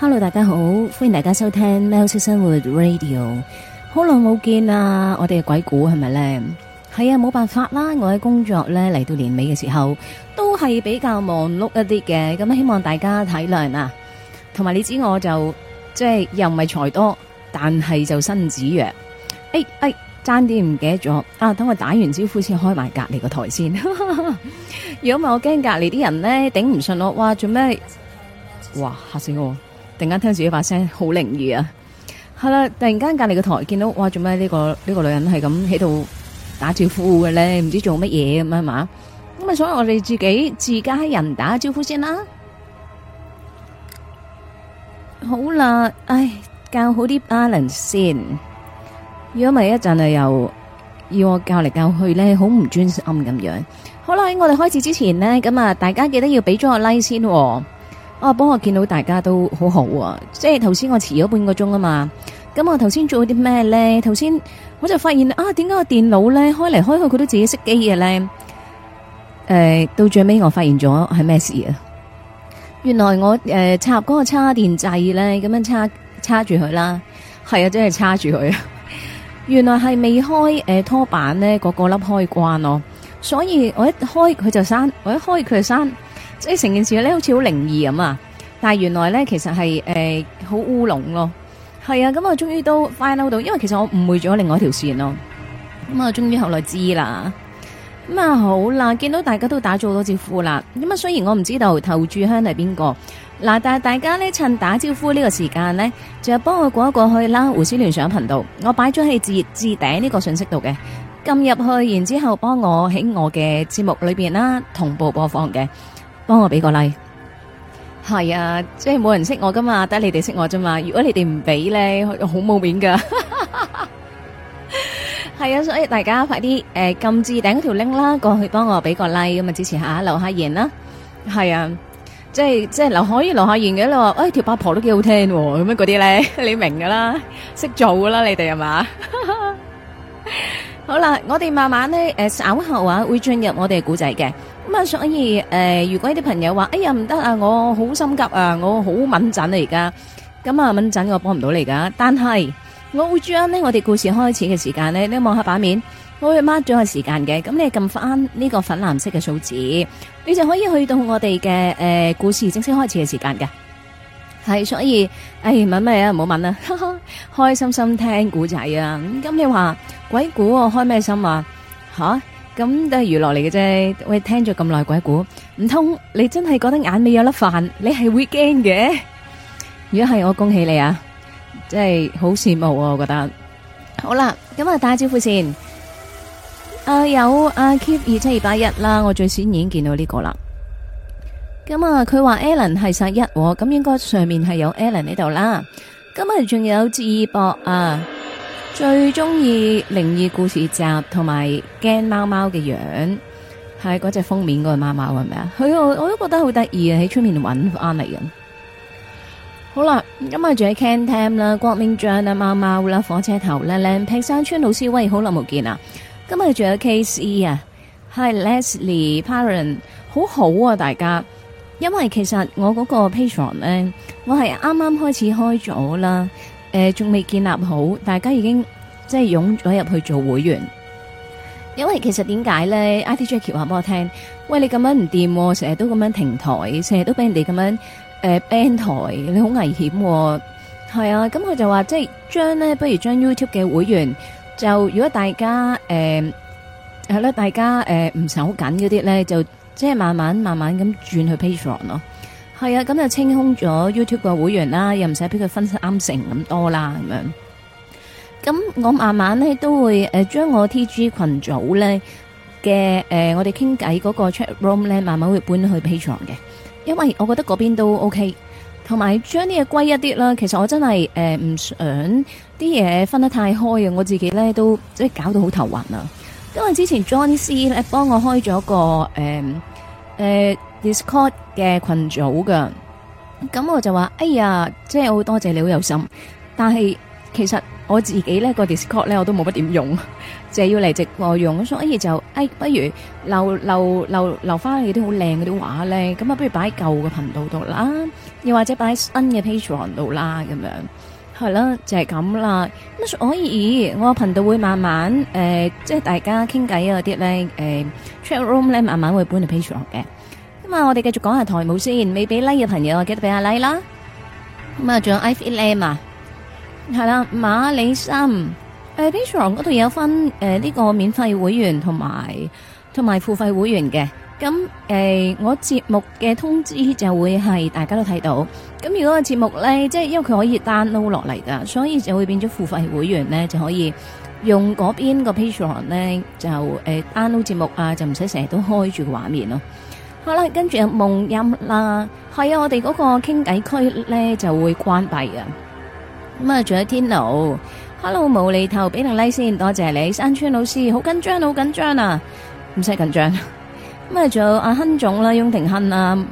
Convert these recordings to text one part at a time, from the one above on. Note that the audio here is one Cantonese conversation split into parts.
Hello，大家好，歡迎大家收聽《喵式生活 Radio》久沒。好耐冇見啊，我哋嘅鬼故係咪呢？係啊，冇辦法啦，我喺工作呢，嚟到年尾嘅時候，都係比較忙碌一啲嘅。咁希望大家體諒啊。同埋你知我就即係又唔係財多，但係就身子弱。誒、哎、誒，爭啲唔記得咗啊！等我打完招呼先開埋隔離個台先。如果唔係我驚隔離啲人呢頂唔順我，哇做咩？哇嚇死我！突然間聽自己把聲好靈異啊！係啦，突然間隔籬個台見到，哇，做咩呢個呢、這個女人係咁喺度打招呼嘅咧？唔知做乜嘢咁係嘛？咁啊，所以我哋自己自家人打招呼先啦。好啦，唉，教好啲 balance 先。如果萬一一陣啊又要我教嚟，教去咧，好唔專心咁樣。好啦，喺我哋開始之前呢，咁啊，大家記得要俾咗個 like 先。啊，幫我見到大家都好好啊！即係頭先我遲咗半個鐘啊嘛，咁我頭先做咗啲咩咧？頭先我就發現啊，點解個電腦咧開嚟開去佢都自己熄機嘅咧？誒、呃，到最尾我發現咗係咩事啊？原來我誒、呃、插嗰個叉電掣咧，咁樣叉叉住佢啦，係啊，真係叉住佢啊。 原來係未開誒、呃、拖板咧，嗰、個粒開關咯，所以我一開佢就閂，我一開佢就閂。即係成件事咧，好似好靈異咁啊！但係原來呢其實係誒好烏龍咯。係啊，咁、嗯、我終於都 find 到，因為其實我誤會咗另外一條線咯。咁、嗯、啊，終、嗯、於後來知啦。咁、嗯、啊，好啦，見到大家都打咗好多招呼啦。咁、嗯、啊，雖然我唔知道投注香係邊個嗱？但係大家呢趁打招呼呢個時間呢，就幫我過一過去啦。胡思亂想頻道，我擺咗喺置置頂呢個信息度嘅，撳入去，然之後幫我喺我嘅節目裏面啦同步播放嘅。幫我俾個 like，係啊，即係冇人識我噶嘛，得你哋識我啫嘛。如果你哋唔俾咧，好冇面噶。係啊，所以大家快啲誒禁置頂條 link 啦，過去幫我俾個 like 咁啊，支持下劉夏賢啦。係啊，即係即係劉海與劉夏賢嘅咯。誒，條八婆都幾好聽咁樣嗰啲咧，你明噶啦，識做噶啦，你哋係嘛？好啦，我哋慢慢咧誒稍後話會進入我哋古仔嘅。咁、嗯、啊，所以誒、呃，如果啲朋友話，哎呀唔得啊，我好心急啊，我好穩陣啊，而家，咁啊穩陣，我幫唔到你噶。但係我會將呢，我哋故事開始嘅時間咧，呢你望下版面，我會 mark 咗個時間嘅。咁你撳翻呢個粉藍色嘅數字，你就可以去到我哋嘅誒故事正式開始嘅時間嘅。係，所以誒、哎、問咩啊，唔好問啦，開心心聽古仔啊。咁、嗯嗯、你話鬼故我開咩心啊？吓、啊？咁都係娛樂嚟嘅啫，喂，聽咗咁耐鬼故，唔通你真係覺得眼尾有粒飯，你係會驚嘅？如果係，我恭喜你啊，即係好羨慕啊，我覺得。好啦，咁啊，打招呼先。啊，有啊，keep 二七二八一啦，我最先已經見到呢個啦。咁啊，佢話 Alan 係殺一、喔，咁應該上面係有 Alan 呢度啦。咁啊，仲有志博啊。最中意靈異故事集，同埋驚貓貓嘅樣，係嗰隻封面嗰個貓貓係咪啊？佢我都覺得好得意啊！喺出面搵翻嚟嘅。好啦，今日仲有 Can Tam 啦、郭明 John 啦、貓貓啦、火車頭啦、靚劈山村老師，喂，好耐冇見了天在 KC 啊！今日仲有 Case E hi Leslie Parent，好好啊，大家。因為其實我嗰個 Patreon 咧，我係啱啱開始開咗啦。誒、呃，仲未建立好，大家已經即係湧咗入去做會員，因為其實點解咧？I T Jackie 話俾我聽，喂，你咁樣唔掂，哦，成日都咁樣停台，成日都俾人哋咁樣誒、呃、ban 台，你好危險，哦。係啊，咁佢就話即係將咧，不如將 YouTube 嘅會員，就如果大家誒係啦，大家誒唔、呃、守緊嗰啲咧，就即係慢慢慢慢咁轉去 Patreon 咯。係啊，咁就清空咗 YouTube 嘅會員啦，又唔使俾佢分啱成咁多啦咁樣。咁我慢慢咧都會誒將、呃、我 T G 群組咧嘅誒我哋傾偈嗰個 chat room 咧，慢慢會搬去 Patreon 嘅，因為我覺得嗰邊都 OK。同埋將啲嘢歸一啲啦，其實我真係誒唔想啲嘢分得太開啊，我自己咧都即係搞到好頭暈啊。因為之前 John C 咧幫我開咗個誒誒。呃呃 Discord 嘅群組噶，咁我就話，哎呀，即係我好多謝你好有心，但係其實我自己咧、這個 Discord 咧我都冇乜點用，就係要嚟直播用，所以就，哎，不如留留留留翻你啲好靚嗰啲畫咧，咁啊不如擺舊嘅頻道度啦，又或者擺喺新嘅 Patreon 度啦，咁樣係啦，就係、是、咁啦。所以，我個頻道會慢慢，誒、呃，即係大家傾偈嗰啲咧，誒、呃、，Chatroom 咧慢慢會搬嚟 Patreon 嘅。咁啊，我哋繼續講一下台冇先，未俾 like 嘅朋友記得俾下 like 啦。咁啊，仲有 i l m 啊，係啦，馬、uh, 里森。誒 Patreon 嗰度有分誒呢、呃這個免費會員同埋同埋付費會員嘅。咁誒、呃，我節目嘅通知就會係大家都睇到。咁如果個節目咧，即、就、係、是、因為佢可以 download 落嚟噶，所以就會變咗付費會員咧就可以用嗰邊個 Patreon 咧就誒 download 節目啊，就唔使成日都開住個畫面咯。好啦，跟住有夢音啦，係啊，我哋嗰個傾偈區咧就會關閉啊。咁啊，仲有天奴，Hello 無厘頭，俾兩 like 先，多謝你。山川老師好緊張，好緊張啊，唔使緊張。咁 啊，仲有阿亨總啦，雍廷亨啊，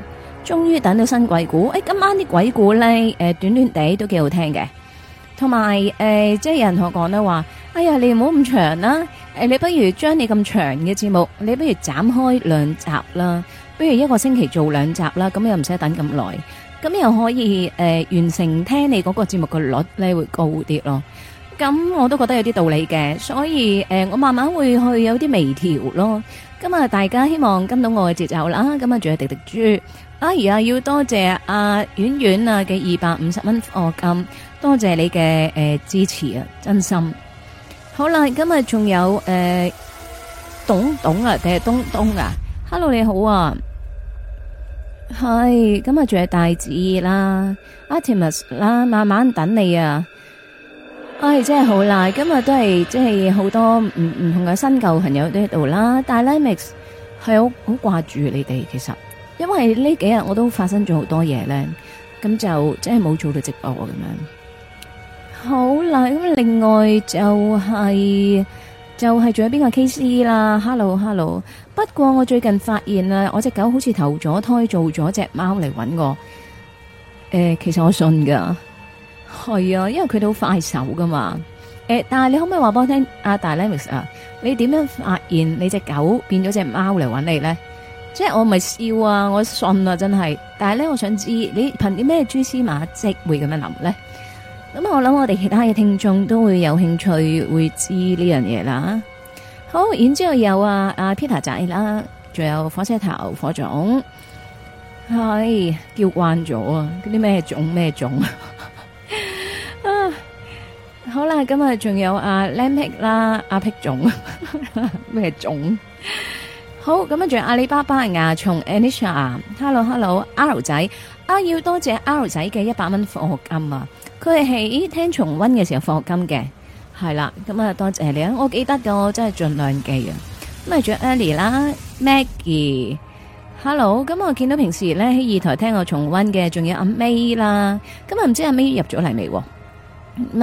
終於等到新鬼故。誒、哎，今晚啲鬼故咧，誒，短短地都幾好聽嘅。同埋誒，即係有人同我講啦話，哎呀，你唔好咁長啦，誒，你不如將你咁長嘅節目，你不如斬開兩集啦。比如一個星期做兩集啦，咁又唔使等咁耐，咁又可以誒、呃、完成聽你嗰個節目嘅率咧會高啲咯。咁我都覺得有啲道理嘅，所以誒、呃、我慢慢會去有啲微調咯。咁啊，大家希望跟到我嘅節奏啦，咁啊，仲有迪迪豬，啊而啊要多謝阿婉婉啊嘅二百五十蚊課金，遠遠啊、come, 多謝你嘅誒、呃、支持啊，真心。好啦，今日仲有誒、呃，董董啊定係東東啊？hello 你好啊，係今日仲有大子啦，阿 Timus 啦，慢慢等你啊，唉，真係好啦，今日都係即係好多唔唔同嘅新舊朋友都喺度啦，但係 Max 係好好掛住你哋其實，因為呢幾日我都發生咗好多嘢咧，咁就真係冇做到直播咁樣，好啦，咁另外就係、是、就係仲有邊個 case 啦，hello hello。不過我最近發現啊，我隻狗好似投咗胎做咗隻貓嚟搵我。誒、欸，其實我信噶，係啊，因為佢哋好快手噶嘛。誒、欸，但係你可唔可以話畀我聽阿大 Lemix 啊？你點樣發現你隻狗變咗隻貓嚟搵你咧？即係我咪笑啊！我信啊，真係。但係咧，我想知你憑啲咩蛛絲馬迹會咁樣諗咧？咁我諗我哋其他嘅聽眾都會有興趣會知呢樣嘢啦。好、oh，然之後有啊阿、啊、Peter 仔啦，仲有火車頭火種，係、哎、叫慣咗啊！嗰啲咩種咩種 啊？好啦，咁、嗯、啊，仲有啊 Lampic 啦，阿、啊、pic 種咩 種？好，咁啊仲有阿里巴巴牙蟲 Anisha，Hello Hello，R 仔啊，要多謝 R 仔嘅一百蚊貨學金啊！佢哋係喺聽重溫嘅時候貨學金嘅。係啦，咁啊多謝你啊，我記得嘅，我真係盡量記啊。咁啊，仲有 Ellie 啦，Maggie，Hello，咁我見到平時咧喺二台聽我重溫嘅，仲有阿 May 啦，咁啊唔知阿 May 入咗嚟未？咁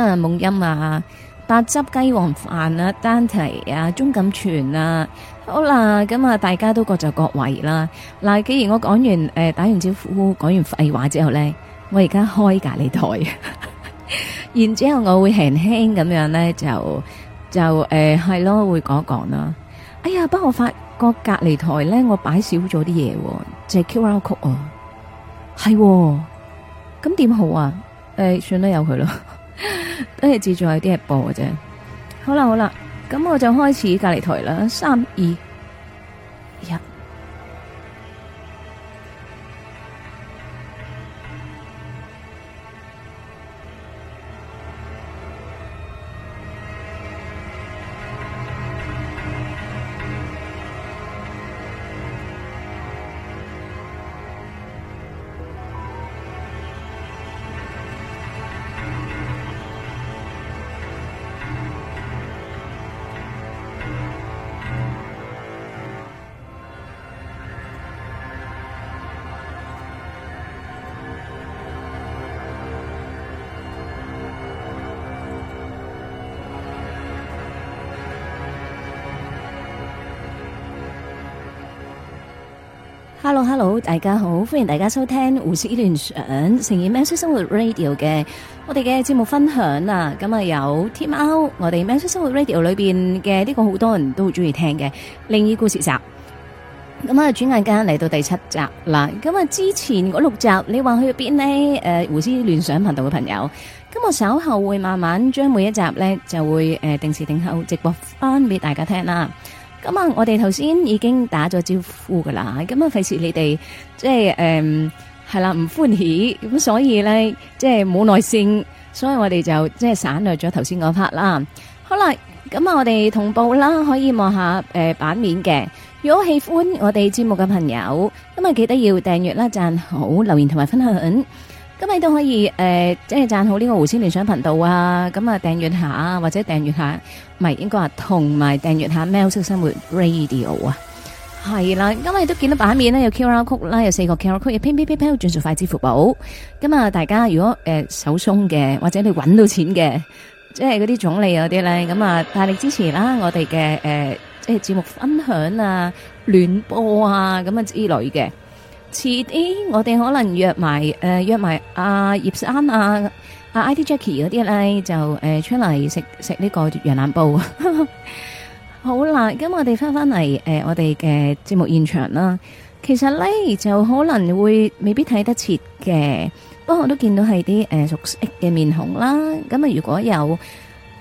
啊夢音啊，白汁雞王飯啊，Dante 啊，鍾錦泉啊，好啦，咁啊大家都各就各位啦。嗱，既然我講完誒打完招呼，講完廢話之後咧，我而家開隔籬台。然之後我會輕輕咁樣咧，就就誒係咯，會講講啦。哎呀，不過我發覺隔離台咧，我擺少咗啲嘢，就係 QR Code 啊，係，咁點好啊？誒、呃，算啦，有佢咯， 都係自助有啲係播嘅啫。好啦好啦，咁我就開始隔離台啦，三二一。Hello，大家好，歡迎大家收聽胡思亂想，呈現《喵式生活 Radio》嘅我哋嘅節目分享啊！咁啊有天喵，我哋《喵式生活 Radio》裏邊嘅呢個好多人都會中意聽嘅靈異故事集。咁啊，轉眼間嚟到第七集啦！咁啊，之前嗰六集你話去邊呢？誒、呃，胡思亂想頻道嘅朋友，咁我稍後會慢慢將每一集呢，就會誒定時定候直播翻俾大家聽啦。咁啊，我哋頭先已經打咗招呼噶、嗯、啦，咁啊，費事你哋即係誒係啦，唔歡喜，咁所以咧，即係冇耐性，所以我哋就即係省略咗頭先嗰 part 啦。好啦，咁啊，我哋同步啦，可以望下誒版面嘅。如果喜歡我哋節目嘅朋友，咁啊記得要訂閱啦、讚好、留言同埋分享。咁你都可以誒，即係讚好呢個胡思亂想頻道啊！咁啊，訂閱下或者訂閱下，唔係應該話同埋訂閱下喵式生活 Radio 啊，係、嗯、啦！今日都見到版面咧，有 QR code 啦，有四個 QR code，又 p p 飄飄、轉數快、支付寶。咁啊，大家如果誒、呃、手鬆嘅，或者你揾到錢嘅，即係嗰啲總理嗰啲咧，咁啊大力支持啦、啊！我哋嘅誒，即、呃、係節目分享啊，聯播啊，咁啊之類嘅。遲啲，我哋可能約埋誒、呃，約埋阿葉山啊，阿、啊、ID Jackie 嗰啲咧，就誒、呃、出嚟食食呢個羊腩煲。 好啦，咁我哋返返嚟誒，我哋嘅節目現場啦。其實咧就可能會未必睇得切嘅，不過我都見到係啲誒熟悉嘅面孔啦。咁啊，如果有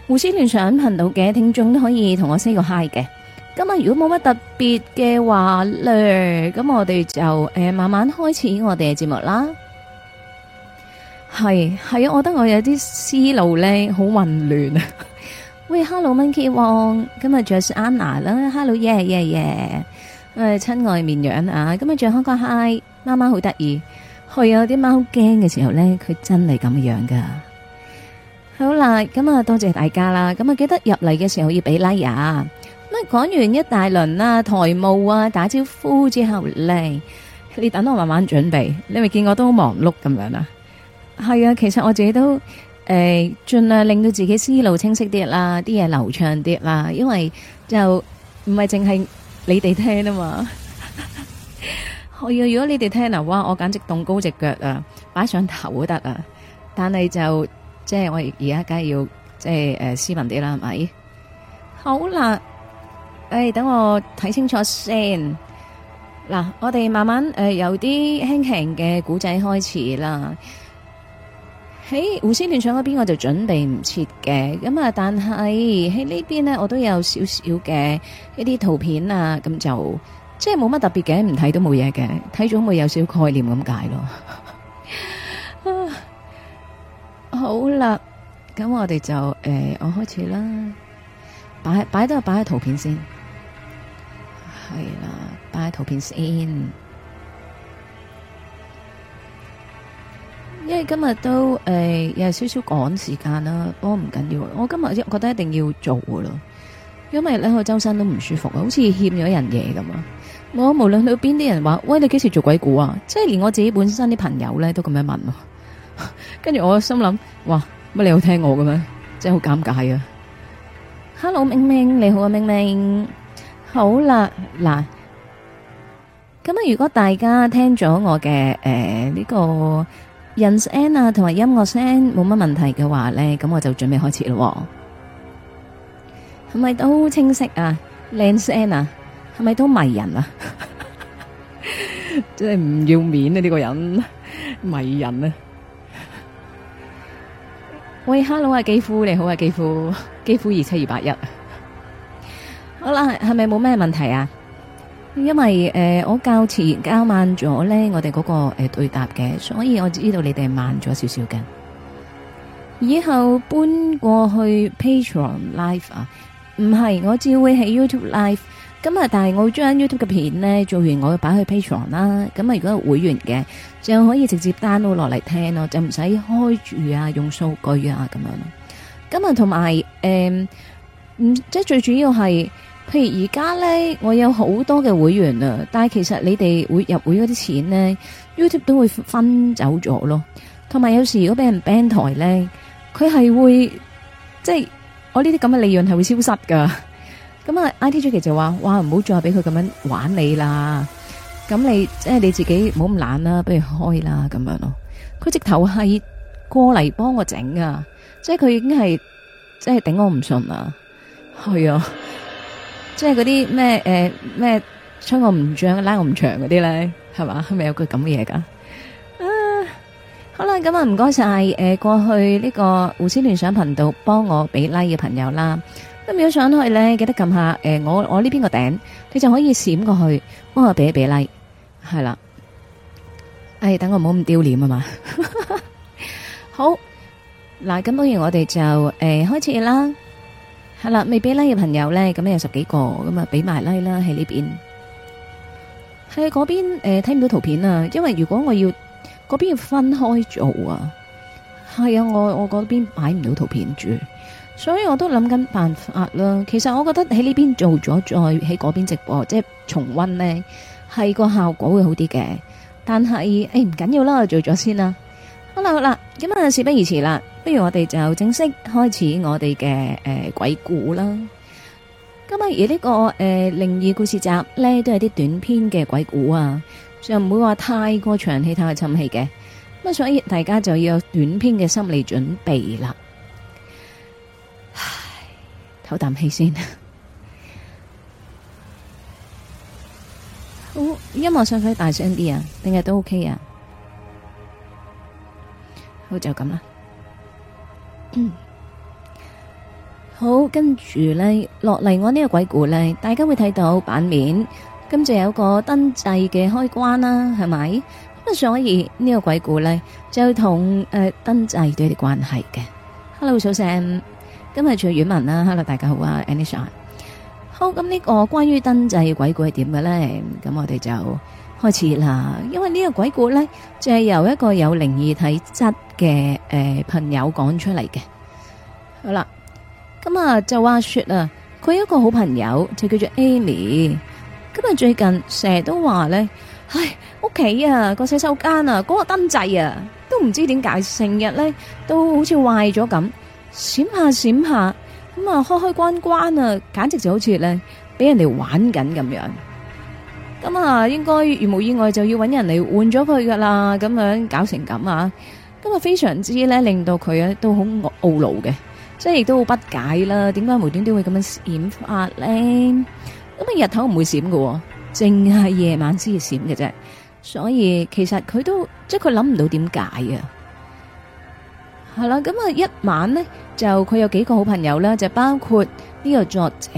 胡思亂想頻道嘅聽眾都可以同我 say 個 hi 嘅。今日如果冇乜特別嘅話咧，咁我哋就誒慢慢開始我哋嘅節目啦。係係啊，我覺得我有啲思路咧好混亂啊。喂，Hello Monkey Wong，今日仲有 Anna 啦，Hello yeah yeah yeah，誒，親愛綿羊啊，今日仲有康康 Hi，媽媽好得意，去有啲貓好驚嘅時候咧，佢真係咁樣噶。好啦，咁啊多謝大家啦，咁啊記得入嚟嘅時候要俾 like 咁講完一大輪啦，台務啊，打招呼之後咧，你等我慢慢準備。你咪見我都好忙碌咁樣啊？係啊，其實我自己都誒，盡、欸、量令到自己思路清晰啲啦，啲嘢流暢啲啦。因為就唔係淨係你哋聽啊嘛。我 要如果你哋聽啊，哇，我簡直戙高隻腳啊，擺上頭都得啊。但係就即係我而家梗係要即係誒、呃，斯文啲啦，係咪？好啦。誒、哎，等我睇清楚先。嗱，我哋慢慢誒、呃，由啲輕輕嘅古仔開始啦。喺《胡思亂想》嗰邊，我就準備唔切嘅。咁啊，但係喺呢邊咧，我都有少少嘅一啲圖片啊。咁就即係冇乜特別嘅，唔睇都冇嘢嘅。睇咗會，會有少少概念咁解咯。好啦，咁我哋就誒、呃，我開始啦。擺擺都係擺喺圖片先。係啦，擺喺圖片先。因為今日都誒有少少趕時間啦，不過唔緊要。我今日覺得一定要做噶咯，因為咧我周身都唔舒服啊，好似欠咗人嘢咁啊。我無論去到邊啲人話，喂，你幾時做鬼故啊？即係連我自己本身啲朋友咧都咁樣問咯。跟住我心諗，哇乜你好聽我嘅咩？真係好尷尬啊！Hello，明明你好啊，明明。好啦，嗱，咁啊，如果大家聽咗我嘅誒呢個人聲啊，同埋音樂聲冇乜問題嘅話咧，咁我就準備開始咯。係咪都清晰啊？靚聲啊？係咪都迷人啊？真係唔要面啊？呢個人迷人啊？喂，hello 啊，肌膚你好啊，肌膚肌膚二七二八一。好啦，係咪冇咩問題啊？因為誒、呃、我較前交慢咗咧，我哋嗰、那個誒、呃、對答嘅，所以我知道你哋慢咗少少嘅。以後搬過去 Patreon Live 啊，唔係我只會喺 YouTube Live。咁啊，但係我將 YouTube 嘅片咧做完，我會擺去 Patreon 啦。咁啊，如果係會員嘅就可以直接 download 落嚟聽咯，就唔使開住啊用數據啊咁樣咯。咁啊，同埋誒，即係最主要係。譬如而家咧，我有好多嘅會員啊，但係其實你哋會入會嗰啲錢咧，YouTube 都會分走咗咯。同埋有，有時候如果俾人 ban 台咧，佢係會即係、就是、我呢啲咁嘅利潤係會消失噶。咁啊，ITJ 就話，哇，唔好再俾佢咁樣玩你啦。咁你即係、就是、你自己唔好咁懶啦，不如開啦咁樣咯。佢直頭係過嚟幫我整、就是就是、啊，即係佢已經係即係頂我唔順啦。係啊。即係嗰啲咩誒咩，吹我唔脹拉我唔長嗰啲咧，係嘛，係咪有句咁嘅嘢噶？啊，好啦，咁啊唔該晒誒，過去呢個胡思亂想頻道幫我俾 like 嘅朋友啦，咁如果上去咧，記得撳下誒我我呢邊個頂，你就可以閃過去幫我俾一俾 like，係啦。誒，等我唔好咁丟臉啊嘛。好，嗱咁不如我哋就誒開始啦。係啦，未俾 like 嘅朋友咧，咁有十幾個，咁啊俾埋 like 啦。喺呢邊，喺嗰邊誒睇唔到圖片啊，因為如果我要嗰邊要分開做啊，係啊，我我嗰邊擺唔到圖片住，所以我都諗緊辦法啦。其實我覺得喺呢邊做咗再喺嗰邊直播，即係重温咧，係個效果會好啲嘅。但係誒唔緊要啦，我做咗先啦。好啦好啦，咁啊事不宜遲啦。不如我哋就正式開始我哋嘅誒鬼故啦。咁啊，而呢個誒靈異故事集咧，都係啲短篇嘅鬼故啊，就唔會話太過長氣、太過沉氣嘅。咁啊，所以大家就要有短篇嘅心理準備啦。唉，唞啖氣先。好，音樂上可以大聲啲啊，定係都 OK 啊？好，就咁啦。嗯， 好，跟住咧落嚟我個呢個鬼故咧，大家會睇到版面，跟住有個燈掣嘅開關啦，係咪？咁所以個呢個鬼故咧就同誒、呃、燈掣有啲關係嘅。Hello，早晨，今日除咗遠文啦，Hello，大家好啊，Anisha。好，咁呢個關於燈掣嘅鬼故係點嘅咧？咁我哋就，開始啦，因為呢個鬼故咧，就係由一個有靈異體質嘅誒朋友講出嚟嘅。好啦，咁啊就話說啊，佢有一個好朋友就叫做 Amy，咁啊，最近成日都話咧，唉屋企啊個洗手間啊嗰個燈掣啊都唔知點解成日咧都好似壞咗咁閃下閃下，咁啊開開關關啊簡直就好似咧俾人哋玩緊咁樣。咁啊，應該如冇意外就要揾人嚟換咗佢噶啦，咁樣搞成咁啊！咁啊非常之咧，令到佢咧都好懊惱嘅，即係亦都好不解啦。點解無端端會咁樣閃發咧？咁、嗯、啊，日頭唔會閃嘅，淨係夜晚先閃嘅啫。所以其實佢都即係佢諗唔到點解啊。係啦，咁、嗯、啊，一晚咧就佢有幾個好朋友啦，就包括呢個作者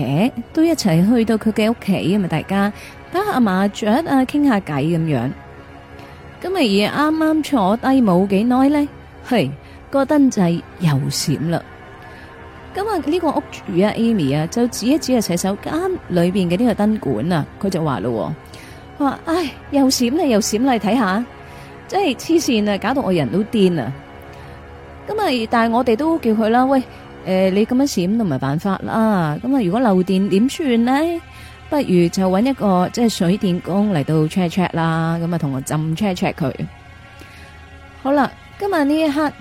都一齊去到佢嘅屋企啊嘛，大家。打下麻雀啊，傾下偈咁樣，咁啊而啱啱坐低冇幾耐咧，係、個燈掣又閃啦。咁啊呢個屋主啊，Amy 啊，就指一指個洗手間裏邊嘅呢個燈管啊，佢就話咯、啊，佢話唉，又閃咧，又閃嚟，睇下，真係黐線啊，搞到我人都癲啊。咁啊，但係我哋都叫佢啦，喂，誒、呃，你咁樣閃都唔係辦法啦，咁啊，如果漏電點算呢？不如就揾一個即係水電工嚟到 check check 啦，咁啊同我浸 check check 佢。好啦，今日呢一刻，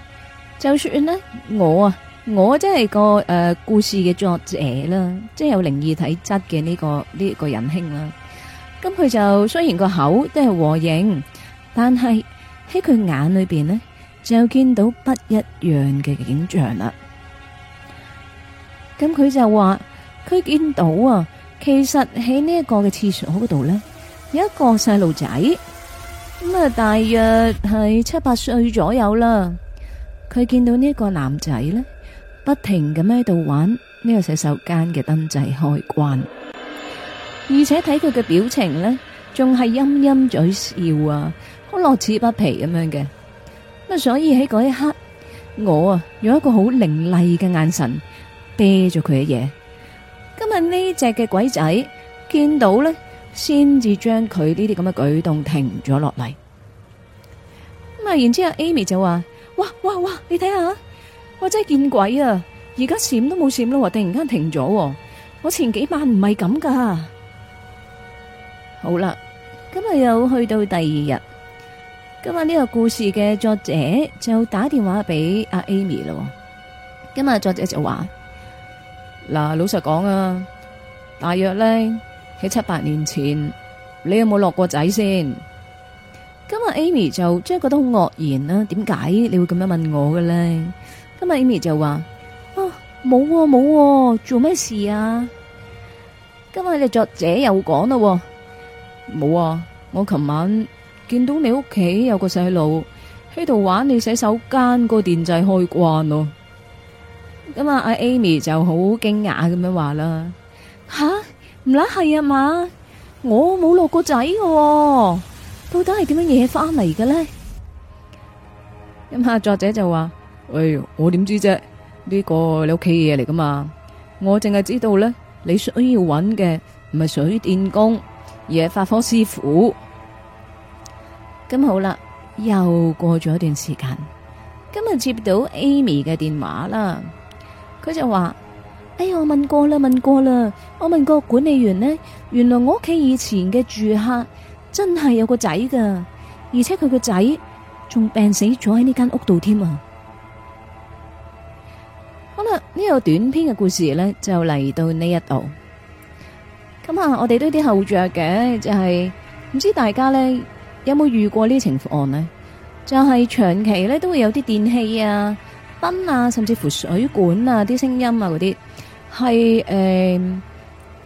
就算呢，我啊，我真係個誒故事嘅作者啦，即係有靈異體質嘅呢個呢個人兄啦。咁佢就雖然個口都係和應，但係喺佢眼裏邊呢，就見到不一樣嘅景象啦。咁佢就話佢見到啊。其實喺呢一個嘅廁所嗰度咧，有一個細路仔咁啊，大約係七八歲左右啦。佢見到呢一個男仔咧，不停咁喺度玩呢個洗手間嘅燈掣開關，而且睇佢嘅表情咧，仲係陰陰嘴笑啊，好樂此不疲咁樣嘅。咁啊，所以喺嗰一刻，我啊用一個好凌厲嘅眼神，啤咗佢嘅嘢。咁啊！呢隻嘅鬼仔見到呢，先至將佢呢啲咁嘅舉動停咗落嚟。咁啊，然之後 Amy 就話：哇哇哇！你睇下，我真係見鬼啊！而家閃都冇閃咯，突然間停咗。我前幾晚唔係咁㗎。好啦，今日又去到第二日。今日呢個故事嘅作者就打電話俾阿 Amy 啦。今日作者就話。嗱，老實講啊，大約咧喺七八年前，你有冇落過仔先？今日 Amy 就即係覺得好愕然啊。點解你會咁樣問我嘅咧？今日 Amy 就話：啊，冇喎，冇喎，做咩事啊？今日你作者又講啦，冇啊，我琴晚見到你屋企有個細路喺度玩你洗手間個電掣開關咯。咁啊！阿 Amy，哦，就好驚訝咁樣話啦，吓唔啦係啊嘛？我冇落過仔喎，到底係點樣嘢翻嚟嘅咧？咁阿作者就話：哎喲，我點知啫？呢個你屋企嘢嚟噶嘛？我淨係知道咧，你需要揾嘅唔係水電工，而係法科師傅。咁好啦，又過咗一段時間，今日接到 Amy 嘅電話啦。佢就話：哎呀，我問過啦，問過啦，我問個管理員呢，原來我屋企以前嘅住客真係有個仔㗎，而且佢個仔仲病死咗喺呢間屋度添啊！好啦，呢個短篇嘅故事呢就嚟到呢一度。咁啊，我哋都有啲後着嘅，就係唔知大家呢有冇遇過呢個情況呢？就係長期呢都會有啲電器啊。燈啊，甚至乎水管啊啲聲音啊嗰啲，係誒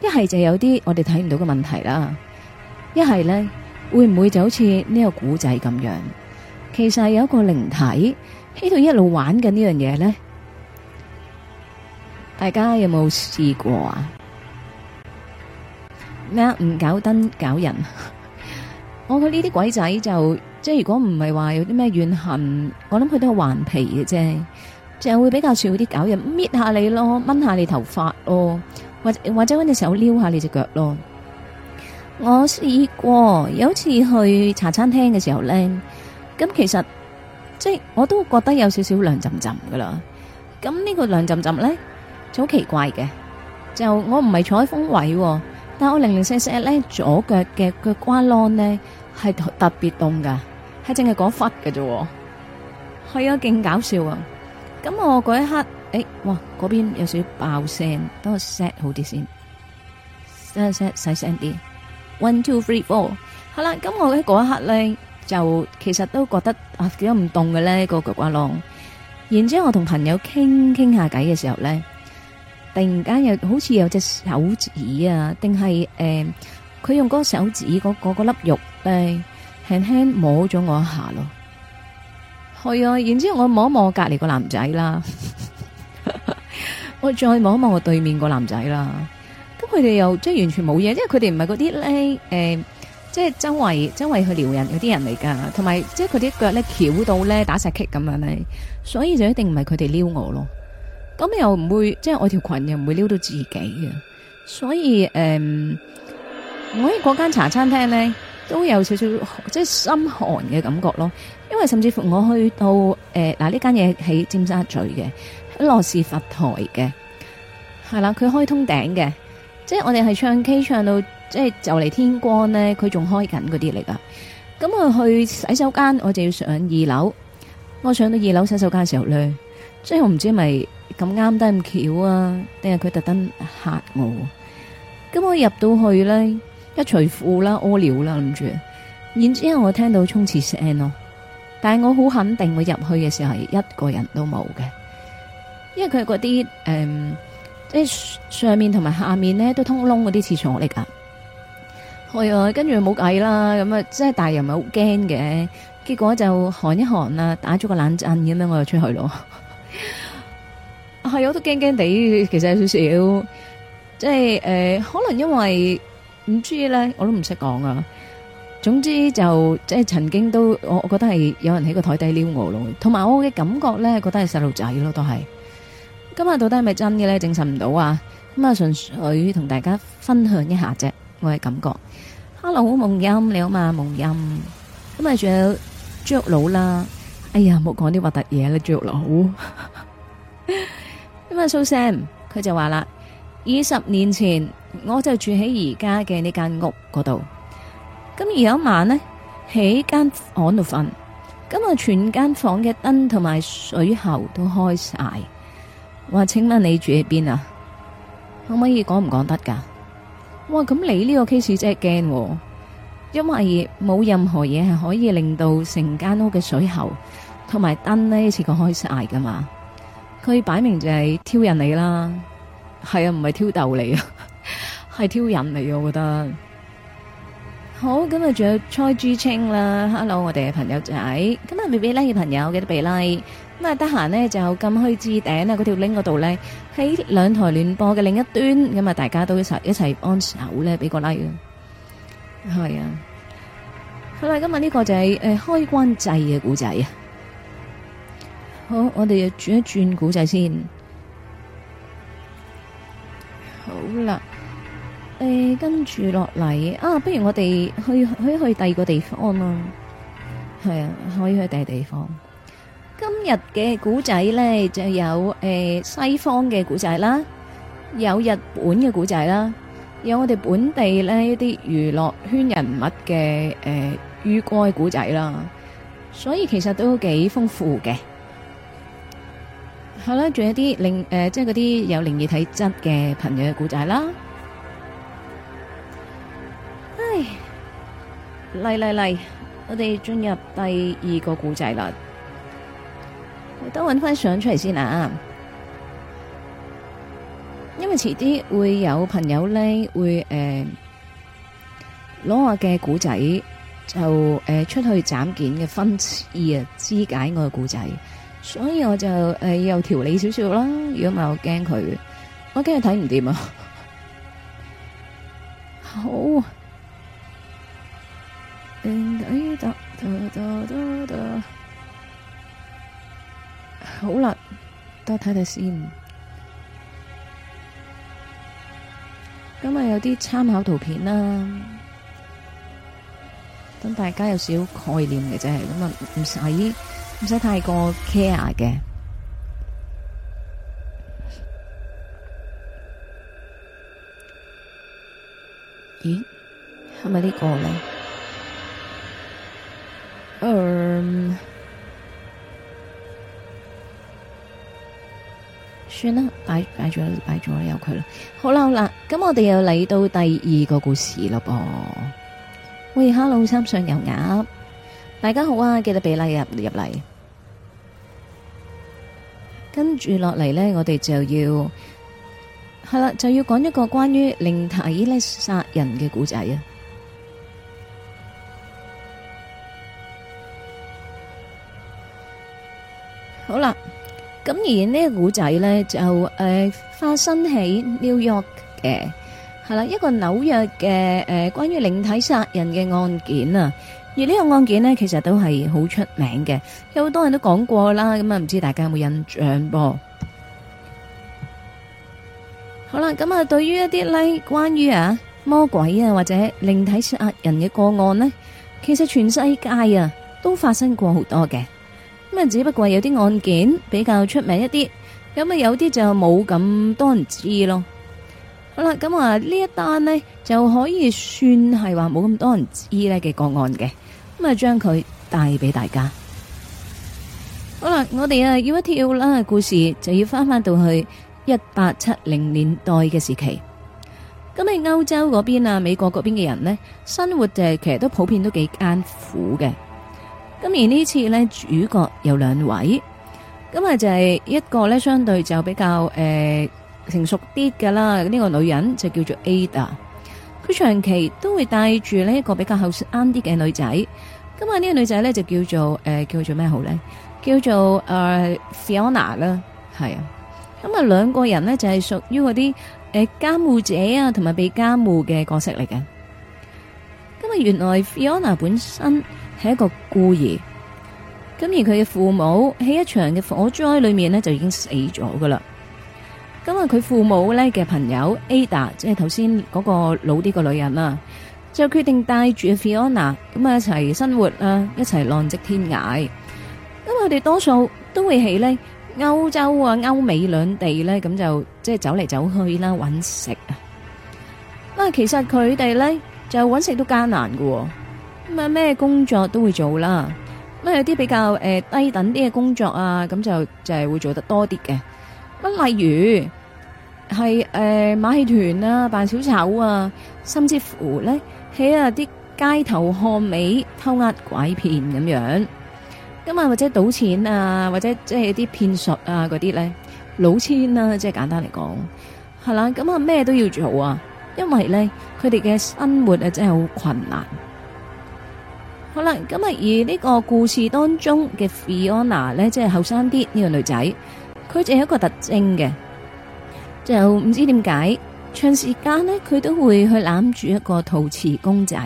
一係就係有啲我哋睇唔到嘅問題啦，一係咧會唔會就好似呢個古仔咁樣？其實係有一個靈體喺度一路玩緊呢樣嘢咧，大家有冇試過啊？咩唔搞燈搞人？我覺呢啲鬼仔就。即係如果唔係話有啲咩怨恨，我諗佢都係頑皮嘅啫，就係會比較少啲狗人搣下你咯，掹下你頭髮咯，或者或者隻手撩下你隻腳咯。我試過有一次去茶餐廳嘅時候咧，咁其實即係我都覺得有少少涼浸浸噶啦。咁呢個涼浸浸咧就好奇怪嘅，就我唔係坐喺風位，但我零零舍舍咧左腳嘅腳瓜窿咧係特別凍噶係淨係講忽嘅啫。係啊，勁搞笑啊！咁我嗰一刻，誒，哇，嗰邊有少少爆聲，等我 set 好啲先，set set 細聲啲，one two three four，好啦，咁我喺嗰一刻咧，就其實都覺得啊，點解唔凍嘅咧？個腳瓜囊，然之後我同朋友傾傾下偈嘅時候咧，突然間又好似有隻手指啊，定係誒。佢用嗰手指嗰、嗰個嗰個、粒肉嚟輕輕摸咗我一下咯，係啊！然之後我摸一摸隔籬個男仔啦， 我再摸一摸我對面個男仔啦，咁佢哋又即係完全冇嘢，因為佢哋唔係嗰啲咧誒，即係、呃、周圍周圍去撩人嗰啲人嚟噶，同埋即係佢啲腳咧翹到咧打晒棘咁樣嚟，所以就一定唔係佢哋撩我咯。咁又唔會即係我條裙又唔會撩到自己嘅，所以誒。呃我喺嗰間茶餐廳咧，都有少少即係心寒嘅感覺咯。因為甚至乎我去到誒嗱，呢間嘢喺尖沙咀嘅，喺羅士佛台嘅，係啦，佢開通頂嘅，即係我哋係唱 K 唱到即係就嚟天光咧，佢仲開緊嗰啲嚟噶。咁我去洗手間，我就要上二樓。我上到二樓洗手間嘅時候咧，即係我唔知係咪咁啱得咁巧啊，定係佢特登嚇我？咁我入到去咧。一除褲啦屙尿啦諗住，然之後我聽到沖廁聲咯，但係我好肯定我入去嘅時候一個人都冇嘅，因為佢係嗰啲誒，即係上面同埋下面咧都通窿嗰啲廁所嚟噶。係啊，跟住冇計啦，咁啊，即係大人咪好驚嘅，結果就寒一寒啦，打咗個冷震咁樣，我就出去咯。係 我都驚驚地，其實有少少，即係誒、呃，可能因為。唔知咧，我都唔識講啊。總之就即係曾經都，我我覺得係有人喺個台底撩我咯。同埋我嘅感覺咧，覺得係細路仔咯，都係。今日到底係咪真嘅咧？證實唔到啊。咁啊，純粹同大家分享一下啫。我嘅感覺。Hello，好夢音，你好嘛，夢音。今日仲有豬肉佬啦。哎呀，冇講啲核突嘢啦，豬肉佬。咁啊，蘇 sam 佢就話啦，二十年前。我就住喺而家嘅呢間屋嗰度，咁而有一晚呢，喺間房度瞓，咁啊全間房嘅燈同埋水喉都開晒。我話，請問你住喺邊啊？可唔可以講唔講得噶？我咁你呢個 case 真係驚，啊，因為冇任何嘢係可以令到成間屋嘅水喉同埋燈呢似個開晒噶嘛。佢擺明就係挑釁你啦，係啊，唔係挑逗你啊。係挑釁嚟，嘅，我覺得好咁啊！仲有蔡珠清啦，Hello，我哋嘅朋友仔，今日未俾 like 嘅朋友記得俾 like 咁啊？得閒呢，就撳開置頂啊，嗰條 link 嗰度呢，喺兩台聯播嘅另一端，咁啊，大家都一齊一齊按手咧俾個 like 啊！係啊，好啦，今日呢個就係誒開關掣嘅古仔啊！好，我哋又轉一轉古仔先，好啦。誒、呃，跟住落嚟啊！不如我哋去去去第二個地方啊，係啊，可以去第二地方。今日嘅古仔咧就有誒、呃、西方嘅古仔啦，有日本嘅古仔啦，有我哋本地咧一啲娛樂圈人物嘅誒遇鬼古仔啦，所以其實都幾豐富嘅。係、嗯嗯嗯呃、啦，仲有啲靈誒，即係嗰啲有靈異體質嘅朋友嘅古仔啦。嚟嚟嚟，我哋進入第二個故仔啦。我都揾翻相出嚟先啊，因為遲啲會有朋友咧會誒攞我嘅故仔就誒出去斬件嘅分次啊，肢解我嘅故仔，所以我就誒又調理少少啦。如果唔係，我驚佢，我驚佢睇唔掂啊。好。嗯哎、答答答答答答答好啦，都睇睇先。今日有啲參考圖片啦，等大家有少少概念嘅啫，咁啊唔使唔使太過 care 嘅。咦，係咪呢個咧？嗯、um，算啦，擺擺咗，擺咗，由佢啦。好啦，好啦，咁我哋又嚟到第二個故事咯噃。喂，Hello，三上油鴨，大家好啊，記得俾禮入入嚟。跟住落嚟呢，我哋就要係啦，就要講一個關於靈體咧殺人嘅故仔啊。好啦，咁而呢個古仔咧，就誒發生喺 New York 嘅，係啦，一個紐約嘅誒關於靈體殺人嘅案件啊，而呢個案件咧，其實都係好出名嘅，有好多人都講過啦，咁啊唔知大家有冇印象噃？好啦，咁啊對於一啲咧，關於啊魔鬼啊或者靈體殺人嘅個案咧，其實全世界啊都發生過好多嘅。咁啊，只不過有啲案件比較出名一啲，咁啊有啲就冇咁多人知咯。好啦，咁啊呢一單呢，就可以算係話冇咁多人知呢嘅個案嘅，咁啊將佢帶俾大家。好啦，我哋啊要一跳啦，故事就要翻翻到去一八七零年代嘅時期。咁啊，歐洲嗰邊啊，美國嗰邊嘅人呢，生活就其實都普遍都幾艱苦嘅。今年呢次咧主角有兩位，咁啊就係一個咧相對就比較誒、呃、成熟啲噶啦，呢、這個女人就叫做 Ada，佢長期都會帶住呢一個比較後生啲嘅女仔，咁啊呢個女仔咧就叫做誒叫做咩好咧，叫做誒、呃、Fiona 啦，係啊，咁啊兩個人呢，就係、是、屬於嗰啲誒監護者啊同埋被監護嘅角色嚟嘅，咁啊原來 Fiona 本身。係一個孤兒，咁而佢嘅父母喺一場嘅火災裏面咧就已經死咗噶啦。咁啊，佢父母咧嘅朋友 Ada，即係頭先嗰個老啲嘅女人啦，就決定帶住 Fiona 咁啊一齊生活啊，一齊浪迹天涯。咁啊，佢哋多數都會喺咧歐洲啊、歐美兩地咧咁就即係走嚟走去啦，揾食。啊，其實佢哋咧就揾食都艱難噶。咁啊，咩工作都會做啦。咁有啲比較誒低等啲嘅工作啊，咁就就係會做得多啲嘅。咁例如係誒馬戲團啊，扮小丑啊，甚至乎咧喺啊啲街頭巷尾偷呃拐騙咁樣。咁啊，或者賭錢啊，或者即係啲騙術啊嗰啲咧，老千啦，即係簡單嚟講係啦。咁啊，咩都要做啊，因為咧佢哋嘅生活啊真係好困難。好啦，咁咪，而呢個故事當中嘅 Fiona 呢，即係後生啲呢個女仔，佢就係一個特徵嘅，就唔知點解長時間呢，佢都會去攬住一個陶瓷公仔。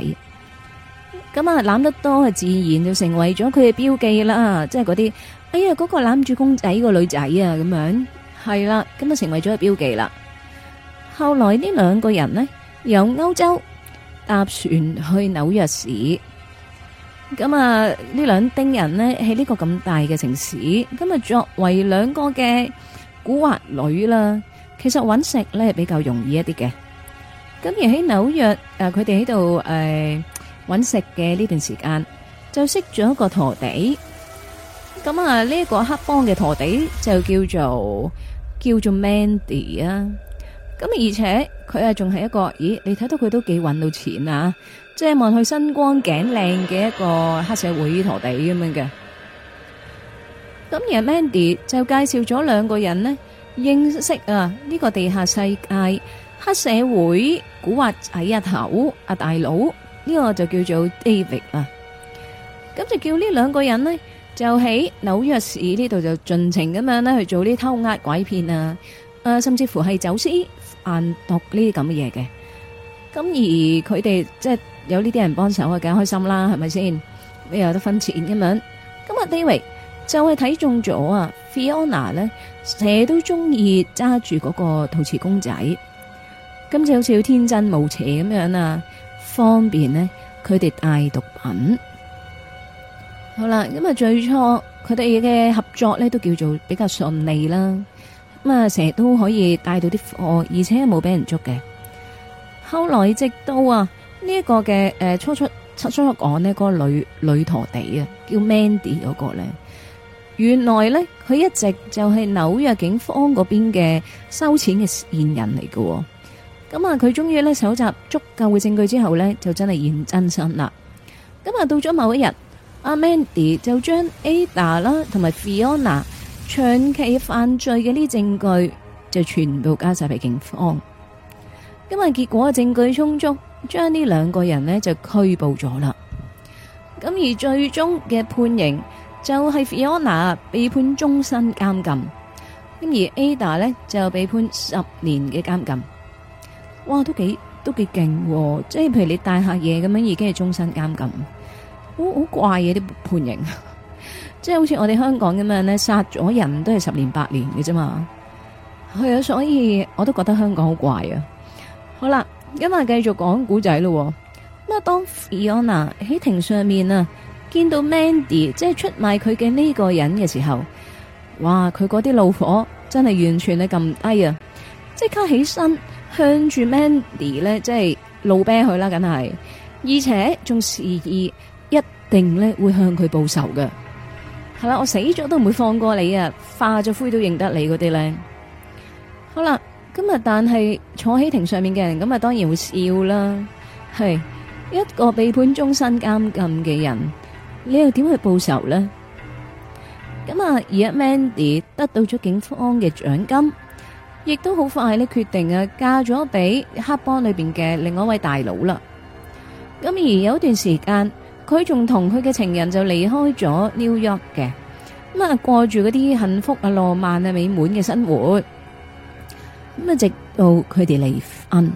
咁啊，攬得多啊，自然就成為咗佢嘅標記啦。即係嗰啲，哎呀，嗰、嗰個攬住公仔個女仔啊，咁樣係啦，咁啊，成為咗標記啦。後來呢兩個人呢，由歐洲搭船去紐約市。咁啊，呢兩丁人呢，喺呢個咁大嘅城市，咁啊作為兩個嘅古惑女啦，其實揾食咧，比較容易一啲嘅。咁而喺紐約，誒佢哋喺度誒揾食嘅呢段時間，就識咗一個陀地。咁啊呢一個黑幫嘅陀地就叫做叫做 Mandy 啊。咁而且佢啊仲係一個，咦你睇到佢都幾揾到錢啊！即係望佢身光頸靚嘅一個黑社會陀地咁樣嘅，咁而阿 Mandy 就介紹咗兩個人咧認識啊呢個地下世界黑社會古惑仔一頭阿大佬，呢個就叫做 David 啦。咁就叫呢兩個人咧就喺紐約市呢度就盡情咁樣咧去做啲偷呃拐騙啊，誒甚至乎係走私販毒呢啲咁嘅嘢嘅。咁而佢哋即係。有呢啲人幫手，梗開心啦，係咪先？亦有得分錢咁樣。咁啊 David 就係睇中咗啊，Fiona 呢，成日都中意揸住嗰個陶瓷公仔，咁就好似天真無邪咁樣啊，方便呢，佢哋帶毒品。好啦，咁啊，最初佢哋嘅合作呢，都叫做比較順利啦。咁啊，成日都可以帶到啲貨，而且冇俾人捉嘅。後來直到啊。呢、這、一個嘅誒初初初初講咧，初初個女女陀地啊，叫 Mandy 嗰、那個咧，原來咧佢一直就係紐約警方嗰邊嘅收錢嘅線人嚟嘅、哦。咁、嗯、啊，佢終於咧搜集足夠嘅證據之後咧，就真係現真身啦。咁、嗯、啊，到咗某一日，阿 Mandy 就將 Ada 啦同埋 Fiona 長期犯罪嘅啲證據就全部交晒俾警方。咁、嗯、啊、嗯，結果證據充足。將呢兩個人呢就拘捕咗啦，咁而最終嘅判刑就係 Fiona 被判終身監禁，咁而 Ada 呢就被判十年嘅監禁。哇，都幾都幾勁，即係譬如你帶下嘢咁樣，已經係終身監禁，好好怪嘢啲判刑， 即係好似我哋香港咁樣呢，殺咗人都係十年八年嘅啫嘛。係啊，所以我都覺得香港好怪啊。好啦。今日繼續講古仔咯。咁啊，當 Fiona 喺庭上面啊，見到 Mandy 即係出賣佢嘅呢個人嘅時候，哇，佢嗰啲怒火真係完全係咁低啊！即刻起身向住 Mandy 咧，即係怒啤佢啦，梗係，而且仲示意一定咧會向佢報仇嘅。係啦、啊，我死咗都唔會放過你啊！化咗灰都認得你嗰啲咧。好啦。咁啊！但係坐喺庭上面嘅人，咁啊當然會笑啦。係一個被判終身監禁嘅人，你又點去報仇咧？咁啊，而阿 Mandy 得到咗警方嘅獎金，亦都好快咧決定啊嫁咗俾黑幫裏邊嘅另外一位大佬啦。咁而有一段時間，佢仲同佢嘅情人就離開咗 New York 嘅，咁啊過住嗰啲幸福啊、浪漫啊、美滿嘅生活。咁啊，直到佢哋離婚，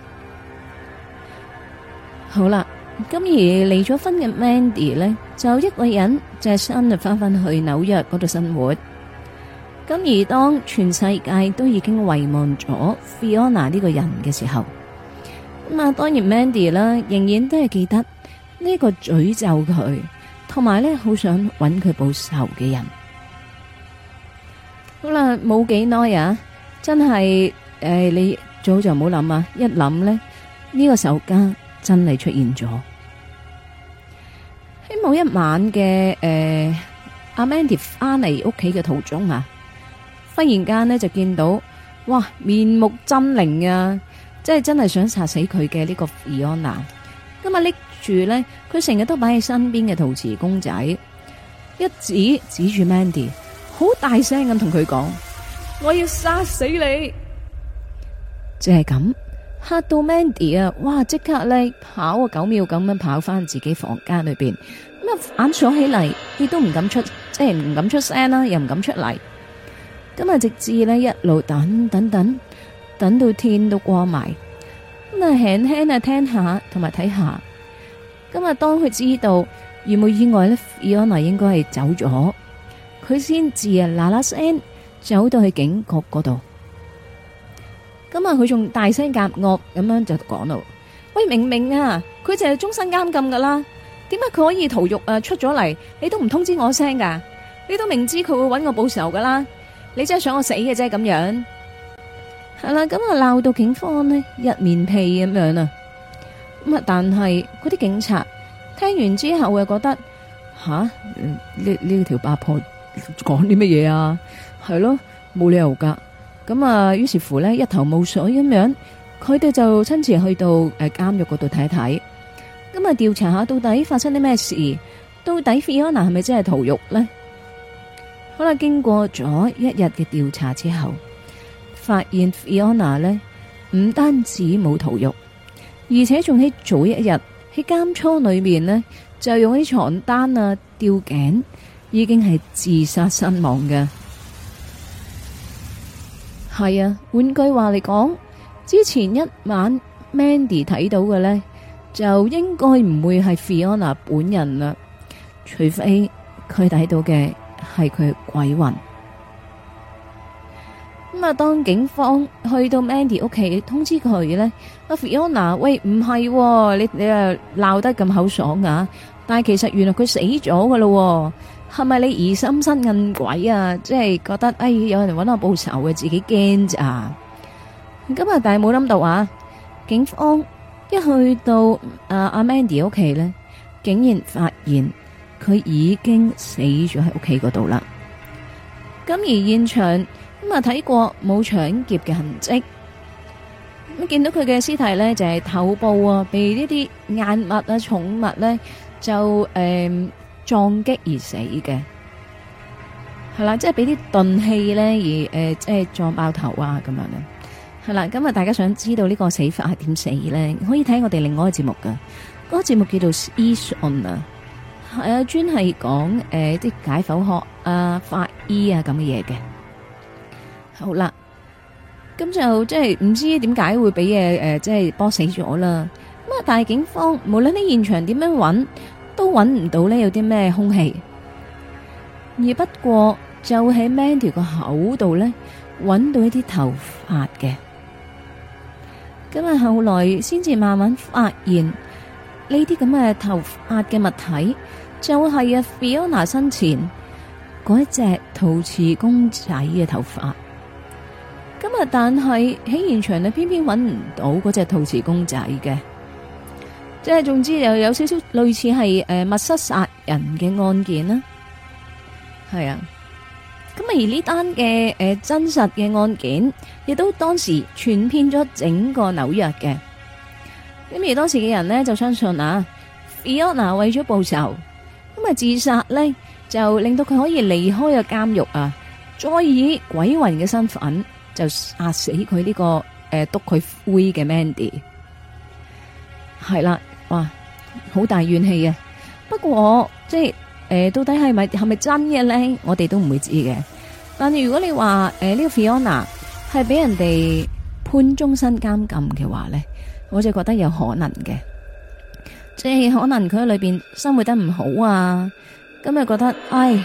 好啦。咁而離咗婚嘅 Mandy 呢，就一個人隻身就翻返去紐約嗰度生活。咁而當全世界都已經遺忘咗 Fiona 呢個人嘅時候，咁啊，當然 Mandy 啦，仍然都係記得這個詛呢個詛咒佢，同埋呢好想揾佢報仇嘅人。好啦，冇幾耐啊，真係。誒、哎，你最好就唔好諗啊！一諗呢，呢、呢個仇家真係出現咗。喺某一晚嘅誒，阿 Mandy 翻嚟屋企嘅途中啊，忽然間呢就見到，哇，面目猙獰啊！即係真係想殺死佢嘅呢個 Eleanor。今日拎住呢，佢成日都擺喺身邊嘅陶瓷公仔，一指指住 Mandy，好大聲咁同佢講：我要殺死你！就係咁嚇到 Mandy 啊！哇，即刻咧跑啊九秒咁樣跑翻自己房間裏邊，咁啊反鎖起嚟，亦都唔敢出，即係唔敢出聲啦，又唔敢出嚟。咁啊，直至呢，一路等等等，等到天都光埋，咁啊輕輕啊聽下，同埋睇下。今日當佢知道如冇意外咧，Leon 應該係走咗，佢先至啊嗱嗱聲走到去警局嗰度。咁啊，佢仲大聲夾惡咁樣就講到：「喂，明明啊，佢就係終身監禁噶啦，點解佢可以逃獄啊？出咗嚟，你都唔通知我聲噶，你都明知佢會搵我報仇噶啦，你真係想我死嘅啫咁樣。係啦，咁啊鬧到警方呢，一面屁咁樣啊。咁啊，但係嗰啲警察聽完之後又覺得吓，呢呢條八婆講啲乜嘢啊？係咯，冇理由噶。咁啊，於是乎呢，一頭霧水咁樣，佢哋就親自去到誒監獄嗰度睇睇，咁啊調查下到底發生啲咩事，到底 Fiona 係咪真係逃獄呢？好啦，經過咗一日嘅調查之後，發現 Fiona 呢唔單止冇逃獄，而且仲喺早一日喺監倉裏面呢，就用啲床單啊吊頸，已經係自殺身亡嘅。係啊，換句話嚟講，之前一晚 Mandy 睇到嘅呢，就應該唔會係 Fiona 本人啦，除非佢睇到嘅係佢鬼魂。咁啊，當警方去到 Mandy 屋企通知佢呢，阿、啊、Fiona 喂唔係、哦，你你啊鬧得咁口爽啊，但係其實原來佢死咗噶咯係咪你疑心生暗鬼啊？即係覺得哎，有人揾我報仇嘅，啊，自己驚啫啊！咁啊但係冇諗到啊，警方一去到，啊、阿 Mandy 屋企咧，竟然發現佢已經死咗喺屋企嗰度啦。咁而現場咁啊，睇過冇搶劫嘅痕跡，咁見到佢嘅屍體咧就係、是、頭部啊，被呢啲硬物啊、寵物咧就誒。呃撞擊而死嘅，係啦，即係俾啲鈍器咧，而誒、呃，即係撞爆頭啊，咁樣嘅係啦。咁啊，大家想知道呢個死法係點死咧？可以睇我哋另外一個節目噶，嗰、那個節目叫做 Eason 啊，係啊，專係講誒，即係解剖學啊、法醫啊咁嘅嘢嘅。好啦，咁就即係唔知點解會俾嘢誒，即係波、呃、死咗啦。咁啊，但係警方無論你現場點樣揾，都揾唔到咧，有啲咩空氣，而不過就喺 Mandy 個口度咧，揾到一啲頭髮嘅。咁啊，後來先至慢慢發現呢啲咁嘅頭髮嘅物體，就係、是、啊 Fiona 身前嗰一隻陶瓷公仔嘅頭髮。咁啊，但係喺現場你偏偏揾唔到嗰隻陶瓷公仔嘅。即係總之又有少少類似係誒、呃、密室殺人嘅案件啦，係啊。咁啊，而呢單嘅誒真實嘅案件，亦都當時傳遍咗整個紐約嘅。咁而當時嘅人呢，就相信啊，Fiona 為咗報仇，咁啊自殺呢，就令到佢可以離開個監獄啊，再以鬼魂嘅身份就殺死佢呢、這個誒篤佢灰嘅 Mandy，係啦。是啊哇，好大怨氣嘅，啊。不過即係誒、呃，到底係咪係咪真嘅咧？我哋都唔會知嘅。但係如果你話誒呢個 Fiona 係俾人哋判終身監禁嘅話咧，我就覺得有可能嘅。即係可能佢喺裏邊生活得唔好啊，咁又覺得唉、哎，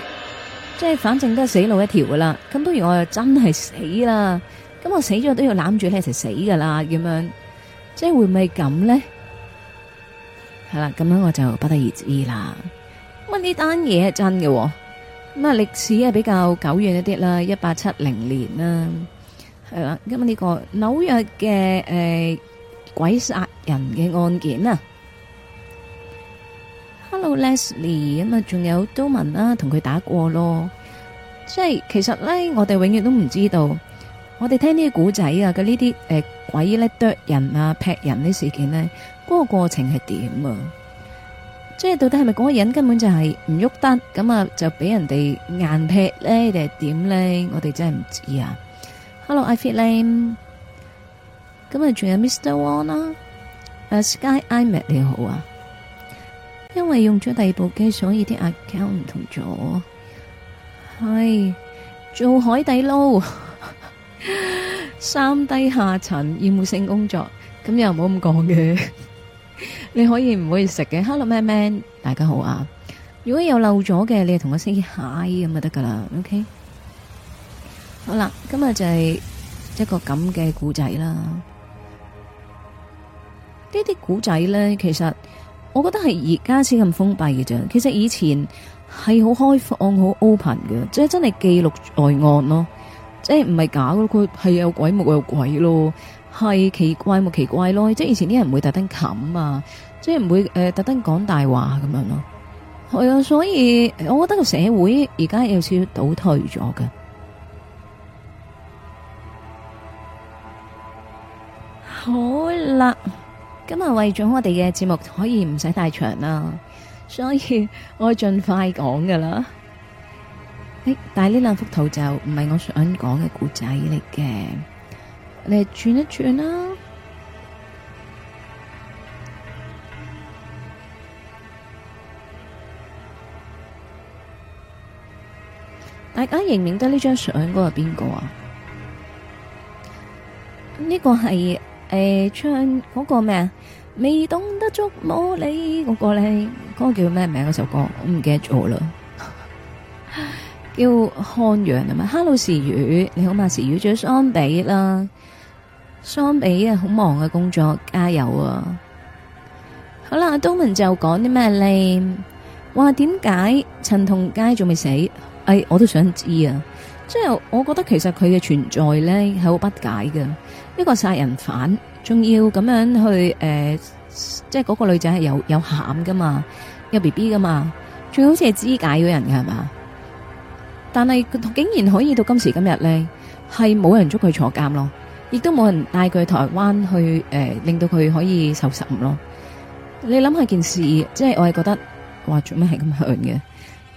即係反正都係死路一條噶啦。咁不如我又真係死啦。咁我死咗都要攬住你一齊死噶啦，咁樣。即係會唔會咁咧？係啦，咁樣我就不得而知啦。咁呢單嘢係真嘅。哦，咁啊歷史係比較久遠一啲啦，一八七零年啦，係啦。咁，這、呢個紐約嘅誒、呃、鬼殺人嘅案件啊，Hello Leslie，咁啊仲有 Do 文啦，同佢打過咯。即係其實咧，我哋永遠都唔知道，我哋聽這這些、呃、呢啲古仔啊，嘅呢啲誒鬼咧剁人啊劈人啲事件咧。嗰個過程係點啊？即係到底係咪嗰個人根本就係唔喐得？咁啊就俾人哋硬劈咧定係點咧？我哋真係唔知啊！Hello，I feel lame。咁啊，仲有 Mr. Warner，誒，Sky，I met 你好啊。因為用咗第二部機，所以啲 account 唔同咗。係做海底撈，三低下層厭惡性工作，咁又唔好咁講嘅。 你可以唔可以食嘅，Hello，Man，Man，Man 大家好啊！如果有漏咗嘅，你就同我 say hi 咁就得噶啦，OK。好啦，今日就係一個咁嘅古仔啦。這些故呢啲古仔咧，其實我覺得係而家先咁封閉嘅啫。其實以前係好開放、好 open 嘅，即係真係記錄在案咯。即係唔係假咯，佢係有鬼冇有鬼咯。係奇怪冇奇怪咯，即係以前啲人唔會特登冚啊，即係唔會誒特登講大話咁樣咯，係啊，所以我覺得個社會而家有少少倒退咗噶。好啦，今日為咗我哋嘅節目可以唔使太長啦，所以我盡快講噶啦。誒、欸，但係呢兩幅圖就唔係我想講嘅故仔嚟嘅。你轉一轉啦！大家認唔認得呢張相？嗰個係邊個啊？呢、這個係誒、呃、唱嗰個咩啊？未懂得捉摸你，我、那個咧，嗰、那個叫咩名？嗰首歌我唔記得咗啦，叫漢陽係咪？Hello，時雨，你好嘛？時雨在相比啦。相比啊，好忙嘅工作，加油啊！好啦，阿東文就講啲咩咧？話點解陳同佳仲未死？哎，我都想知啊！即係我覺得其實佢嘅存在咧，係好不解嘅。一個殺人犯，仲要咁樣去誒，即係嗰個女仔係有有餡噶嘛，有 B B 噶嘛，仲好似係肢解咗人㗎係嘛？但係竟然可以到今時今日咧，係冇人捉佢坐監咯。亦都冇人帶佢去台灣去誒，令到佢可以受審咯。你諗下件事，即係我係覺得話做咩係咁樣嘅？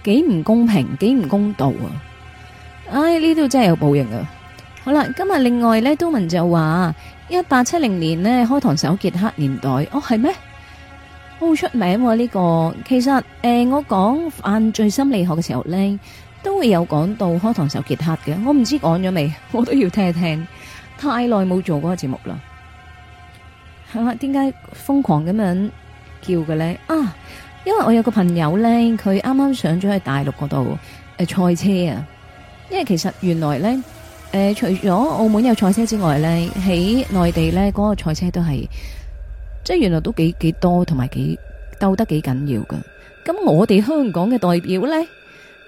幾唔公平，幾唔公道啊！唉，呢度真係有報應啊！好啦，今日另外咧，都文就話一八七零年咧，開膛手傑克年代，哦係咩？好出名喎呢個。其實誒，我講犯罪心理學嘅時候咧，都會有講到開膛手傑克嘅。我唔知講咗未，我都要聽一聽。太耐冇做嗰個節目啦，係嘛？點解瘋狂咁樣叫嘅咧？啊，因為我有個朋友咧，佢啱啱上咗喺大陸嗰度誒賽車啊！因為其實原來咧誒，除咗澳門有賽車之外咧，喺內地咧嗰個賽車都係即係原來都幾幾多，同埋幾鬥得幾緊要嘅。咁我哋香港嘅代表咧，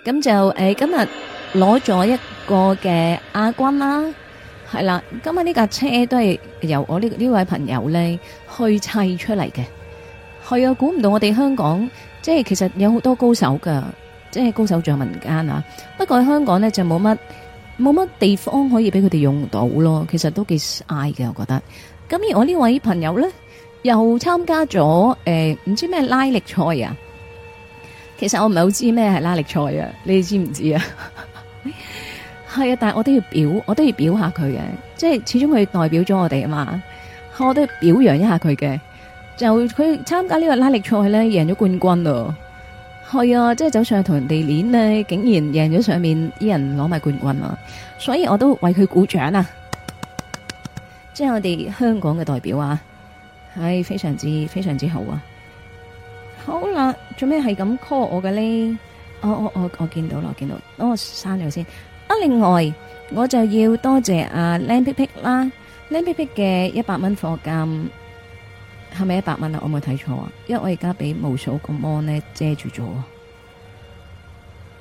咁就誒今日攞咗一個嘅亞軍啦。係啦，今日呢架車都係由我呢呢位朋友咧去砌出嚟嘅。係啊，估唔到我哋香港，即係其實有好多高手噶，即係高手在民間啊。不過喺香港咧就冇乜冇乜地方可以俾佢哋用到咯。其實都幾嘥嘅，我覺得。咁而我呢位朋友咧又參加咗誒唔知咩拉力賽啊？其實我唔係好知咩係拉力賽啊？你哋知唔知啊？ 係啊，但係我都要表，我都要表下佢嘅，即係始終佢代表咗我哋啊嘛，我都要表揚一下佢嘅。就佢參加呢個拉力賽咧，贏咗冠軍咯。係啊，即係走上去同人哋練呢，竟然贏咗上面啲人攞埋冠軍啊！所以我都為佢鼓掌啊！ 即係我哋香港嘅代表啊，係、哎、非常之非常之好啊！好啦，做咩係咁 call 我嘅咧？我我我我見到啦，我見到，等我刪咗先。啊！另外我就要多謝阿靚皮皮啦，靚皮皮嘅一百蚊貨金係咪一百蚊啊？我冇睇錯啊，因為我而家俾無數個 Mon 呢遮住咗。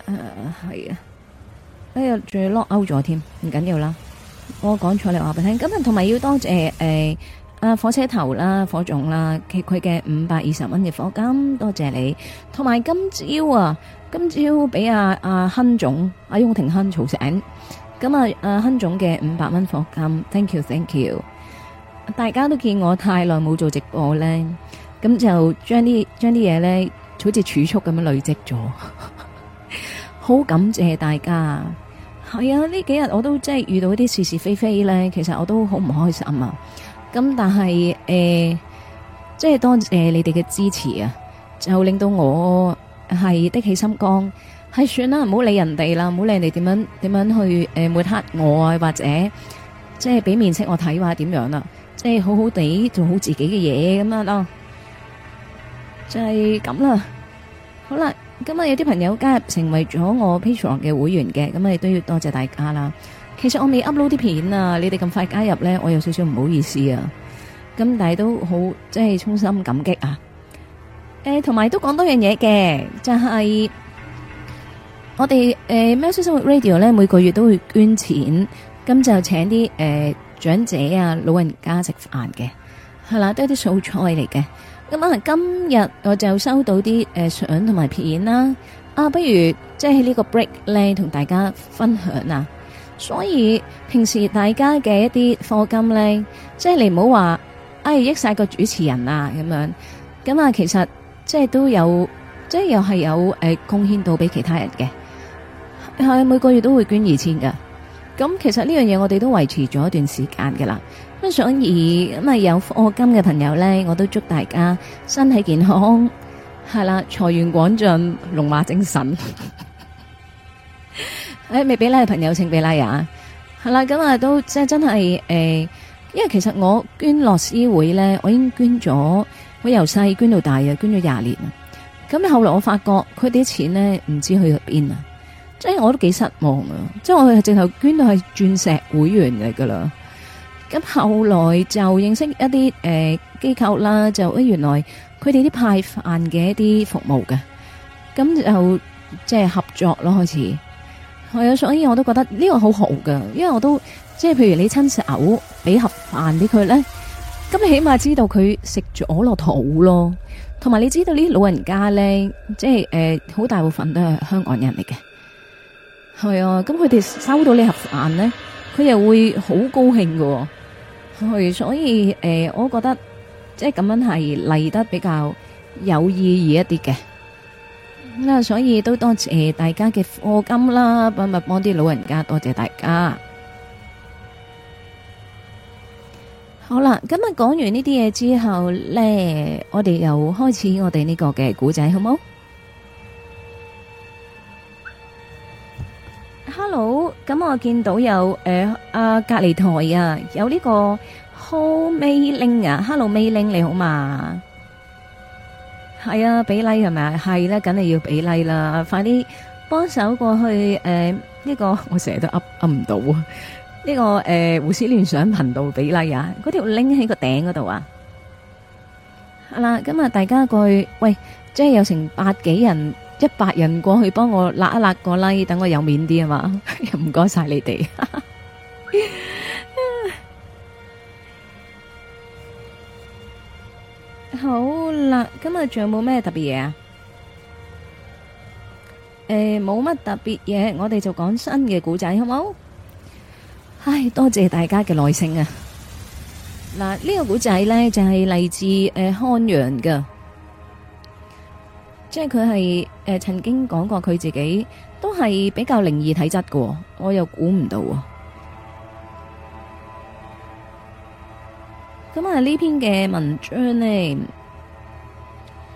誒，係啊，呢個仲要 lock out 咗添，唔緊要啦。我講錯你話俾聽，咁啊同埋要多謝誒啊火車頭啦，火種啦，佢佢嘅五百二十蚊嘅貨金，多謝你。同埋今朝啊！今朝俾阿阿亨總阿雍、啊、廷亨嘈醒，咁啊阿、啊、亨總嘅五百蚊課金，thank you thank you，大家都見我太耐冇做直播咧，咁就將啲將啲嘢咧，好似儲蓄咁樣累積咗，好 感謝大家。係啊，呢幾日我都真係遇到一啲是是非非咧，其實我都好唔開心啊。咁但係誒、呃，即係多謝你哋嘅支持啊，就令到我。係的起心肝，係算啦，唔好理人哋啦，唔好理人哋點樣點樣去誒抹黑我啊，或者即係俾面色我睇話點樣啦，即係好好地做好自己嘅嘢，咁樣咯，就係咁啦。好啦，今日有啲朋友加入成為咗我 Patreon 嘅會員嘅，咁啊亦都要多謝大家啦。其實我未 upload 啲片啊，你哋咁快加入呢，我有少少唔好意思啊。咁但係都好，即係衷心感激啊！誒、呃，同埋都講多樣嘢嘅，就係、是、我哋誒，喵式生活 radio 咧，每個月都會捐錢，咁就請啲誒、呃、長者啊，老人家食飯嘅，係啦，都係啲素菜嚟嘅。咁可能、啊、今日我就收到啲誒、呃、相同埋片啦，啊，不如即係呢個 break 咧，同大家分享啊。所以平時大家嘅一啲課金咧，即、就、係、是、你唔好話，哎，益晒個主持人啊，咁樣，咁啊，其實。即係都有，即係又係有誒貢獻到俾其他人嘅，係每個月都會捐二千噶。咁其實呢樣嘢我哋都維持咗一段時間㗎啦。咁所以咁啊有課金嘅朋友咧，我都祝大家身體健康，係啦，財源廣進，龍馬精神。誒、 哎、未俾拉嘅朋友請俾拉呀。係啦，咁啊都即係真係誒、欸，因為其實我捐樂施會咧，我已經捐咗。我由細捐到大啊，捐咗廿年啊！咁後來我發覺佢哋啲錢咧，唔知去咗邊啊，即係我都幾失望啊！即係我係直頭捐到係鑽石會員嚟噶啦。咁後來就認識一啲誒機構啦，就誒原來佢哋啲派飯嘅一啲服務嘅，咁就即係合作咯開始。係呀，所以我都覺得呢個好好噶，因為我都即係譬如你親手俾盒飯俾佢咧。咁你起碼知道佢食咗我落肚咯，同埋你知道呢啲老人家咧，即係誒，好、呃、大部分都係香港人嚟嘅，係啊。咁佢哋收到呢盒飯咧，佢又會好高興喎。係。所以誒、呃，我覺得即係咁樣係嚟得比較有意義一啲嘅。咁啊，所以都多謝大家嘅課金，啦，咁啊幫啲老人家多謝大家。好啦，咁講完呢啲嘢之後咧，我哋又開始我哋呢個嘅古仔，好冇？Hello，咁我見到有誒啊隔籬台啊，有呢個 Hello May Ling 啊，Hello May Ling 你好嘛？係啊，俾禮係咪？係咧，梗係要俾禮啦！快啲幫手過去誒，呢個我成日都 up up 唔到啊！呢個誒胡思亂想頻道俾 like 啊，嗰條 link 喺個頂嗰度啊，係啦。今日大家過去喂，即係有成百幾人、一百人過去幫我拉一拉個 like，等我有面啲啊嘛。又唔該晒你哋。好啦，今日仲有冇咩特別嘢啊？誒，冇乜特別嘢，我哋就講新嘅古仔好唔好。唉，多謝大家嘅耐性啊！嗱、啊，呢、這個古仔呢，就係、是、嚟自誒漢陽噶，即係佢係誒曾經講過佢自己都係比較靈異體質噶，我又估唔到啊！咁啊，呢篇嘅文章呢，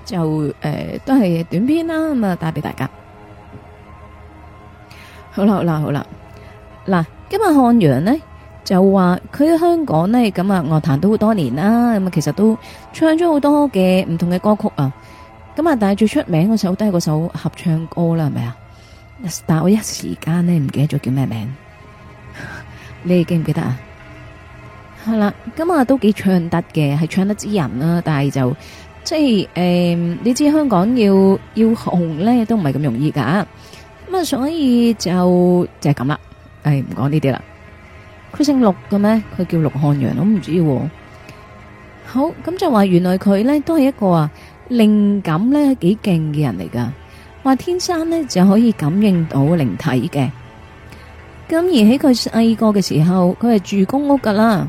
就誒、呃、都係短篇啦，咁啊帶俾大家。好啦，好啦，好啦，嗱。今日漢陽呢，就話佢喺香港呢，咁啊，樂壇都好多年啦，咁啊其實都唱咗好多嘅唔同嘅歌曲啊。咁啊，但係最出名嗰首都係嗰首合唱歌啦，係咪啊？但係我一時間呢，唔記， 記，記得咗叫咩名，你記唔記得啊？係啦，咁啊都幾唱得嘅，係唱得之人啦、啊。但係就即係誒、呃，你知香港要要紅咧都唔係咁容易噶。咁啊，所以就就係咁啦。誒，唔講呢啲啦。佢姓陸嘅咩？佢叫陸漢陽，我唔知道啊。好咁就話，原來佢咧都係一個啊靈感咧幾勁嘅人嚟噶。話天生咧就可以感應到靈體嘅。咁而喺佢細個嘅時候，佢係住公屋噶啦。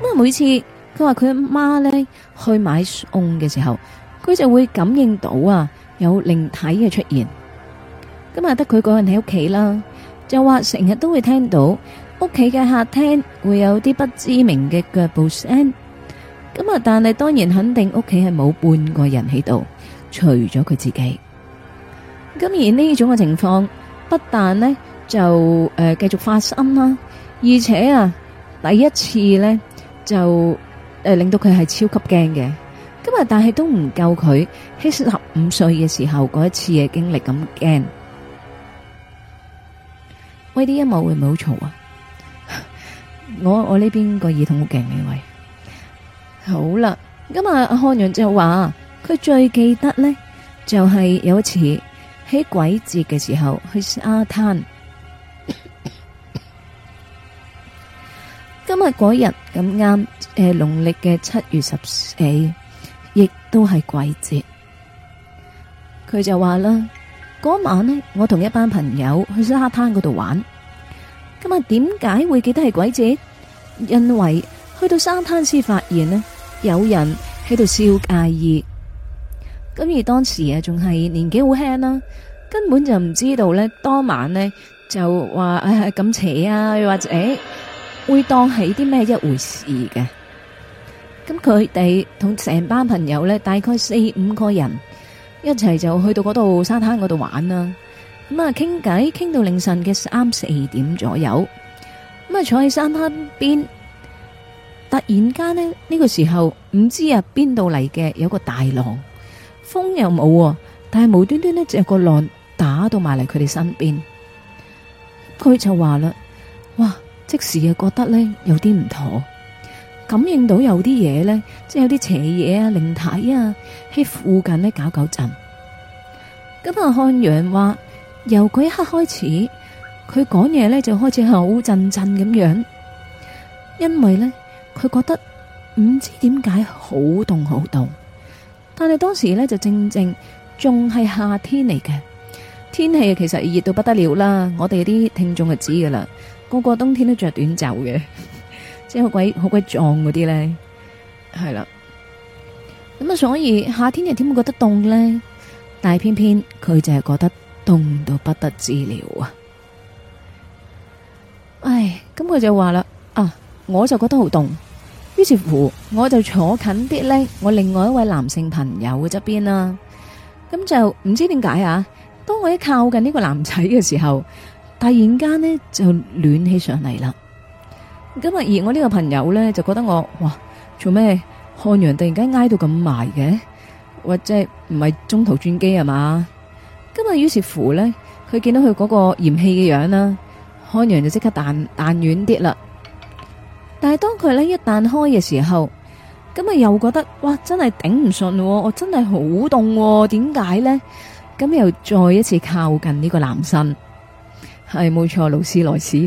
咁啊，每次佢話佢阿媽咧去買餸嘅時候，佢就會感應到啊有靈體嘅出現。咁啊，得佢個人喺屋企啦。就話成日都會聽到屋企嘅客廳會有啲不知名嘅腳步聲，咁啊，但係當然肯定屋企係冇半個人喺度，除咗佢自己。咁而呢種嘅情況不但呢就誒繼續發生啦，而且啊第一次呢就誒令到佢係超級驚嘅，咁啊但係都唔夠佢喺十五歲嘅時候嗰一次嘅經歷咁驚。呢啲音樂會唔會好嘈啊？我我呢邊個耳筒好勁呢位。好啦，今日阿漢陽就話佢最記得呢，就係、是、有一次喺鬼節嘅時候去沙灘。 今日嗰日咁啱，誒，農曆嘅七月十四，亦都係鬼節。佢就話啦，嗰晚呢，我同一班朋友去沙灘嗰度玩。咁啊，點解會記得係鬼節？因為去到沙灘先發現呢，有人喺度燒街衣。咁而當時啊，仲係年紀好輕啦，根本就唔知道咧，當晚呢就話誒，咁邪啊，或者會當係啲咩一回事嘅。咁佢哋同成班朋友咧，大概四五個人一齊就去到嗰度沙灘嗰度玩啦。咁啊，傾偈傾到凌晨嘅三四點左右，咁啊坐喺山坑邊，突然間呢，呢個時候唔知啊邊度嚟嘅有個大浪，風又冇，但係無端端咧就個浪打到埋嚟佢哋身邊，佢就話啦，哇即時又覺得呢，有啲唔妥，感應到有啲嘢呢，即係有啲邪嘢啊靈體啊喺附近呢搞搞震。咁啊漢陽話。由嗰一刻開始，佢講嘢咧就開始好震震咁樣，因為呢，佢覺得唔知點解好凍好凍，但係當時呢，就正正仲係夏天嚟嘅，天氣其實熱到不得了啦。我哋啲聽眾就知㗎啦，個個冬天都着短袖嘅，即係好鬼好鬼壯嗰啲呢，係啦。咁啊，所以夏天又點會覺得凍呢？但係偏偏佢就係覺得。凍到不得之了啊！唉，咁佢就話啦，啊，我就覺得好凍，於是乎我就坐近啲咧，我另外一位男性朋友嘅側邊啦。咁就唔知點解啊，當我一靠近呢個男仔嘅時候，突然間呢就暖起上嚟啦。咁而我呢個朋友呢，就覺得我哇做咩漢陽突然間挨到咁埋嘅，或者唔係中途轉機係嘛？咁啊，於是乎呢，佢見到佢嗰個嫌棄嘅樣啦，漢陽就即刻彈彈遠啲啦。但係當佢呢一彈開嘅時候，咁啊又覺得哇，真係頂唔順，我真係好凍，點解呢？咁又再一次靠近呢個男生，係冇錯，勞斯萊斯。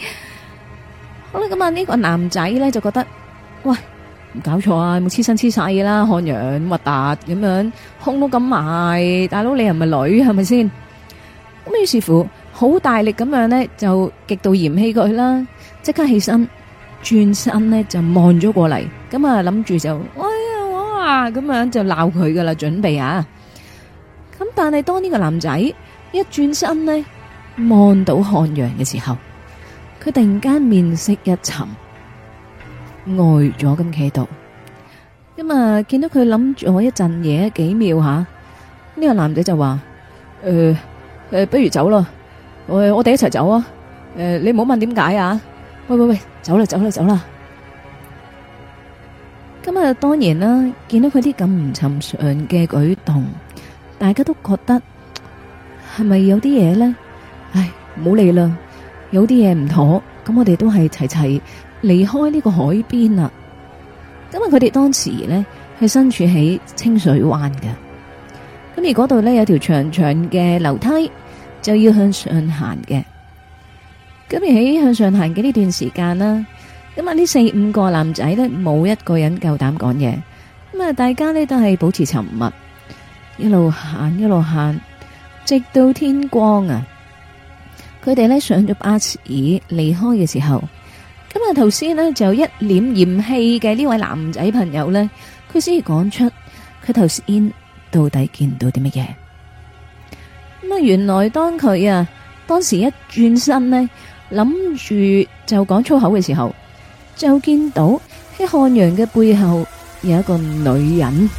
好啦，咁啊呢個男仔呢，就覺得哇。搞錯啊！冇黐身黐晒嘢啦，漢陽核突咁樣，胸都咁埋，大佬你又唔係女係咪先？咁於是乎，好大力咁樣咧，就極度嫌棄佢啦，即刻起身轉身咧就望咗過嚟，咁啊諗住就哎呀哇啊咁樣就鬧佢噶啦，準備啊！咁但係當呢個男仔一轉身呢，望到漢陽嘅時候，佢突然間面色一沉。呆咗咁企度，咁啊見到佢，諗住我一陣嘢幾秒吓，呢個男仔就話，誒誒，不如走咯！誒，我哋一齊走啊！誒，你唔好問點解啊！喂喂喂，走啦走啦走啦！咁啊，當然啦，見到佢啲咁唔尋常嘅舉動，大家都覺得係咪有啲嘢咧？唉，唔好理啦，有啲嘢唔妥，咁我哋都係齊齊。離開呢個海邊啦，咁啊佢哋當時呢係身處喺清水灣嘅，咁而嗰度呢，有條長長嘅樓梯，就要向上行嘅。咁而喺向上行嘅呢段時間啦，咁啊呢四五個男仔呢，冇一個人夠膽講嘢，咁啊大家呢，都係保持沉默，一路行一路行，直到天光啊。佢哋呢，上咗巴士離開嘅時候。咁啊！頭先呢就一臉嫌棄嘅呢位男仔朋友呢，佢先至講出佢頭先到底見到啲乜嘢。咁啊，原來當佢啊當時一轉身呢，諗住就講粗口嘅時候，就見到喺漢陽嘅背後有一個女人，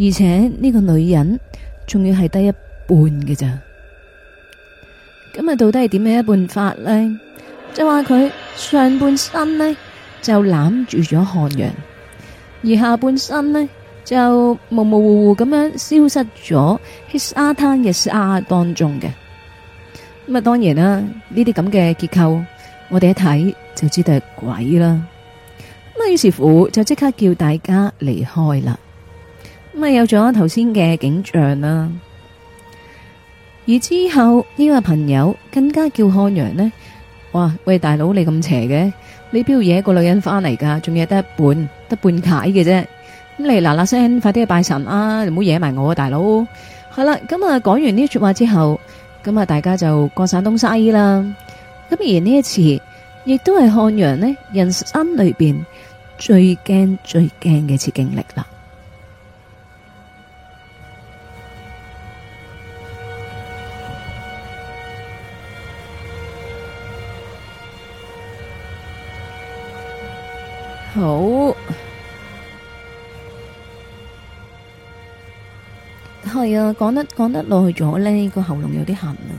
而且呢個女人仲要係得一半嘅咋。咁啊，到底係點樣一半法呢？就話、是、佢上半身呢就攬住咗漢陽，而下半身呢就模模糊糊咁樣消失咗喺沙灘嘅沙當中嘅。咁啊，當然啦，呢啲咁嘅結構，我哋一睇就知道係鬼啦。咁啊，於是乎就即刻叫大家離開啦。咁啊，有咗頭先嘅景象啦。而之後呢位、這個、朋友更加叫漢陽呢。哇！喂，大佬，你咁邪嘅，你標惹個女人翻嚟噶，仲惹得一半，得半解嘅啫。咁你嗱嗱聲，快啲去拜神啊！唔好惹埋我啊，大佬。係啦，咁啊講完呢句話之後，咁啊大家就各散東西啦。咁而呢一次，亦都係漢陽呢人生裏邊最驚、最驚嘅一次經歷啦。好係啊，講得講得落去咗咧，個喉嚨有啲痕啊，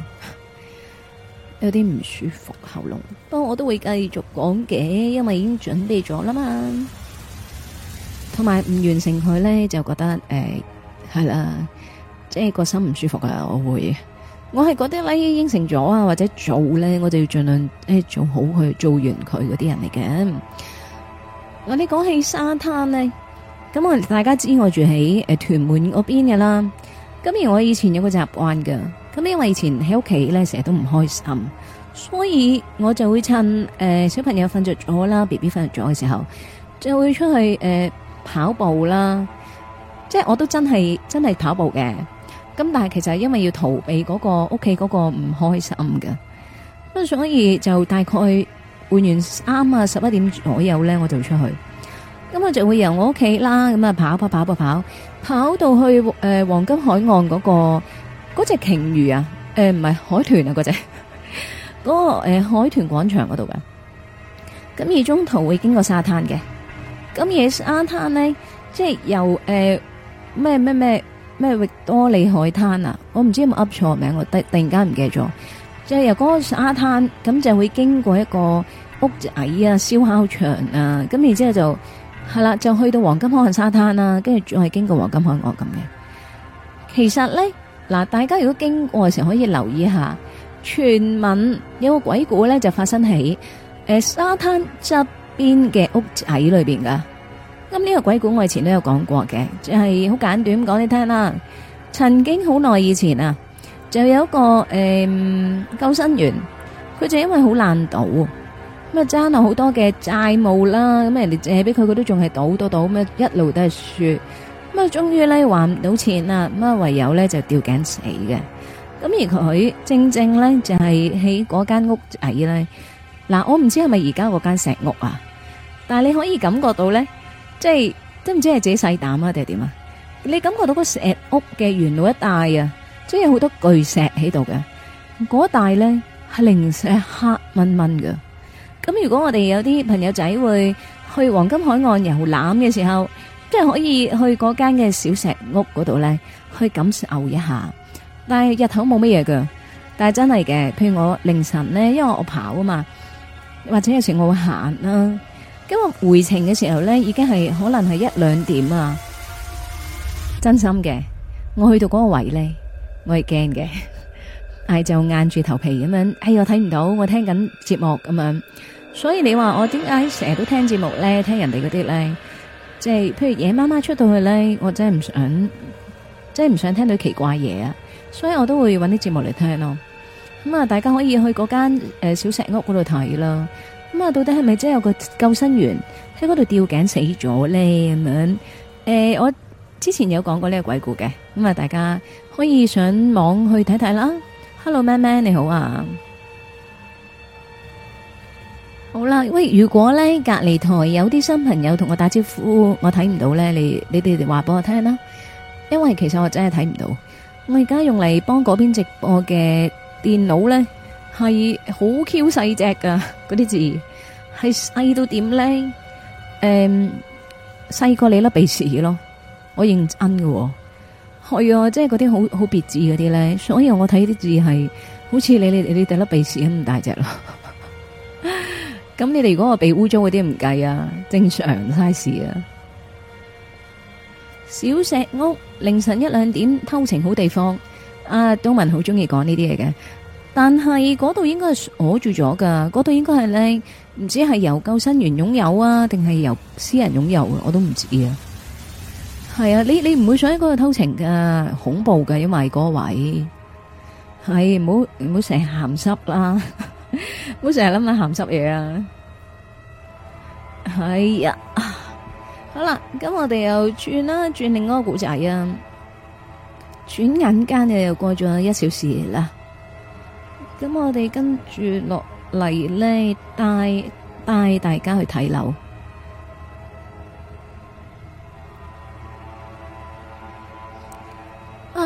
有啲唔舒服喉嚨。不過我都會繼續講嘅，因為已經準備咗啦嘛。同埋唔完成佢咧，就覺得誒係啦，即係個心唔舒服啊。我會我係覺得咧，應承咗啊，或者做咧，我就要盡量誒做好佢，做完佢嗰啲人嚟嘅。我哋講起沙灘咧，咁我大家知我住喺誒屯門嗰邊嘅啦。咁而我以前有個習慣㗎，咁因為以前喺屋企咧，成日都唔開心，所以我就會趁誒小朋友瞓着咗啦，B B 瞓着咗嘅時候，就會出去誒、呃、跑步啦。即係我都真係真係跑步嘅，咁但係其實係因為要逃避嗰、嗰個屋企嗰個唔開心㗎，咁所以就大概。換完啱啊，十一點左右咧，我就出去。咁我就會由我屋企啦，咁啊跑跑跑跑跑，跑，跑到去誒、呃、黃金海岸嗰、那個嗰隻鯨魚啊，誒唔係海豚啊嗰隻，嗰、 那個誒、呃、海豚廣場嗰度嘅。咁而中途會經過沙灘嘅，咁而沙灘咧，即係由誒咩咩咩咩域多利海灘啊，我唔知有冇噏錯名，我突突然間唔記得咗，即、就、係、是、由嗰個沙灘，咁就會經過一個。屋仔啊，燒烤場啊，咁然之後就係啦，就去到黃金海岸沙灘啦，跟住仲係經過黃金海岸咁嘅。其實咧嗱，大家如果經過嘅時候可以留意一下，傳聞有個鬼故咧就發生喺誒沙灘側邊嘅屋仔裏邊噶。咁呢個鬼故我以前都有講過嘅，就係好簡短咁講你聽啦。曾經好耐以前啊，就有一個誒救生員，佢就因為好難倒。咁啊，爭落好多嘅債務啦，咁人哋借俾佢，佢都仲係賭賭賭咁咩，一路都係輸，咁啊，終於咧還唔到錢啦，咁啊，唯有咧就吊頸死嘅。咁而佢正正咧就係喺嗰間屋仔咧，嗱，我唔知係咪而家嗰間石屋啊，但係你可以感覺到咧，即係真唔知係自己細膽啊，定係點啊？你感覺到嗰石屋嘅沿路一帶啊，即係有好多巨石喺度嘅，嗰一帶咧係零舍黑蚊蚊嘅。咁如果我哋有啲朋友仔會去黃金海岸遊覽嘅時候，即係可以去嗰間嘅小石屋嗰度咧，去感受一下。但係日頭冇乜嘢㗎，但係真係嘅。譬如我凌晨咧，因為我跑啊嘛，或者有時我會行啦。咁我回程嘅時候咧，已經係可能係一兩點啊。真心嘅，我去到嗰個位咧，我係驚嘅，但 係就硬住頭皮咁樣。哎，我睇唔到，我聽緊節目咁樣。所以你話我點解成日都聽節目咧？聽人哋嗰啲咧，即係譬如夜媽媽出到去咧，我真係唔想，真係唔想聽到奇怪嘢啊！所以我都會搵啲節目嚟聽咯。咁啊，大家可以去嗰間誒小石屋嗰度睇囉。咁啊，到底係咪真係有個救生員喺嗰度吊頸死咗咧？咁樣誒，呃，我之前有講過呢個鬼故嘅，咁啊，大家可以上網去睇睇啦。Hello，咩咩你好啊！好啦，喂！如果咧隔籬台有啲新朋友同我打招呼，我睇唔到咧，你你哋哋話俾我聽啦。因為其實我真係睇唔到，我而家用嚟幫嗰邊直播嘅電腦咧，係好 Q 細隻噶，嗰啲字係細到點咧？誒、嗯，細過你粒鼻屎咯，我認真嘅、哦，係啊，即係嗰啲好好別致嗰啲咧，所以我睇啲字係好似你你你粒鼻屎咁大隻咯。咁你哋如果個被污糟嗰啲唔計啊，正常嘥事啊。小石屋凌晨一兩點偷情好地方，阿東文好中意講呢啲嘢嘅。但係嗰度應該係鎖住咗噶，嗰度應該係咧，唔知係由救生員擁有啊，定係由私人擁有啊，我都唔知啊。係啊，你你唔會想喺嗰度偷情噶，恐怖噶，因為嗰位係唔好唔好成日鹹濕啦。好，成日諗下鹹濕嘢啊，係呀、啊，好啦，咁我哋又轉啦，轉另外個古仔啊，轉眼間嘅又過咗一小時啦，咁我哋跟住落嚟呢，帶帶大家去睇樓。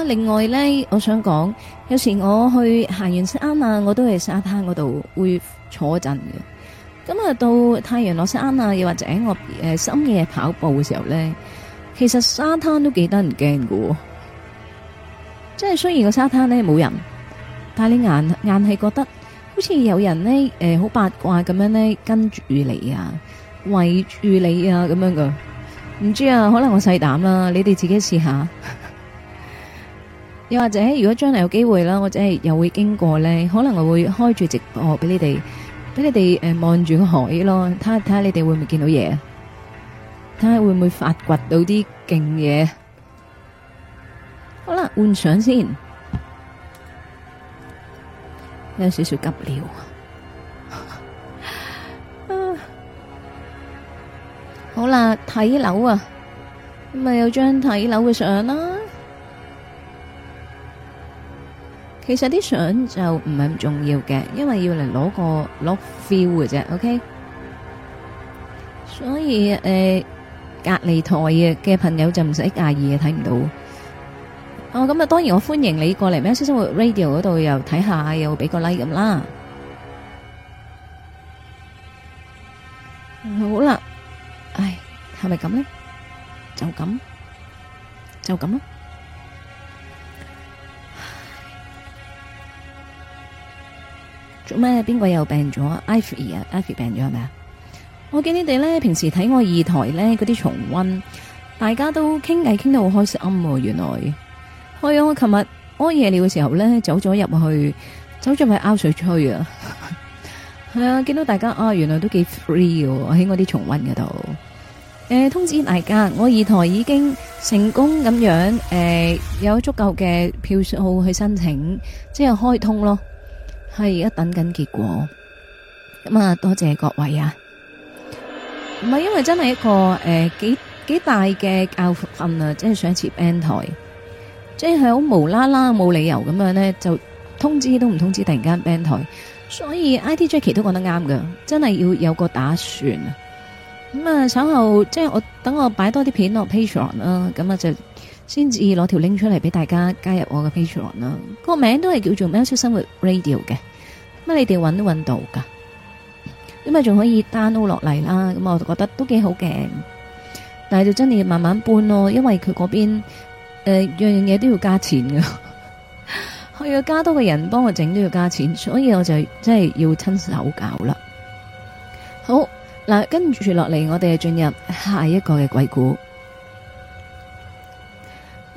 另外咧，我想講，有時我去行完山啊，我都係沙灘嗰度會坐陣嘅。咁、嗯、啊,到太陽落山啊，又或者我誒深夜跑步嘅時候咧，其實沙灘都幾得人驚嘅。即係雖然個沙灘咧冇人，但係你硬硬係覺得好似有人咧，誒好八卦咁樣咧跟住你啊，圍住你啊咁樣噶。唔知道啊，可能我細膽啦，你哋自己試下。又或者，如果將來有機會啦，我真係又會經過咧，可能我會開住直播俾你哋，俾你哋誒望住個海咯，睇下睇下你哋會唔會見到嘢，睇下會唔會發掘到啲勁嘢。好啦，換相先，有少少急尿啊！好啦，睇樓啊，咁咪有張睇樓嘅相啦。其實啲相就唔係咁重要嘅，因為要嚟攞個 look feel 嘅啫，OK。所以誒隔離台嘅嘅朋友就唔使介意啊，睇唔到。哦，咁啊，當然我歡迎你過嚟咩？喵式生活 radio 嗰度又睇下，又俾個 like 咁啦。好啦，唉，係咪咁咧？就咁，就咁咯。做咩？邊個又病咗？Ivy 啊，Ivy 病咗係咪啊？我見你哋咧平時睇我二台咧嗰啲重溫，大家都傾偈傾得好開心哦、啊。原來，係、哎、我琴日屙夜尿嘅時候咧，走咗入去，走咗咪 Out 水吹啊？係 啊、哎，見到大家啊，原來都幾 free 嘅、啊、喺我啲重溫嗰度。誒、呃，通知大家，我二台已經成功咁樣誒、呃，有足夠嘅票數去申請，即係開通咯。係而家等緊結果，咁啊多謝各位啊，唔係因為真係一個誒、呃、幾幾大嘅教訓，啊，即係上一次 band 台，即係好無啦啦冇理由咁樣咧就通知都唔通知，突然間 band 台，所以 IT Jackie 都講得啱㗎，真係要有個打算。嗯、啊。咁啊稍後即係我等我擺多啲片落 patron 啦，咁啊就。先至攞條 link 出嚟俾大家加入我嘅 Patreon 啦，個名都係叫做喵式生活 radio 嘅。乜你哋揾都揾到噶，因為仲可以 download 落嚟啦。咁我就覺得都幾好嘅。但係就真係要慢慢搬咯，因為佢嗰邊誒樣樣嘢都要加錢噶。我要加多個人幫我整都要加錢，所以我就真係要親手搞啦。好嗱，跟住落嚟我哋就進入下一個嘅鬼故。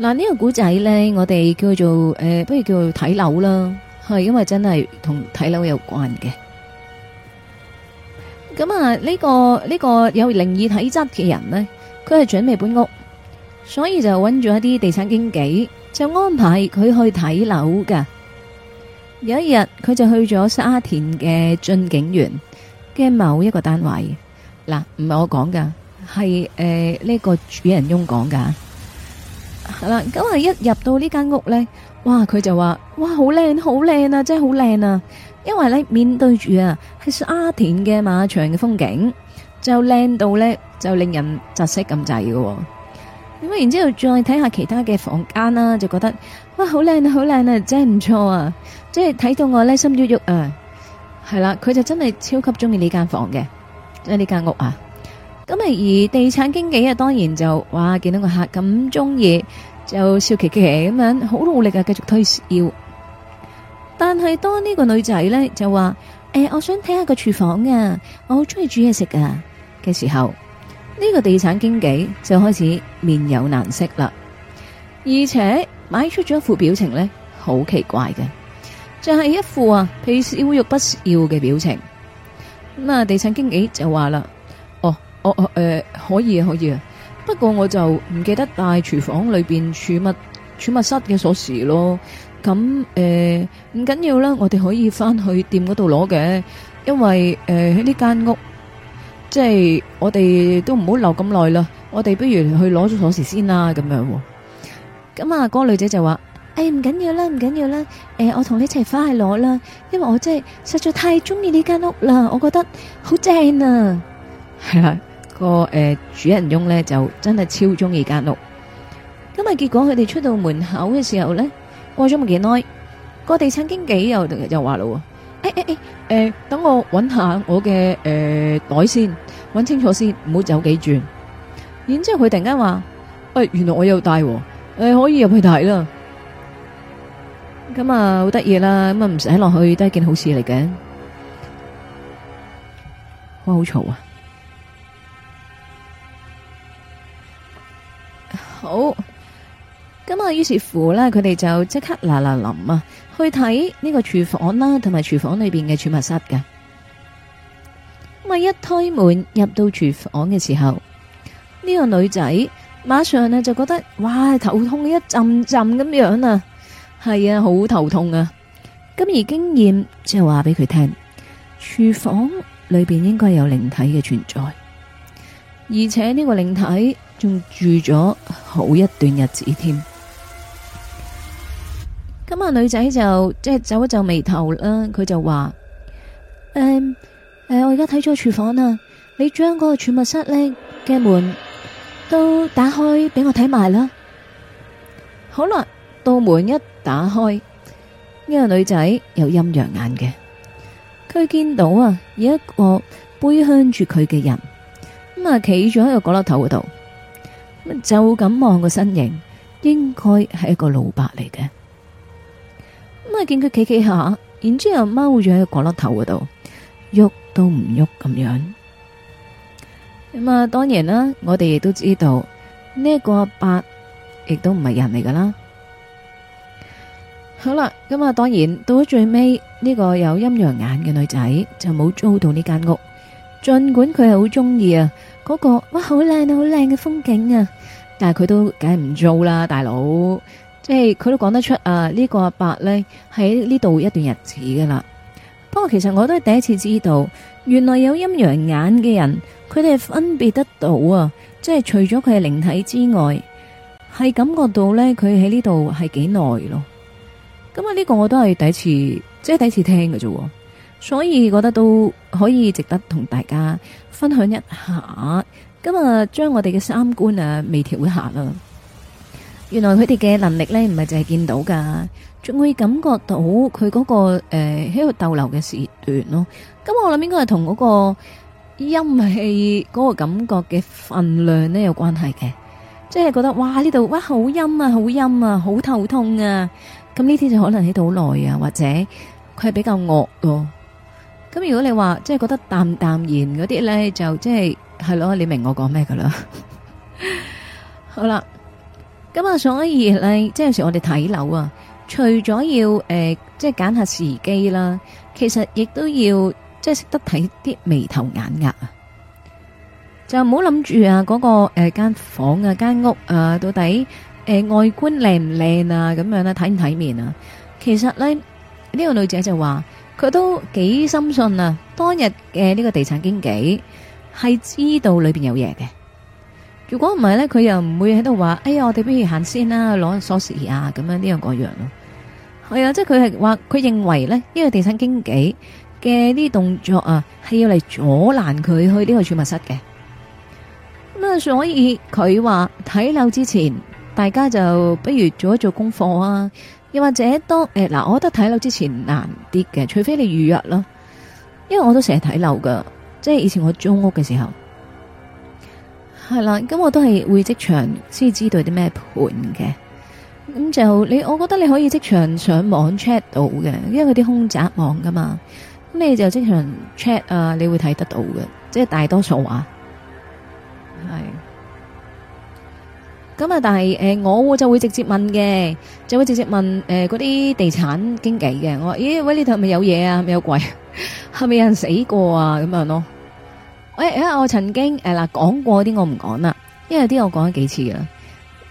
嗱、這個、呢個古仔咧，我哋叫做誒、呃，不如叫做睇樓啦，係因為真係同睇樓有關嘅。咁啊，呢、這個呢、這個有靈異體質嘅人咧，佢係準備搬屋，所以就揾咗一啲地產經紀，就安排佢去睇樓噶。有一日，佢就去咗沙田嘅駿景園嘅某一個單位。嗱、呃，唔係我講噶，係誒呢個主人翁講噶。嗱，咁啊！一入到呢間屋呢，哇！佢就話：哇，好靚，好靚啊，真係好靚啊！因為呢面對住啊，係沙田嘅馬場嘅風景，就靚到呢，就令人窒息咁滯嘅。咁啊，然之後再睇下其他嘅房間啦，就覺得哇，好靚，好靚啊，真係唔錯啊！即係睇到我呢心喐喐啊，係啦，佢就真係超級中意呢間房嘅，即係呢間屋啊。咁啊，而地產經紀啊，當然就哇，見到個客咁中意，.就笑騎騎，咁樣，好努力啊，繼續推銷，但係當呢個女仔咧就話：誒、欸，我想睇下個廚房啊，我好中意煮嘢食㗎嘅時候，呢、這個地產經紀就開始面有難色啦。而且擺出咗一副表情咧，好奇怪嘅，就係、是、一副啊皮笑肉不笑嘅表情。咁啊，地產經紀就話啦：哦，哦哦，誒、呃，可以啊，可以啊。不過我就唔記得帶廚房裏邊儲物儲物室嘅鎖匙咯。咁誒唔緊要啦，我哋可以翻去店嗰度攞嘅。因為誒喺呢間屋，即係我哋都唔好留咁耐啦。我哋不如去攞咗鎖匙先啦，咁樣。咁啊，嗰個女仔就話：誒唔緊要啦，唔緊要啦。誒、呃，我同你一齊翻去攞啦，因為我真係實在太中意呢間屋啦，我覺得好正啊。係啦。個誒、呃、主人翁咧，就真係超中意間屋，咁啊結果佢哋出到門口嘅時候咧，過咗冇幾耐，個地產經紀又又話啦：，誒誒誒，誒、哎呃、等我揾下我嘅誒、呃、袋先，揾清楚先，唔好走幾轉。然之後佢突然間話：，喂、哎，原來我有帶，誒、呃、可以入去睇啦。咁啊好得意啦，咁啊唔使落去都係件好事嚟嘅。哇好嘈啊！好，咁啊，於是乎呢，佢哋就即刻嗱嗱臨啊，去睇呢個廚房啦，同埋廚房裏邊嘅儲物室嘅。咁啊，一推門入到廚房嘅時候，呢個女仔馬上呢就覺得，哇，頭痛一陣陣咁樣啊，係啊，好頭痛啊。咁而經驗即係話俾佢聽，廚房裏邊應該有靈體嘅存在，而且呢個靈體。仲住咗好一段日子添。咁啊，女仔就即係皺一皺眉頭啦。佢就話：誒、嗯、誒、嗯，我而家睇咗廚房啦，你將嗰個儲物室咧嘅門都打開俾我睇埋啦。好啦，道門一打開，呢個女仔有陰陽眼嘅，佢見到啊，有一個背向住佢嘅人咁啊，企咗喺個角落頭嗰度。就咁望個身形，應該係一個老伯嚟嘅。咁啊，見佢企企下，然之後踎咗喺個角落頭嗰度，喐都唔喐咁樣。咁啊，當然啦，我哋亦都知道呢個阿伯亦都唔係人嚟噶啦。好啦，咁啊，當然到咗最尾，呢個有陰陽眼嘅女仔就冇租到呢間屋，盡管佢係好中意啊。嗰個哇，好靚啊，好靚嘅風景啊，但係佢都梗係唔做啦，大佬，即係佢都講得出啊，呢個阿伯呢喺呢度一段日子噶啦。不過其實我都係第一次知道，原來有陰陽眼嘅人，佢哋係分別得到啊，即係除咗佢嘅靈體之外，係感覺到呢，佢喺呢度係幾耐咯。咁啊呢個我都係第一次，即係第一次聽咋啫，所以覺得都可以值得同大家分享一下，今日將我哋嘅三觀啊微調下啦。原來佢哋嘅能力咧，唔係淨係見到噶，仲會感覺到佢嗰、嗰個誒喺度逗留嘅時段咯。咁、嗯、我諗應該係同嗰個陰氣嗰個感覺嘅份量咧有關係嘅，即係覺得哇呢度哇好陰啊，好陰啊，好頭痛啊。咁呢啲就可能喺度好耐啊，或者佢係比較惡噶。咁如果你話即係覺得淡淡然嗰啲咧，就即係係咯，你明我講咩噶啦？好啦，咁啊，所以咧，即係有時我哋睇樓啊，除咗要誒，即係揀下時機啦，其實亦都要即係識得睇啲眉頭眼額啊，就唔好諗住啊，嗰個誒間房啊間屋啊到底誒外觀靚唔靚啊咁樣咧睇唔睇面啊？其實咧呢個女仔就話。佢都幾深信啊！當日嘅呢個地產經紀係知道裏邊有嘢嘅。如果唔係咧，佢又唔會喺度話，哎呀，我哋不如行先啦，攞鎖匙啊，咁樣呢樣個樣咯。係啊，即係佢係話，佢認為咧，呢個地產經紀嘅啲動作啊，係要嚟阻攔佢去呢個儲物室嘅。咁所以佢話睇樓之前，大家就不如做一做功課啊。又或者當誒嗱、欸，我覺得睇樓之前難啲嘅，除非你預約咯，因為我都成日睇樓噶，即係以前我租屋嘅時候，係啦，咁我都係會即場先知道啲咩盤嘅，咁就你，我覺得你可以即場上網 check 到嘅，因為佢啲空宅網噶嘛，咁你就即場 check 啊，你會睇得到嘅，即係大多數話。係。咁啊！但係誒，我就會直接問嘅，就會直接問誒嗰啲地產經紀嘅。我話咦，喂，呢度係咪有嘢啊？係咪有鬼？係咪有人死過啊？咁樣咯。誒誒，我曾經誒嗱講過啲，我唔講啦，因為啲我講咗幾次啦。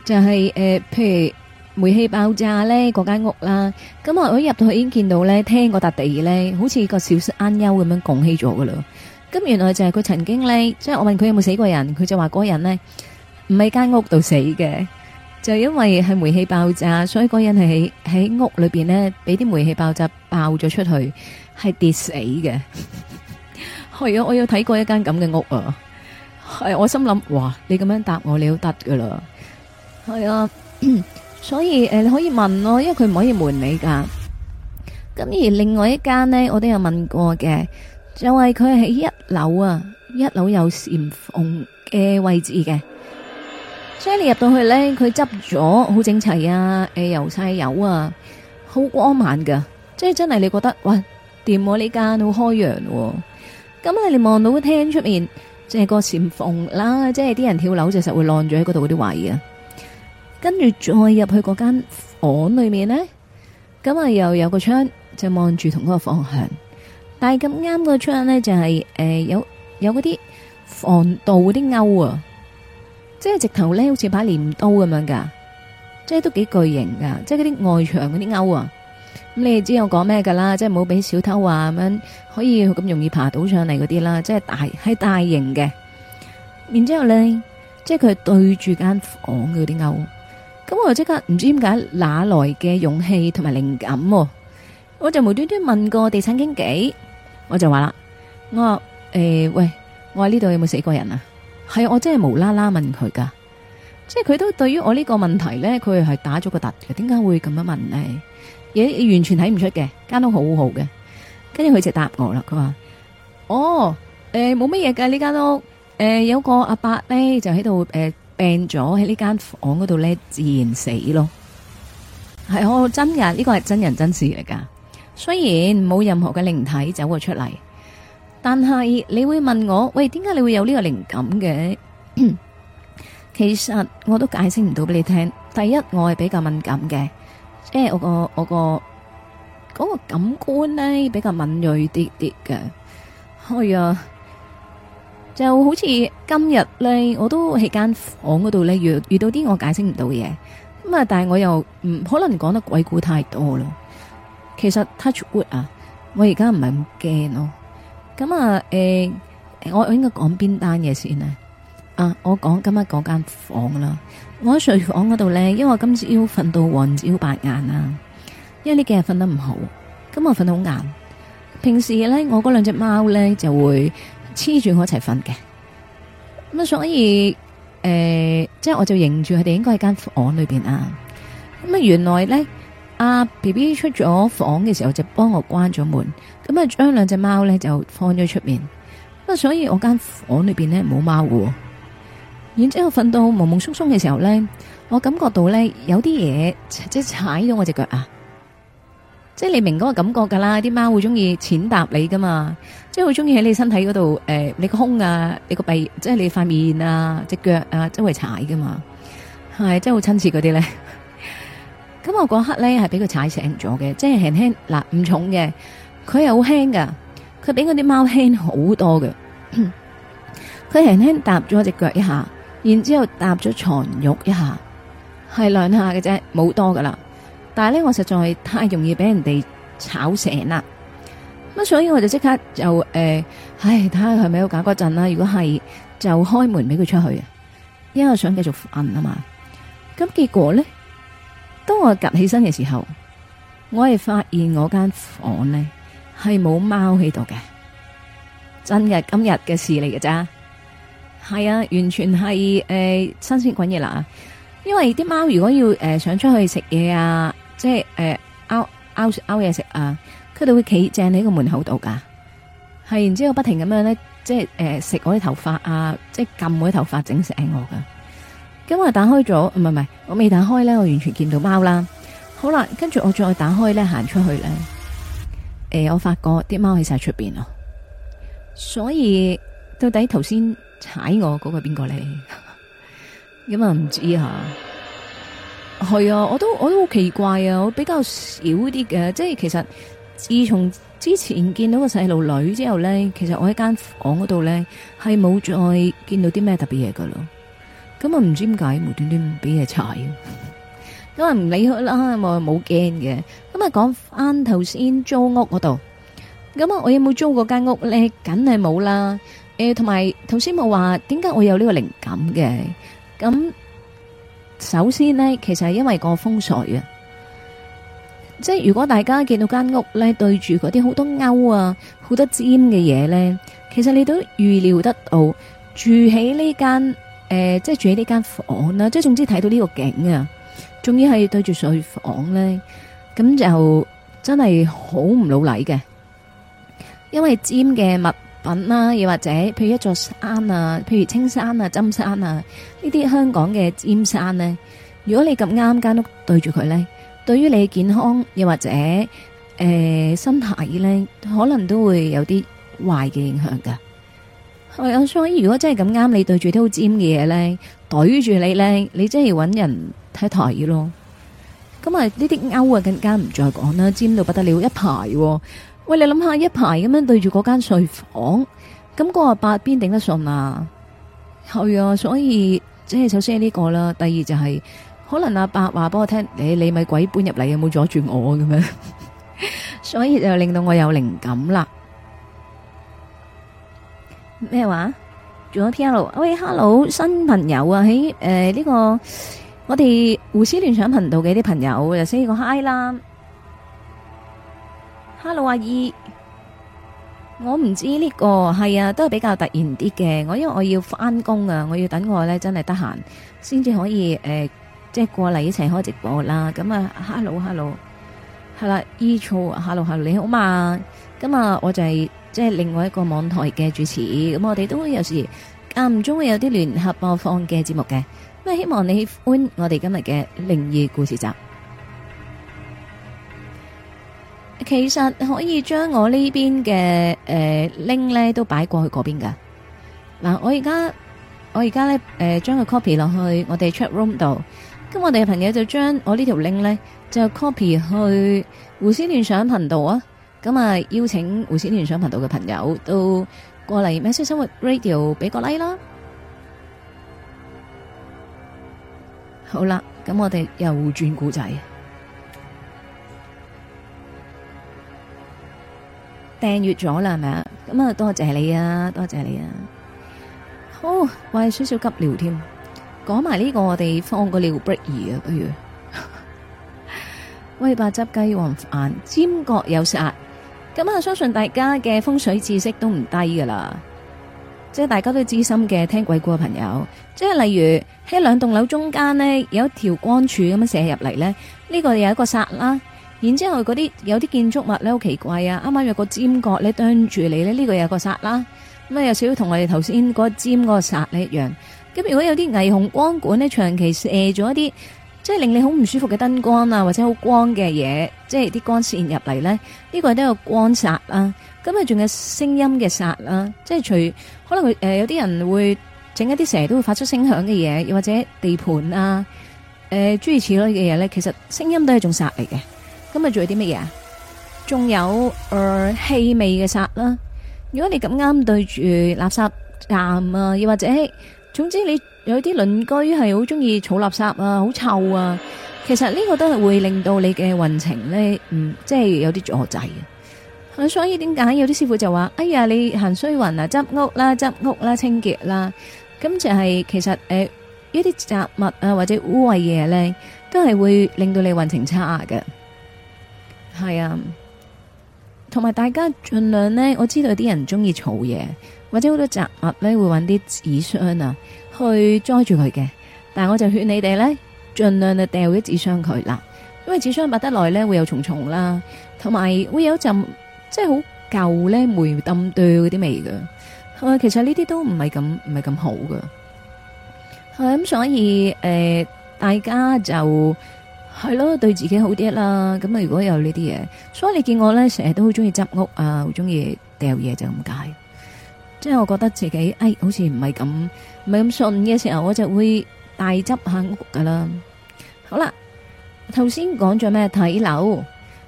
就係誒，譬如煤氣爆炸咧，嗰間屋啦。咁我一入到去已經見到咧，聽嗰笪地咧，好似個小山丘咁樣拱起咗噶啦。咁原來就係佢曾經咧，即係我問佢有冇死過人，佢就話嗰人咧。唔係間屋度死嘅，就因為係煤氣爆炸，所以個人係喺喺屋裏邊呢，俾啲煤氣爆炸爆咗出去，係跌死嘅。係 啊，我有睇過一間咁嘅屋啊，係我心諗，哇！你咁樣答我，你都得噶啦。係啊，所以誒，你可以問咯，因為佢唔可以瞞你噶。咁而另外一間呢，我都有問過嘅，就係佢喺一樓啊，一樓有禪房嘅位置嘅。所以你入到去咧，佢執咗好整齊啊！誒、呃，油晒油啊，好光猛噶，即係真係你覺得哇，掂我呢間好開揚，啊。咁你望到個廳出面，即係個簷篷啦，即係啲人跳樓就實會晾咗喺嗰度嗰啲位啊。跟住再入去嗰間房裏面咧，咁啊又有個窗就望住同嗰個方向，但係咁啱個窗咧就係、是、誒、呃、有有嗰啲防盜嗰啲勾啊。即係直頭咧，好似把鐮刀咁樣噶，即係都幾巨型噶，即係嗰啲外牆嗰啲勾啊，咁你哋知我講咩噶啦，即係冇俾小偷啊咁樣可以咁容易爬到上嚟嗰啲啦，即係大係大型嘅。然之後咧，即係佢對住間房嗰啲勾，咁我即刻唔知點解哪來嘅勇氣同埋靈感、啊，我就無端端問過我地產經紀，我就話啦，我誒、欸、喂，我呢度有冇死過人啊？係我真係無啦啦問佢噶，即係佢都對於我呢個問題咧，佢係打咗個突嘅。點解會咁樣問咧？嘢完全睇唔出嘅，間屋好好嘅。跟住佢就答我啦，佢話：「哦，誒、呃，冇乜嘢㗎。都」呢間屋，誒，有個阿伯咧就喺度誒病咗喺呢間房嗰度咧，自然死咯。係我真噶，呢個係真人真事嚟噶，雖然冇任何嘅靈體走過出嚟。.但係你會問我，喂，點解你會有呢個靈感嘅？ 其實我都解釋唔到俾你聽。第一，我係比較敏感嘅，即係我個我個、嗰個感官呢比較敏銳啲啲嘅。哎呀，就好似今日咧，我都喺間房嗰度咧遇遇到啲我解釋唔到嘢。咁啊，但係我又唔可能講得鬼故太多咯。其實 Touch Wood 啊，我而家唔係咁驚咯。咁啊，誒、欸，我應該講邊單嘢先呢、啊？啊，我講今日嗰間房啦。我喺睡房嗰度咧，因為我今朝瞓到黃朝白晏啊，因為呢幾日瞓得唔好，咁我瞓得好晏。平時咧，我嗰兩隻貓咧就會黐住我一齊瞓嘅。咁啊，所以誒、欸，即係我就認住佢哋應該喺間房裏邊啊。咁啊，原來咧，阿 B B 出咗房嘅時候就幫我關咗門。咁啊，將兩隻貓咧就放咗出面。咁啊，所以我間房裏邊咧冇貓嘅。然之後瞓到蒙蒙鬆鬆嘅時候咧，我感覺到咧有啲嘢即係踩咗我隻腳啊！即係你明嗰個感覺噶啦，啲貓會中意淺踏你噶嘛，即係會中意喺你身體嗰度誒，你個胸啊，你個鼻，即係你塊面啊，啊，隻腳啊周圍踩噶嘛，係即係好親切嗰啲咧。咁 我嗰刻咧係俾佢踩醒咗嘅，即係輕輕嗱唔重嘅。佢係好輕噶，佢比我啲貓輕好多嘅。佢輕輕搭咗隻隻腳一下，然之後搭咗床褥一下，係兩下嘅啫，冇多噶啦。但係咧，我實在太容易俾人哋吵醒啦。咁所以我就即刻就誒、呃，唉，睇下係咪要搞嗰陣啦。如果係就開門俾佢出去，因為我想繼續瞓啊嘛。咁結果咧，當我夾起身嘅時候，我係發現我間房咧。係冇貓喺度嘅，真嘅今日嘅事嚟嘅咋？係啊，完全係誒、呃、新鮮滾嘢啦啊！因為啲貓如果要誒、呃、想出去食嘢啊，即係誒咬咬嘢食啊，佢哋會企正喺個門口度噶。係、啊，然之後不停咁樣咧，即係誒食我啲頭髮啊，即係撳我啲頭髮整醒我噶。咁我打開咗，唔係唔係，我未打開咧，我完全見到貓啦。好啦，跟住我再打開咧，行出去咧。誒、欸，我發覺啲貓喺晒出邊咯，所以到底頭先踩我嗰個邊個咧？咁啊唔知吓，係啊，我都我都好奇怪啊，我比較少啲嘅，即係其實自從之前見到個細路女之後咧，其實我喺間房嗰度咧係冇再見到啲咩特別嘢噶咯，咁啊唔知點解無端端俾嘢踩。因為，唔理佢啦，我冇驚嘅。咁啊，講翻頭先租屋嗰度，咁啊，我有冇租過間屋咧？梗係冇啦。誒，同埋頭先冇話點解我有呢個靈感嘅。咁首先咧，其實係因為個風水啊。即係如果大家見到間屋咧，對住嗰啲好多勾啊、好多尖嘅嘢咧，其實你都預料得到住喺呢間誒，即係住喺呢間房啦。即係總之睇到呢個景啊。終於係對住水房咧，咁就真係好唔老禮嘅。因為尖嘅物品啦，又或者譬如一座山啊，譬如青山啊、針山啊，呢啲香港嘅尖山咧，如果你咁啱間屋對住佢咧，對於你嘅健康又或者誒、呃、身體咧，可能都會有啲壞嘅影響噶。所以如果真係咁啱你對住啲好尖嘅嘢咧，對住你咧，你真係搵人。睇睇咯，咁啊呢啲勾啊更加唔再講啦，尖到不得了，一排。喂，你諗下一排咁樣對住嗰間睡房，咁個阿伯邊頂得順啊？係啊，所以即係首先係呢個啦，第二就係可能阿伯話俾我聽，你你咪鬼搬入嚟，有冇阻住我咁樣？ 所以就令到我有靈感啦。咩話？仲有 P L？喂，Hello，新朋友啊，喺誒呢個。我哋胡思亂想頻道嘅啲朋友又先要講 hi 啦，hello 阿姨、這個，我唔知呢個係啊，都係比較突然啲嘅。我因為我要返工啊，我要等我咧真係得閒先至可以誒、呃，即係過嚟，一齊開直播啦。咁啊，hello hello，係啦，Echo hello hello 你好嘛？咁啊，我就係、是、即係另外一個網台嘅主持。咁我哋都有時間唔中會有啲聯合播放嘅節目嘅。希望你喜歡我哋今日嘅靈異故事集。其實可以將我呢邊嘅誒 link 咧都擺過去嗰邊噶。嗱、啊，我而家我而家咧誒將佢 copy 落去我哋 chat room 度。咁、嗯、我哋嘅朋友就將我這條呢條 link 咧就 copy 去胡思亂想頻道啊。咁、嗯、啊、嗯、邀請胡思亂想頻道嘅朋友都過嚟 metro 生活 radio 俾個 like 啦。好啦，咁我哋又轉故仔，訂閱咗啦，係咪啊？咁啊，多謝你啊，多謝你啊！好、哦，喂，少少急尿添，講埋呢個我哋放個尿 break 啊，不如，喂， 八汁雞黃眼尖角有殺，咁啊相信大家嘅風水知識都唔低噶啦，即係大家都資深嘅聽鬼故嘅朋友。即係例如喺兩棟樓中間呢，有一條光柱咁樣射入嚟呢，呢個又有一個煞啦。然之後嗰啲有啲建築物咧好奇怪啊，啱啱有個尖角咧對住你咧，呢個有一個煞啦。咁啊有少少同我哋頭先嗰個尖嗰個煞呢一樣。咁如果有啲霓虹光管咧長期射咗一啲即係令你好唔舒服嘅燈光啊或者好光嘅嘢，即係啲光綫入嚟呢，呢個都有個光煞啦。咁啊仲有聲音嘅煞啦，即係除可能誒有啲人會。整一啲成日都會發出聲響嘅嘢，又或者地盤啊，誒、呃、諸如此類嘅嘢咧，其實聲音都係一種煞嚟嘅。噉咪仲有啲乜嘢啊？仲有誒、呃、氣味嘅煞啦。如果你咁啱對住垃圾站啊，又或者總之你有啲鄰居係好中意儲垃圾啊，好臭啊，其實呢個都係會令到你嘅運程咧，唔、嗯、即係有啲阻滯嘅、啊。所以點解有啲師傅就話：哎呀，你行衰運啊，執屋啦，執屋啦，清潔啦。咁就係、是、其實誒呢啲雜物啊，或者污穢嘢咧，都係會令到你運程差嘅。係啊，同埋大家盡量咧，我知道有啲人中意儲嘢，或者好多雜物咧會搵啲紙箱啊去栽住佢嘅，但係我就勸你哋咧，盡量就掉啲紙箱佢啦，因為紙箱擺得耐咧會有蟲蟲啦，同埋會有陣即係好舊咧霉抌對嗰啲味噶。啊，其實呢啲都唔係咁唔係咁好噶，咁、嗯、所以誒、呃，大家就係咯，對自己好啲啦。咁啊，如果有呢啲嘢，所以你見我咧成日都好中意執屋啊，好中意掉嘢就咁解。即係我覺得自己誒、哎，好似唔係咁唔係咁順嘅時候，我就會大執下屋噶啦。好啦，頭先講咗咩睇樓，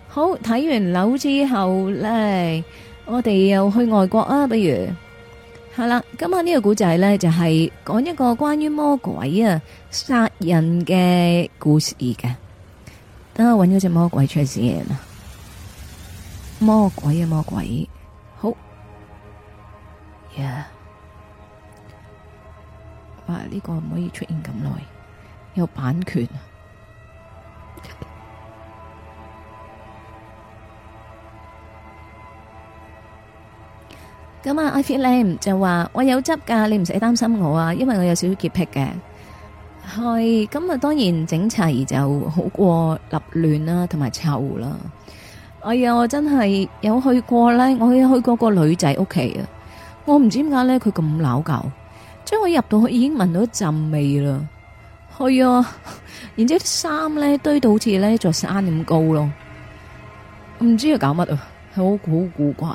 好，睇完樓之後咧，我哋又去外國啊，不如。好啦，今日呢個古仔咧，就係講一個關於魔鬼啊，殺人嘅故事嘅。等我搵咗隻魔鬼出嚟。魔鬼啊，魔鬼，好，yeah，啊呢個唔可以出現咁耐，有版權。咁啊，I feel lame 就話我有執噶，你唔使擔心我啊，因為我有少少潔癖嘅。係咁啊，當然整齊就好過立亂啦，同埋臭啦。哎呀，我真係有去過咧，我去去嗰個女仔屋企啊，我唔知點解咧，佢咁老舊，將我入到去已經聞到一陣味啦。係啊，然之後啲衫咧堆到好似咧座山咁高咯，唔知佢搞乜啊，好古古怪。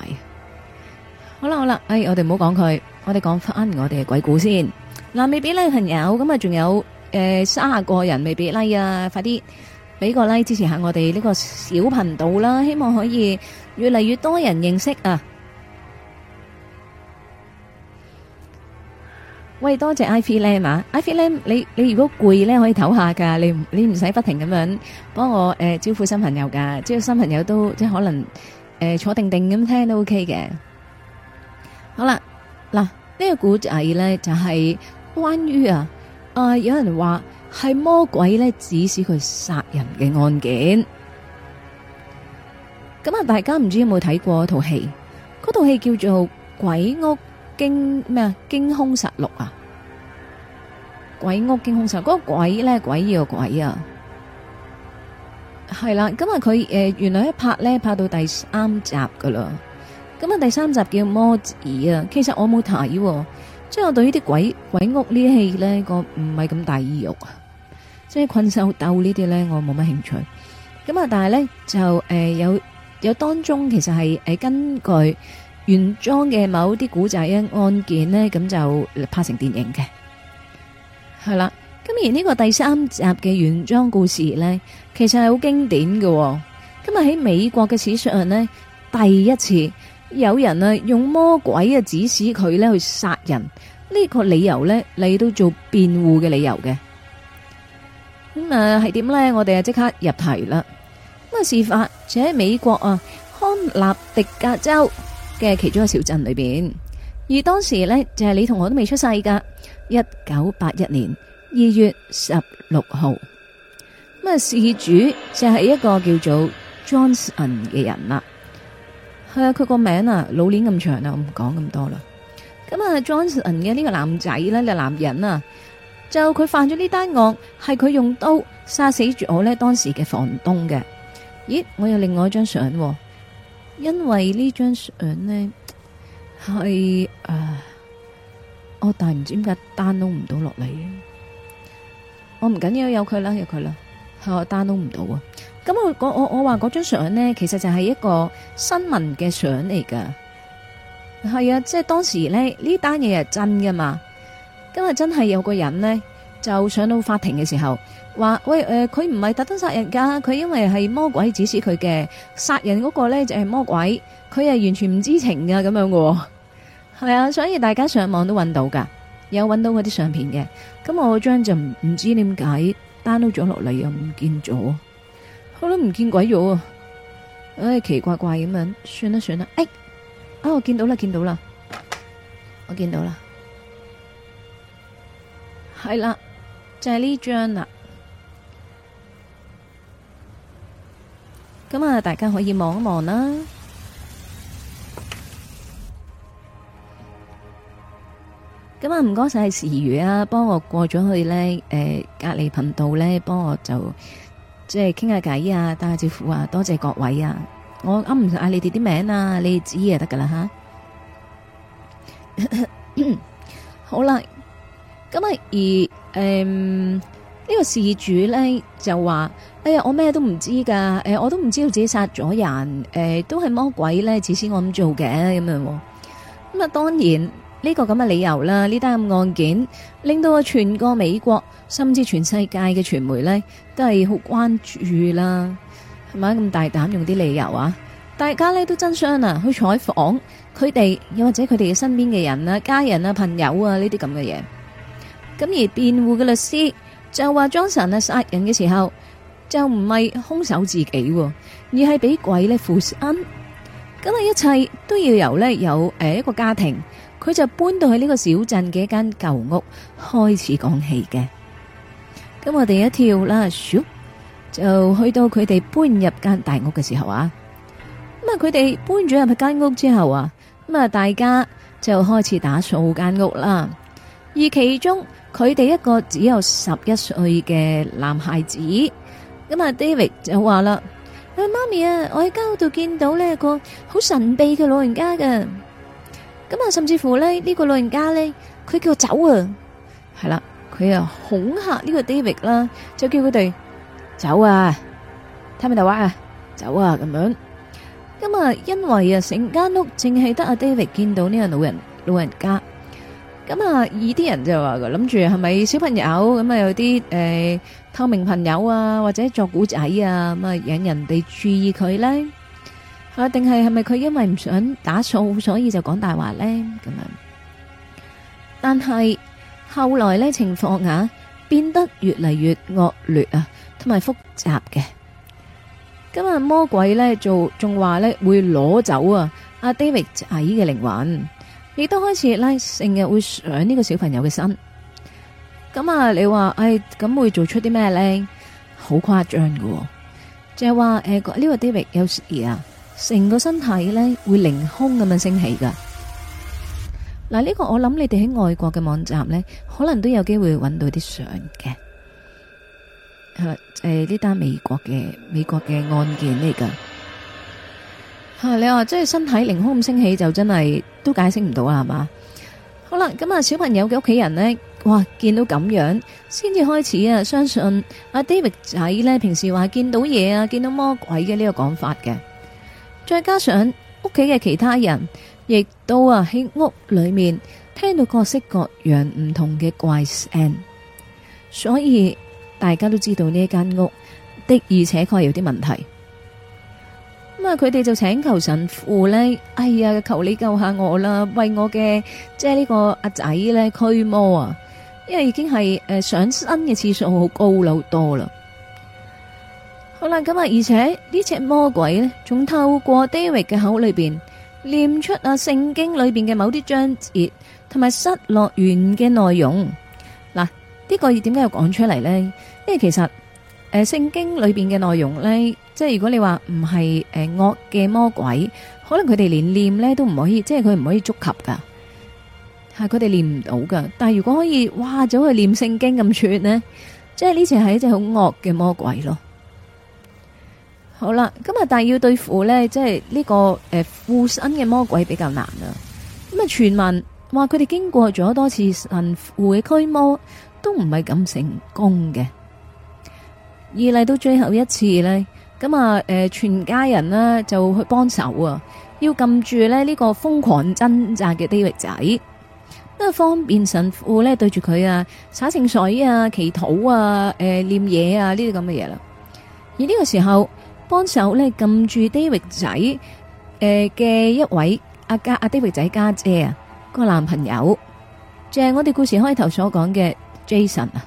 好啦好啦，哎，我哋唔好講佢，我哋講翻我哋嘅鬼故先。嗱，未俾你朋友未俾 like 朋友咁啊，仲有誒卅個人未俾 like 啊！快啲俾個 like 支持下我哋呢個小頻道啦，希望可以越嚟越多人認識啊！喂，多謝 I V Lam 啊！I V Lam，你你如果攰咧，可以唞下噶，你你唔使不停咁樣幫我誒招呼新朋友噶，即係招呼新朋友都即係可能誒坐定定咁聽都 OK 嘅。好啦，嗱，呢個古仔咧就係關於啊，啊有人話係魔鬼咧指使佢殺人嘅案件。咁啊，大家唔知有冇睇過套戲？嗰套戲叫做《詭屋驚咩啊驚凶錄》啊，《詭屋驚凶錄》嗰個鬼咧，鬼要鬼啊，係啦。咁啊，佢誒，原來一拍咧拍到第三集噶啦。咁啊，第三集叫《mod 啊，其實我冇睇、哦，即係我對呢啲鬼鬼屋呢啲戲呢，我唔係咁大意欲，即係困獸鬥呢啲呢，我冇乜興趣。咁啊，但係呢，就誒、呃、有有當中其實係誒根據原裝嘅某啲古仔案件呢，咁就拍成電影嘅。係啦，咁而呢個第三集嘅原裝故事呢，其實係好經典嘅、哦。今日喺美國嘅史上呢，第一次。有人啊用魔鬼嘅指使佢咧去殺人，呢、這個理由咧嚟到做辯護嘅理由嘅。咁、嗯、啊係點咧？我哋啊即刻入題啦。咁啊，事發就喺美國啊康納迪格州嘅其中一個小鎮裏邊。而當時咧就係、是、你同我都未出世噶，一九八一年二月十六號。咁啊，事主就係一個叫做 Johnson 嘅人啦。係啊，佢個名啊，老年咁長啊，我唔講咁多啦。咁啊，Johnson 嘅呢個男仔、咧、這個，就男人啊，就佢犯咗呢單案，係佢用刀殺死住我咧當時嘅房東嘅。咦，我有另外一張相、哦，因為這張照片呢張相咧係誒，我但係唔知點解 download 唔到落嚟嘅，我唔緊要緊，有佢啦，有佢啦，我 download 唔到啊。咁我我我話嗰張相咧，其實就係一個新聞嘅相嚟噶，係啊，即係當時咧呢單嘢係真㗎嘛。今日真係有個人咧就上到法庭嘅時候，話喂誒，佢唔係特登殺人噶，佢因為係魔鬼指使佢嘅殺人嗰個咧就係魔鬼，佢係完全唔知情噶咁樣噶，係啊，所以大家上網都揾到噶，有揾到嗰啲相片嘅。咁我張就唔知點解 download 咗落嚟又唔見咗。我都唔見鬼咗啊！唉，奇怪怪咁樣，算啦算啦。哎，啊、哦，我見到啦，見到啦，我見到啦，係啦，就係呢張啦。咁啊，大家可以望一望啦。咁啊，唔該晒時雨啊，幫我過咗去咧，誒、呃，隔離頻道咧，幫我就。即係傾下偈啊，打下招呼啊，多謝各位啊！我啱唔嗌你哋啲名啊，你哋知就得噶啦吓。 好啦，咁啊而誒呢、嗯這個事主咧就話：哎呀，我咩都唔知噶，誒、哎、我都唔知道自己殺咗人，誒、哎、都係魔鬼咧指使我咁做嘅咁樣。咁啊，當然。呢、這個咁嘅理由啦，呢單案件令到啊，全個美國甚至全世界嘅傳媒呢，都係好關注啦，係咪咁大膽用啲理由啊？大家呢都爭相啊去採訪佢哋，又或者佢哋嘅身邊嘅人啊、家人啊、朋友啊呢啲咁嘅嘢。咁而辯護嘅律師就話，Johnson 啊殺人嘅時候就唔係凶手自己，而係俾鬼呢附身。咁啊，一切都要由呢，有誒一個家庭。佢就搬到去呢個小鎮嘅一間舊屋開始講起嘅，咁我哋一跳啦，咻，就去到佢哋搬入間大屋嘅時候啊，咁啊佢哋搬咗入去間屋之後啊，咁啊大家就開始打掃間屋啦，而其中佢哋一個只有十一歲嘅男孩子，咁啊 David 就話啦：，喂，媽咪啊，我喺街度見到呢個好神秘嘅老人家㗎。咁啊，甚至乎咧，呢個老人家咧，佢叫我走啊，係啦，佢啊恐嚇呢個 David 啦，就叫佢哋走啊，睇咪大話啊，走啊咁樣。咁啊，因為啊，成間屋淨係得阿 David 見到呢個老人老人家。咁啊，而啲人就話諗住係咪小朋友咁啊，有啲誒透明朋友啊，或者作古仔啊，咁啊，引人哋注意佢咧。啊，定係係咪佢因為唔想打掃，所以就講大話呢？咁樣，但係後來呢，情況啊變得越嚟越惡劣啊，同埋複雜嘅。今、啊、日魔鬼呢做仲話呢會攞走啊，阿、啊、David 阿姨嘅靈魂，亦都開始呢，成日會上呢個小朋友嘅身。咁啊，你話唉，咁、哎、會做出啲咩呢？好誇張㗎，就係話誒，呢、啊呢個 David 有事啊！成個身體咧，會凌空咁樣升起噶。嗱，呢個我諗你哋喺外國嘅網站呢，可能都有機會揾到啲相嘅。係啦，誒，呢單美國嘅美國嘅案件嚟噶吓。你話即係身體凌空咁升起，就真係都解釋唔到啦，係嘛？好啦，咁啊，小朋友嘅屋企人呢，哇，見到咁樣先至開始啊，相信阿 David 仔呢，平時話見到嘢啊，見到魔鬼嘅呢個講法嘅。再加上屋企嘅其他人，亦都啊喺屋裏面聽到各式各樣唔同嘅怪聲，所以大家都知道呢一間屋的而且確有啲問題。咁啊，佢哋就請求神父呢：「哎呀，求你救下我啦，為我嘅即係呢個阿仔呢驅魔啊，因為已經係誒上身嘅次數好高啦，好多啦。好啦咁啊，而且呢隻魔鬼呢，仲透過 David 嘅口裏邊念出啊聖經裏邊嘅某啲章節，同埋失樂園嘅內容。嗱，呢個點解要講出嚟呢？因為其實誒、呃，聖經裏邊嘅內容呢，即係如果你話唔係誒惡嘅魔鬼，可能佢哋連念呢都唔可以，即係佢唔可以觸及噶，係佢哋念唔到噶。但係如果可以，哇，走去念聖經咁串呢，即係呢隻係一隻好惡嘅魔鬼咯。好啦，咁啊，但係要對付呢，即係呢個誒護身嘅魔鬼比較難啊。咁啊，傳聞話佢哋經過咗多次神父嘅驅魔，都唔係咁成功嘅。而嚟到最後一次呢，咁啊，誒，全家人呢就去幫手啊，要撳住呢個瘋狂掙扎嘅地獄仔，啊，方便神父呢對住佢啊，灑聖水啊，祈禱啊，誒、呃，念嘢啊，呢啲咁嘅嘢啦。而呢個時候。幫手咧撳住 David 仔誒嘅、呃、一位阿、啊、家阿、啊、David 仔家姐啊、個男朋友，就係、是、我哋故事開頭所講嘅 Jason 啊，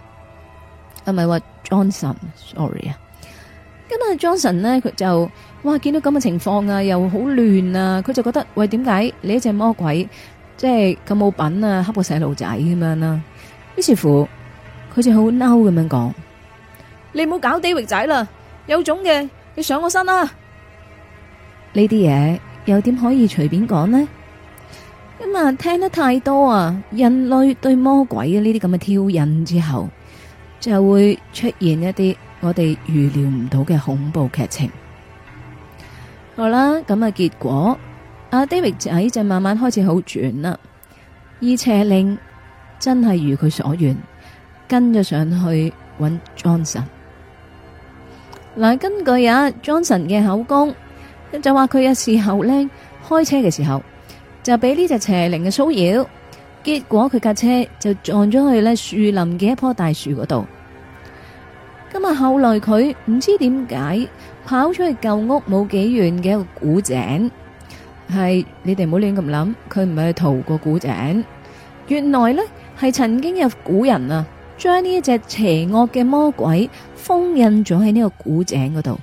唔咪話 Johnson，sorry 啊。今啊 Johnson 咧佢就哇見到咁嘅情況啊，又好亂啊，佢就覺得喂，點解你一隻魔鬼即係咁冇品啊，蝦個細路仔咁樣啦。於是乎佢就好嬲咁樣講，你冇搞 David 仔啦，有種嘅！你上我身啦！呢啲嘢又點可以隨便講呢？咁啊聽得太多啊，人類對魔鬼嘅呢啲咁嘅挑釁之後，就會出現一啲我哋預料唔到嘅恐怖劇情。好啦，咁啊，結果阿 David 仔就慢慢開始好轉啦，而邪靈真係如佢所願，跟咗上去揾 Johnson。嗱，根據阿 Johnson 嘅口供，就話佢有時候咧，開車嘅時候就俾呢隻邪靈嘅騷擾，結果佢架車就撞咗去咧樹林嘅一棵大樹嗰度。咁後來佢唔知點解跑出去舊屋冇幾遠嘅一個古井，係你哋唔好亂咁諗，佢唔係去逃過古井，原來呢，係曾經有古人啊，將呢一隻邪惡嘅魔鬼。封印咗喺呢個古井嗰度，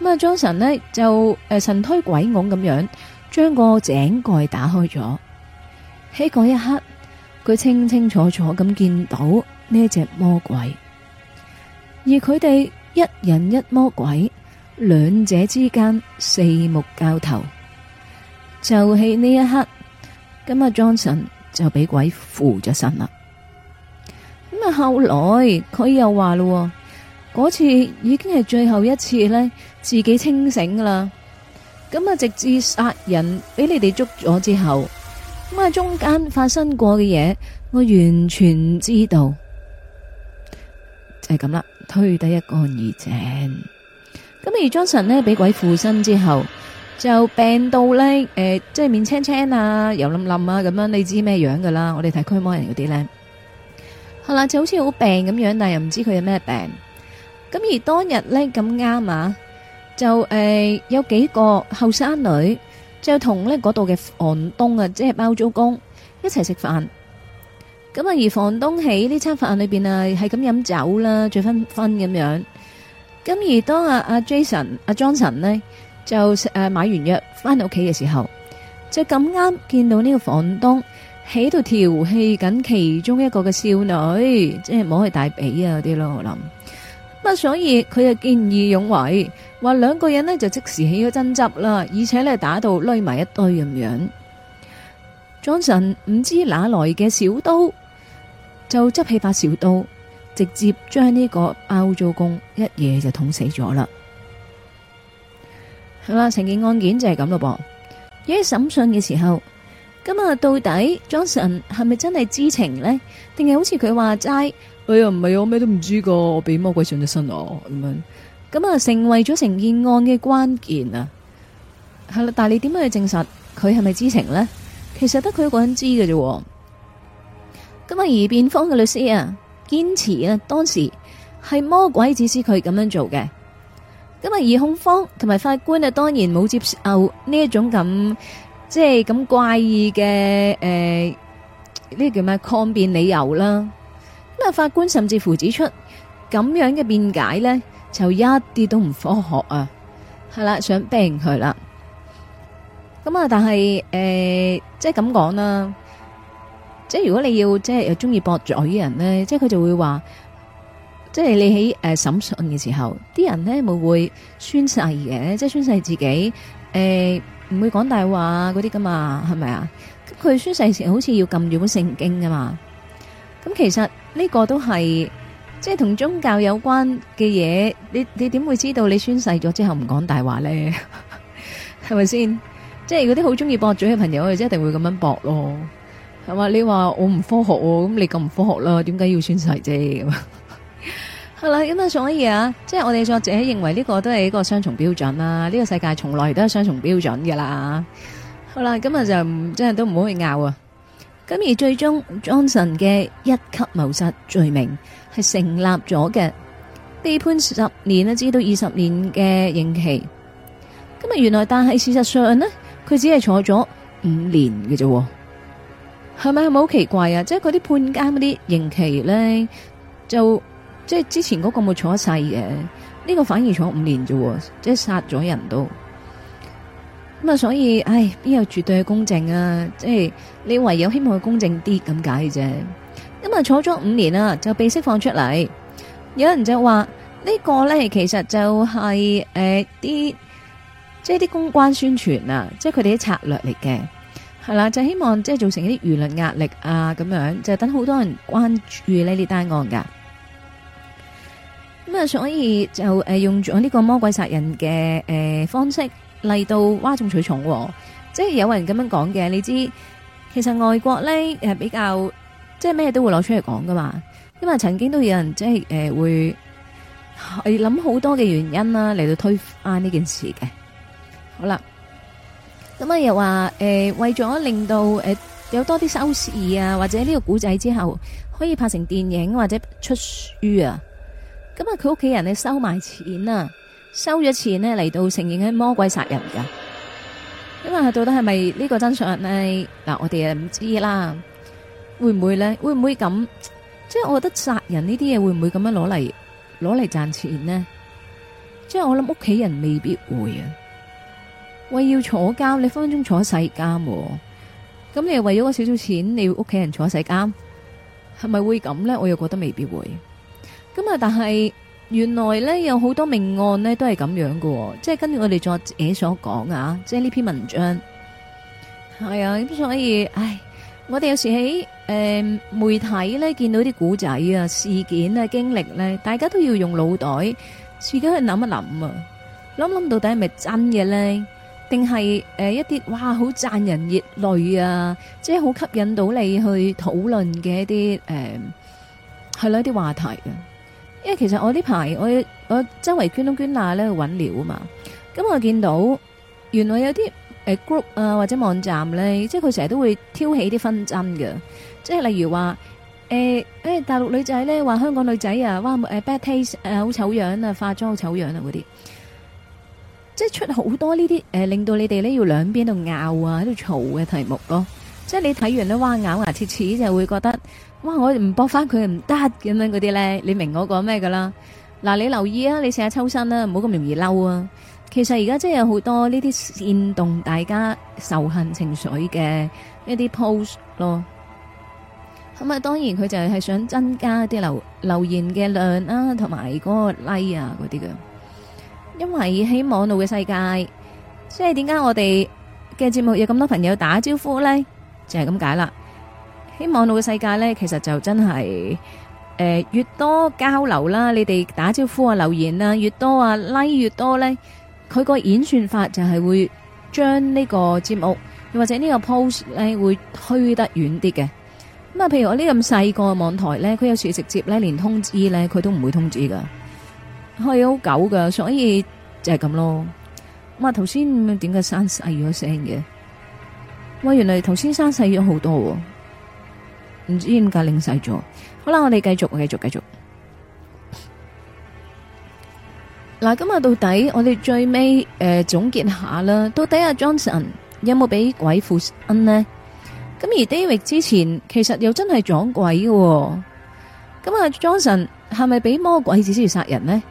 咁啊，莊神呢就誒神推鬼拱咁樣，將個井蓋打開咗。喺嗰一刻，佢清清楚楚咁見到呢隻魔鬼，而佢哋一人一魔鬼，兩者之間四目交投。就喺呢一刻，咁啊莊神就俾鬼扶咗身啦。後來佢又話咯，嗰次已經係最後一次咧，自己清醒噶啦。咁啊，直至殺人俾你哋捉咗之後，咁啊，中間發生過嘅嘢，我完全唔知道，就係咁啦。推得一乾二淨。咁而 Johnson 咧，俾鬼附身之後，就病到咧，誒、呃，即、就、係、是、面青青啊，又冧冧啊，咁樣你知咩樣噶啦？我哋睇驅魔人嗰啲咧。係啦，就好似好病咁樣，但係又唔知佢有咩病。咁而當日咧咁啱啊，就誒有幾個後生女就同咧嗰度嘅房東啊，即係包租公一齊食飯。咁啊，而房東喺呢餐飯裏邊啊，係咁飲酒啦，醉醺醺咁樣。咁而當阿阿 Jason 阿 Johnson 咧就誒買完藥翻到屋企嘅時候，就咁啱見到呢個房東。喺度調戲緊其中一個嘅少女，即係摸去大髀啊嗰啲咯，我諗。咁所以佢就見義勇為，話兩個人呢就即時起咗爭執啦，而且呢打到攞埋一堆咁樣。莊臣唔知道哪來嘅小刀，就執起把小刀，直接將呢個包租公一嘢就捅死咗啦。好啦，成件案件就係咁咯噃。喺審訊嘅時候。咁啊，到底莊臣係咪真係知情呢？定係好似佢話齋？哎呀，唔係我咩都唔知噶，我俾魔鬼上咗身啊！咁樣咁啊，成為咗成件案嘅關鍵啊，係啦。但係你點樣去證實佢係咪知情呢？其實得佢一個人知嘅啫。咁啊，而辯方嘅律師啊，堅持咧、啊、當時係魔鬼指使佢咁樣做嘅。咁啊，而控方同埋法官啊，當然冇接受呢一種咁。即係咁怪異嘅誒，呢、呃、個叫咩抗辯理由啦？咁啊，法官甚至乎指出咁樣嘅辯解咧，就一啲都唔科學啊！係啦，想病佢啦。咁啊，但係誒、呃，即係咁講啦。即係如果你要即係又中意駁嘴嘅人咧，即係佢就會話，即係你喺誒、呃、審訊嘅時候，啲人咧冇會，會宣誓嘅，即係宣誓自己誒。呃唔會講大話嗰啲噶嘛，係咪啊？咁佢宣誓時好似要撳住本聖經噶嘛？咁其實呢個都係即係同宗教有關嘅嘢，你你點會知道你宣誓咗之後唔講大話咧？係咪先？即係嗰啲好中意駁嘴嘅朋友，即係一定會咁樣駁咯。係嘛？你話我唔科學喎，咁你咁唔科學啦？點解要宣誓啫？ 好啦，咁啊，所以啊，即係我哋作者認為呢個都係一個雙重標準啦，啊。呢、呢個世界從來都係雙重標準嘅啦。好啦，咁啊就真係都唔好去拗啊。咁而最終，Johnson 嘅一級謀殺罪名係成立咗嘅，被判十年啦，至到二十年嘅刑期。咁啊，原來但係事實上呢，佢只係坐咗五年嘅啫，係咪係咪好奇怪啊？即係嗰啲判監嗰啲刑期咧就。即係之前嗰個冇坐一世嘅，呢、這個反而坐五年啫，即係殺咗人都咁啊！所以，唉，邊有絕對嘅公正啊？即係你唯有希望佢公正啲咁解啫。咁啊，坐咗五年啦，就被釋放出嚟。有人就話、這個、呢個咧，其實就係誒啲，即係啲公關宣傳啊，即係佢哋啲策略嚟嘅，係啦，就是、希望即係造成一啲輿論壓力啊，咁樣就等好多人關注呢啲單案噶。咁、嗯、啊，所以就誒用咗呢個魔鬼殺人嘅誒、呃、方式嚟到嘩眾取寵、啊，即係有人咁樣講嘅。你知其實外國咧誒比較即係咩都會攞出嚟講噶嘛，因為曾經都有人即係誒、呃、會，諗好多嘅原因啦嚟到推翻呢件事嘅。好啦，咁啊又話誒、呃、為咗令到誒、呃、有多啲收視啊，或者呢個古仔之後可以拍成電影或者出書啊。咁啊！佢屋企人咧收埋錢啊，收咗錢呢嚟到承認喺魔鬼殺人噶。因為到底係咪呢個真相呢？嗱，我哋啊唔知啦。會唔會咧？會唔會咁？即係我覺得殺人呢啲嘢會唔會咁樣攞嚟攞嚟賺錢呢？即係我諗屋企人未必會啊。為要坐監，你分分鐘坐一世監。咁你又為咗個少少錢，你屋企人坐一世監，係咪會咁呢？我又覺得未必會。咁啊！但係原來咧有好多命案咧都係咁樣噶，即係跟住我哋作者所講啊，即係呢篇文章係啊。咁所以，唉，我哋有時喺誒媒體咧見到啲古仔啊、事件啊、經歷咧，大家都要用腦袋自己去諗一諗啊，諗諗到底係咪真嘅咧，定係誒一啲哇好讚人熱淚啊，即係好吸引到你去討論嘅一啲誒係咯一啲話題啊。因為其實我呢排我我周圍捐東捐下捐窿捐罅咧揾料啊嘛，咁我見到原來有啲誒 group 啊或者網站咧，即係佢成日都會挑起啲紛爭嘅，即係例如話誒誒大陸女仔咧話香港女仔啊，哇誒、呃、bad taste 誒好醜樣啊，化妝好醜樣啊嗰啲，即係出好多呢啲誒令到你哋咧要兩邊度拗啊喺度嘈嘅題目咯，啊，即係你睇完咧哇咬牙切齒就會覺得。哇！我唔駁翻佢唔得咁樣嗰啲咧，你明我講咩噶啦？嗱、啊，你留意啊，你試下抽身啦，唔好咁容易嬲啊！其實而家真係有好多呢啲煽動大家仇恨情緒嘅一啲 post 咯。咁啊，當然佢就係想增加啲流留言嘅量啊，同埋嗰個 like 啊嗰啲嘅。因為喺網絡嘅世界，即係點解我哋嘅節目有咁多朋友打招呼咧，就係咁解啦。喺網絡嘅世界咧，其實就真係誒、呃，越多交流啦，你哋打招呼啊、留言啊，越多啊、拉、like、越多咧，佢個演算法就係會將呢個節目又或者呢個 post 呢個 post 咧會推得遠啲嘅。咁啊，譬如我呢咁細個網台咧，佢有時直接咧連通知咧，佢都唔會通知噶，係好狗噶，所以就係咁咯。哇，頭先點解刪細咗聲嘅？喂，原嚟頭先刪細咗好多、啊。唔知點解令晒咗，好啦，我哋繼續，繼續，繼續。嗱、啊，今日到底我哋最尾誒、呃、總結下啦，到底阿 Johnson 有冇俾鬼附身呢？咁而 David 之前其實又真係撞鬼嘅、哦，咁啊，Johnson 係咪俾魔鬼指示殺人呢？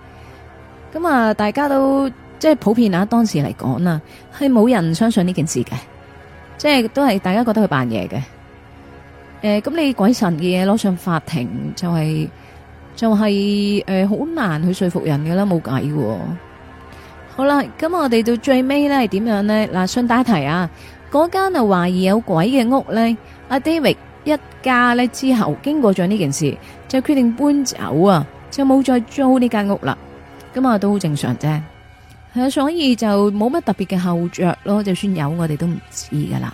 咁啊，大家都即係普遍啊，當時嚟講啦，係冇人相信呢件事嘅，即係都係大家覺得佢扮嘢嘅。誒，咁、嗯、你鬼神嘅嘢攞上法庭就係、是、就係、是、誒，好、呃、難去說服人嘅啦，冇計。好啦，咁、嗯嗯、我哋到最尾咧係點樣呢？嗱、嗯，順帶一提啊，嗰間啊懷疑有鬼嘅屋咧，阿、 啊、David 一家咧之後經過咗呢件事，就決定搬走啊，就冇再租呢間屋啦。咁啊都好正常啫，係、嗯、啊，所以就冇乜特別嘅後着咯，就算有我哋都唔知噶啦。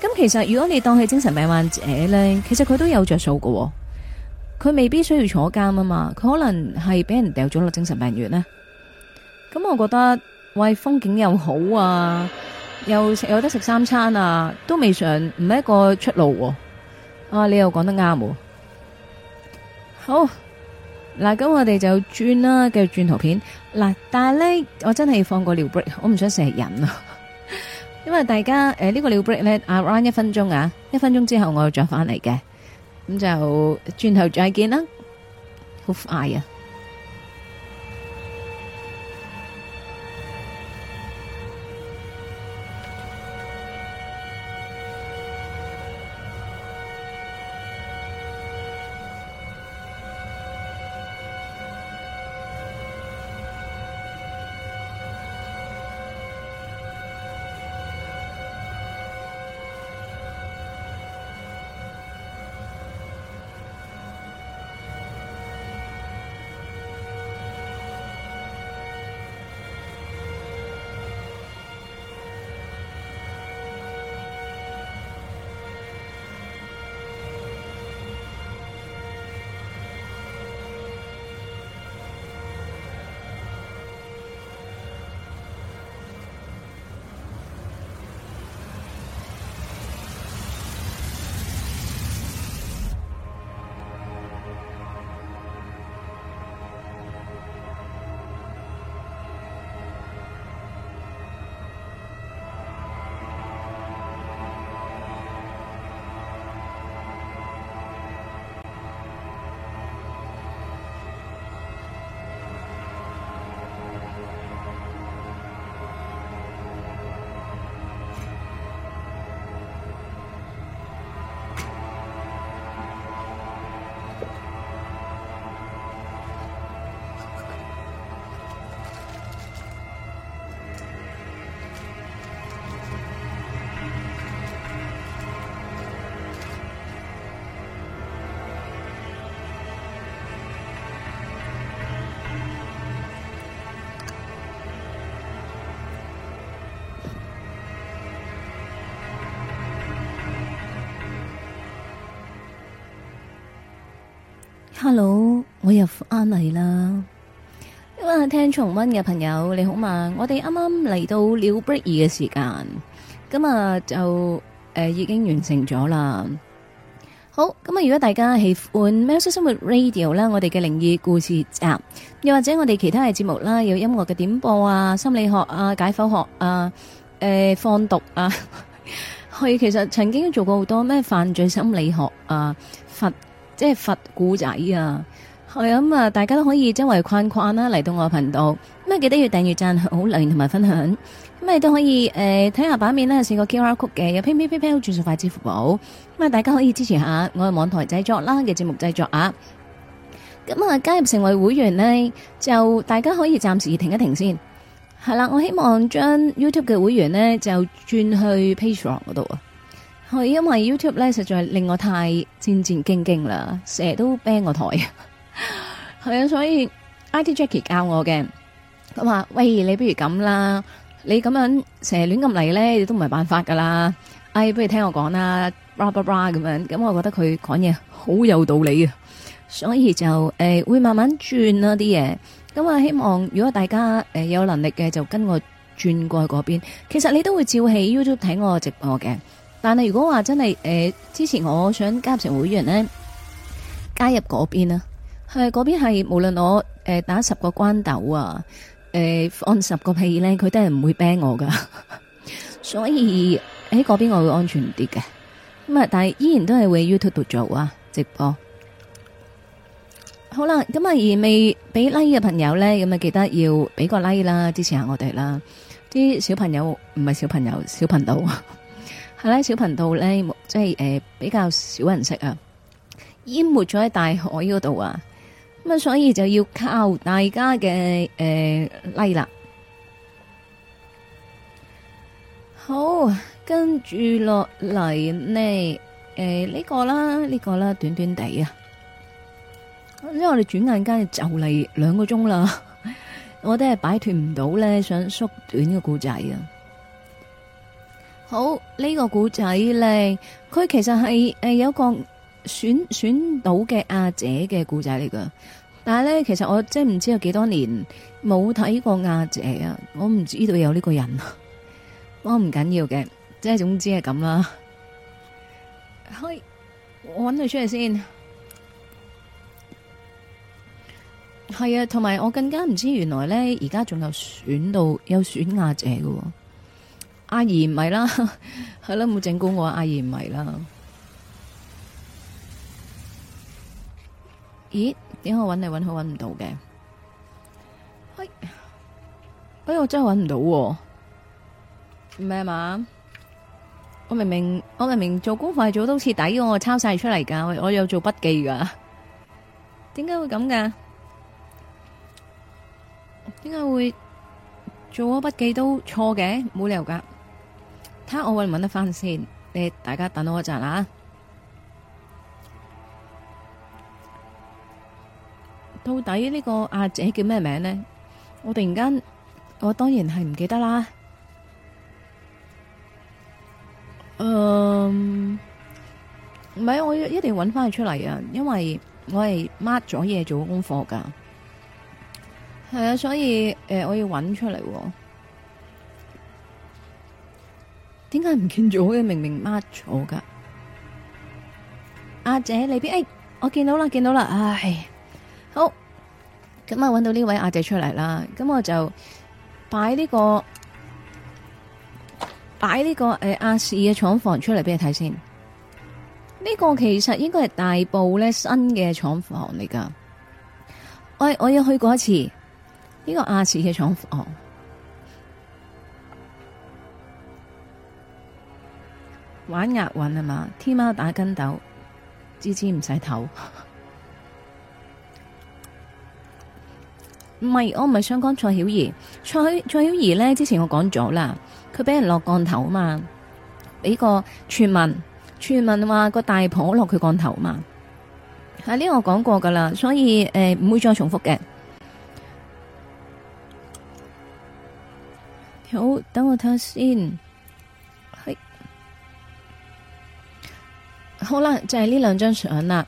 咁其實如果你當係精神病患者咧，其實佢都有着數喎。佢未必需要坐監啊嘛，佢可能係俾人掉咗落精神病院咧。咁我覺得喂風景又好啊，又食有得食三餐啊，都未嘗唔係一個出路啊。啊，你又講得啱。好，嗱，咁我哋就轉啦，繼續轉圖片。嗱，但係咧，我真係要放個尿 break，我唔想成日忍啊。因為大家誒，呢、呃，這個尿 break 呢 around 一分鐘啊，一分鐘之後我會再翻嚟嘅，咁就轉頭再見啦，好快啊！我又翻嚟啦！咁啊，聽重溫嘅朋友你好嘛？我哋啱啱嚟到尿 break 嘅時間，咁啊就誒、呃、已經完成咗啦。好，咁啊如果大家喜歡《喵式生活 Radio》啦，我哋嘅靈異故事集，又或者我哋其他嘅節目啦，有音樂嘅點播啊，心理學啊，解剖學啊，誒、呃、放毒啊，去 其實曾經做過好多咩犯罪心理學啊，佛即係佛故仔啊。係啊，咁啊！大家都可以周圍框框啦，嚟到我頻道咁啊，記得要訂閱、贊好、留言同埋分享咁啊，都可以誒睇下版面呢，有四個 QR code 嘅，有 p p p p 轉數快支付寶咁啊，大家可以支持下我嘅網台製作啦嘅節目製作啊！咁、嗯、啊，加入成為會員呢，就大家可以暫時停一停先。係啦，我希望將 YouTube 嘅會員呢，就轉去 Patreon 嗰度啊。係因為 YouTube 呢，實在令我太戰戰兢兢啦，成日都 bang 我台。係 啊，所以 IT Jackie 教我嘅，佢話喂，你不如咁啦，你咁樣成日亂咁嚟咧，你都唔係辦法噶啦。哎，不如聽我講啦，叭叭叭咁樣，咁我覺得佢講嘢好有道理啊。所以就誒、呃、會慢慢轉啦啲嘢，咁啊、呃、希望如果大家誒、呃、有能力嘅就跟我轉過去嗰邊，其實你都會照喺 YouTube 睇我的直播嘅。但係如果話真係誒、呃、之前我想加入成會員呢，加入嗰邊啊。係嗰邊係，無論我誒、呃、打十個關斗啊，誒、呃、放十個屁咧，佢都係唔會 ban 我噶。 所以喺嗰邊我會安全啲嘅。咁啊，但係依然都係會 YouTube 度做啊直播。好啦，咁啊，而未俾 like 嘅朋友咧，咁啊記得要俾個 like 啦，支持下我哋啦。啲小朋友唔係小朋友，小頻道係 啦，小頻道咧即係誒、呃、比較少人識啊，淹沒咗喺大海嗰度啊！咁所以就要靠大家嘅誒拉啦，好，跟住落嚟呢誒呢個啦，呢、呢個啦，短短地啊，因為我哋轉眼間就嚟兩個鐘啦， 我都係擺脫唔到咧，想縮短個故仔啊。好，呢、呢個故仔咧，佢其實係誒、呃、有個選選到嘅阿姐嘅故仔嚟噶。但係咧，其實我真係唔知有幾多年冇睇過亞姐啊！我唔知道有呢個人啊！我唔緊要嘅，即係總之係咁啦。開，我搵佢出嚟先。係啊，同埋我更加唔知原來咧，而家仲有選到有選亞姐嘅。阿怡唔係啦，係啦，冇整蠱我，阿怡唔係啦。咦？點解我揾嚟揾去揾唔到嘅，哎，哎我真係揾唔到，啊，唔係嘛？我明明我明明做功課係做到徹底，我抄晒出嚟噶，我有做筆記噶，點解會咁噶？點解會做咗筆記都錯嘅？冇理由噶，睇下我揾唔揾得翻先，你大家等我一陣啊！到底呢個阿姐叫咩名呢？我突然間，我當然係唔記得啦。嗯，唔係，我一定要搵翻佢出嚟啊！因為我係 mark 咗嘢做功課噶，係啊，所以誒、呃，我要搵出嚟。點解唔見咗嘅？明明 mark 咗噶。阿姐，你邊誒、哎，我見到啦，見到啦，唉。好，咁啊，揾到呢位阿姐出嚟啦，咁我就擺呢、這個擺呢、這個誒亞視嘅廠房出嚟俾你睇先。呢、這個其實應該係大埔咧新嘅廠房嚟噶，我我有去過一次呢、這個亞視嘅廠房，玩押韻啊嘛，天喵打筋斗，支支唔使唞。唔係，我唔係想講蔡曉儀。蔡蔡曉儀呢，之前我講咗啦，佢俾人落降頭啊嘛，俾個傳聞，傳聞話個大婆落佢降頭啊嘛。喺、啊、呢、這個我講過噶啦，所以誒唔、欸、會再重複嘅。好，等我睇下先。係，好啦，就係呢兩張相啦。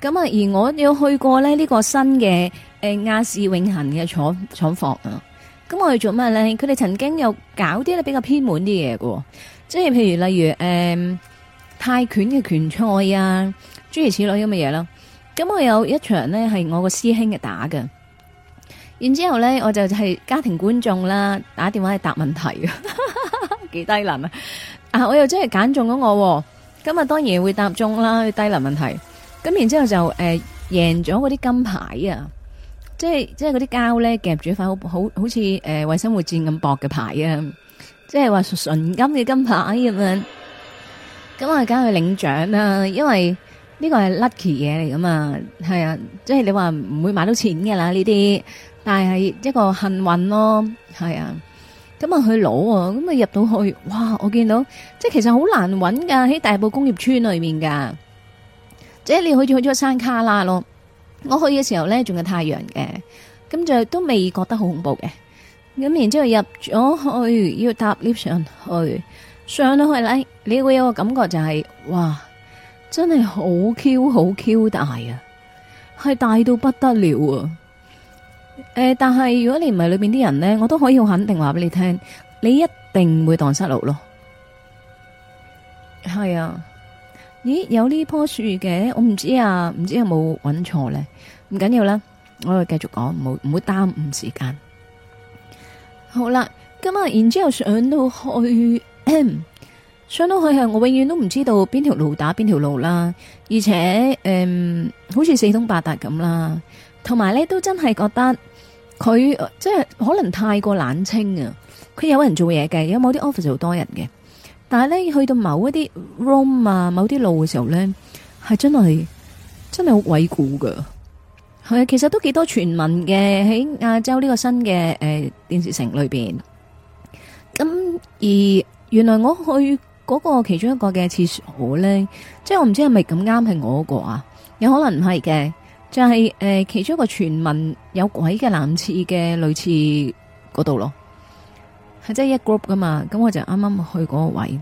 咁啊，而我要去過呢呢、這個新嘅。誒、呃，亞視永恒嘅廠廠房啊，咁我哋做咩咧？佢哋曾經又搞啲咧比較偏門啲嘢嘅，即係譬如例如誒、呃、泰拳嘅拳賽啊，諸如此類咁嘅嘢啦。咁我有一場咧係我個師兄嘅打嘅，然之後咧我就係家庭觀眾啦，打電話嚟答問題嘅，幾 低能啊！啊，我又真係揀中咗我、啊，咁啊當然會答中啦，低能問題，咁然之後就誒、呃、贏咗嗰啲金牌啊！即係即係嗰啲膠咧夾住一塊好好好似誒衛生護墊咁薄嘅牌啊！即係話純金嘅金牌咁樣，咁啊梗係去領獎啦！因為呢個係 lucky 嘢嚟噶嘛，係啊！即係你話唔會買到錢噶啦呢啲，但係一個幸運咯，係啊！咁啊去攞啊，咁啊入到去，哇！我見到即係其實好難搵噶喺大埔工業村裏面噶，即係你好似去咗山卡拉咯。我去嘅時候呢，仲有太陽嘅，咁就都未覺得好恐怖嘅，咁然之後入咗去要搭 lift 上去，上到去呢，你會有個感覺就係、是，哇，真係好 Q 好 Q 大啊，係大到不得了啊！誒、呃，但係如果你唔係裏面啲人呢，我都可以好肯定話俾你聽，你一定會蕩失路咯，係啊。咦，有呢棵樹嘅，我唔知啊，唔知有冇揾錯咧，唔緊要啦，我繼續講，唔好唔好耽誤時間。好啦，咁、嗯、啊，然之後上到去，上到去係我永遠都唔知道邊條路打邊條路啦，而且誒、嗯，好似四通八達咁啦，同埋咧都真係覺得佢、呃、即係可能太過冷清啊，佢有人做嘢嘅，有冇啲 office 好多人嘅？但係咧，去到某一啲 room 啊，某啲路嘅時候咧，係真係真係好鬼故噶。係啊，其實都幾多傳聞嘅喺亞洲呢個新嘅誒、呃、電視城裏邊。咁、嗯、而原來我去嗰個其中一個嘅廁所咧，即係我唔知係咪咁啱係我個啊，有可能唔係嘅，就係、是、誒、呃、其中一個傳聞有鬼嘅男廁嘅類似嗰度咯。係即係一 group 噶嘛，咁我就啱啱去嗰個位，誒、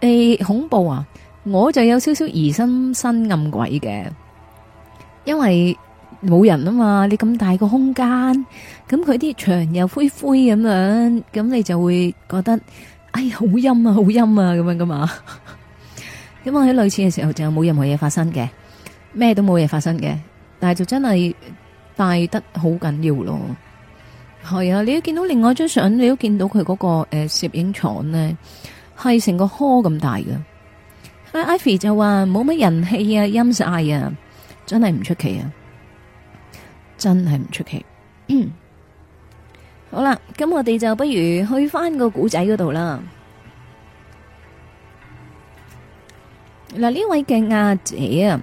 欸、恐怖啊！我就有少少疑心生暗鬼嘅，因為冇人啊嘛，你咁大個空間，咁佢啲牆又灰灰咁樣，咁你就會覺得，哎，好陰啊，好陰啊，咁樣噶嘛。咁 我喺類似嘅時候就冇任何嘢發生嘅，咩都冇嘢發生嘅，但係就真係大得好緊要咯。係啊，你都見到另外張相，你都見到佢嗰個誒攝影廠呢，係成個殼咁大噶。阿 Ivy 就話冇乜人氣啊，陰晒啊，真係唔出奇啊，真係唔出奇。 好啦，咁我哋就不如去翻個古仔嗰度啦。嗱，呢位嘅阿姐啊，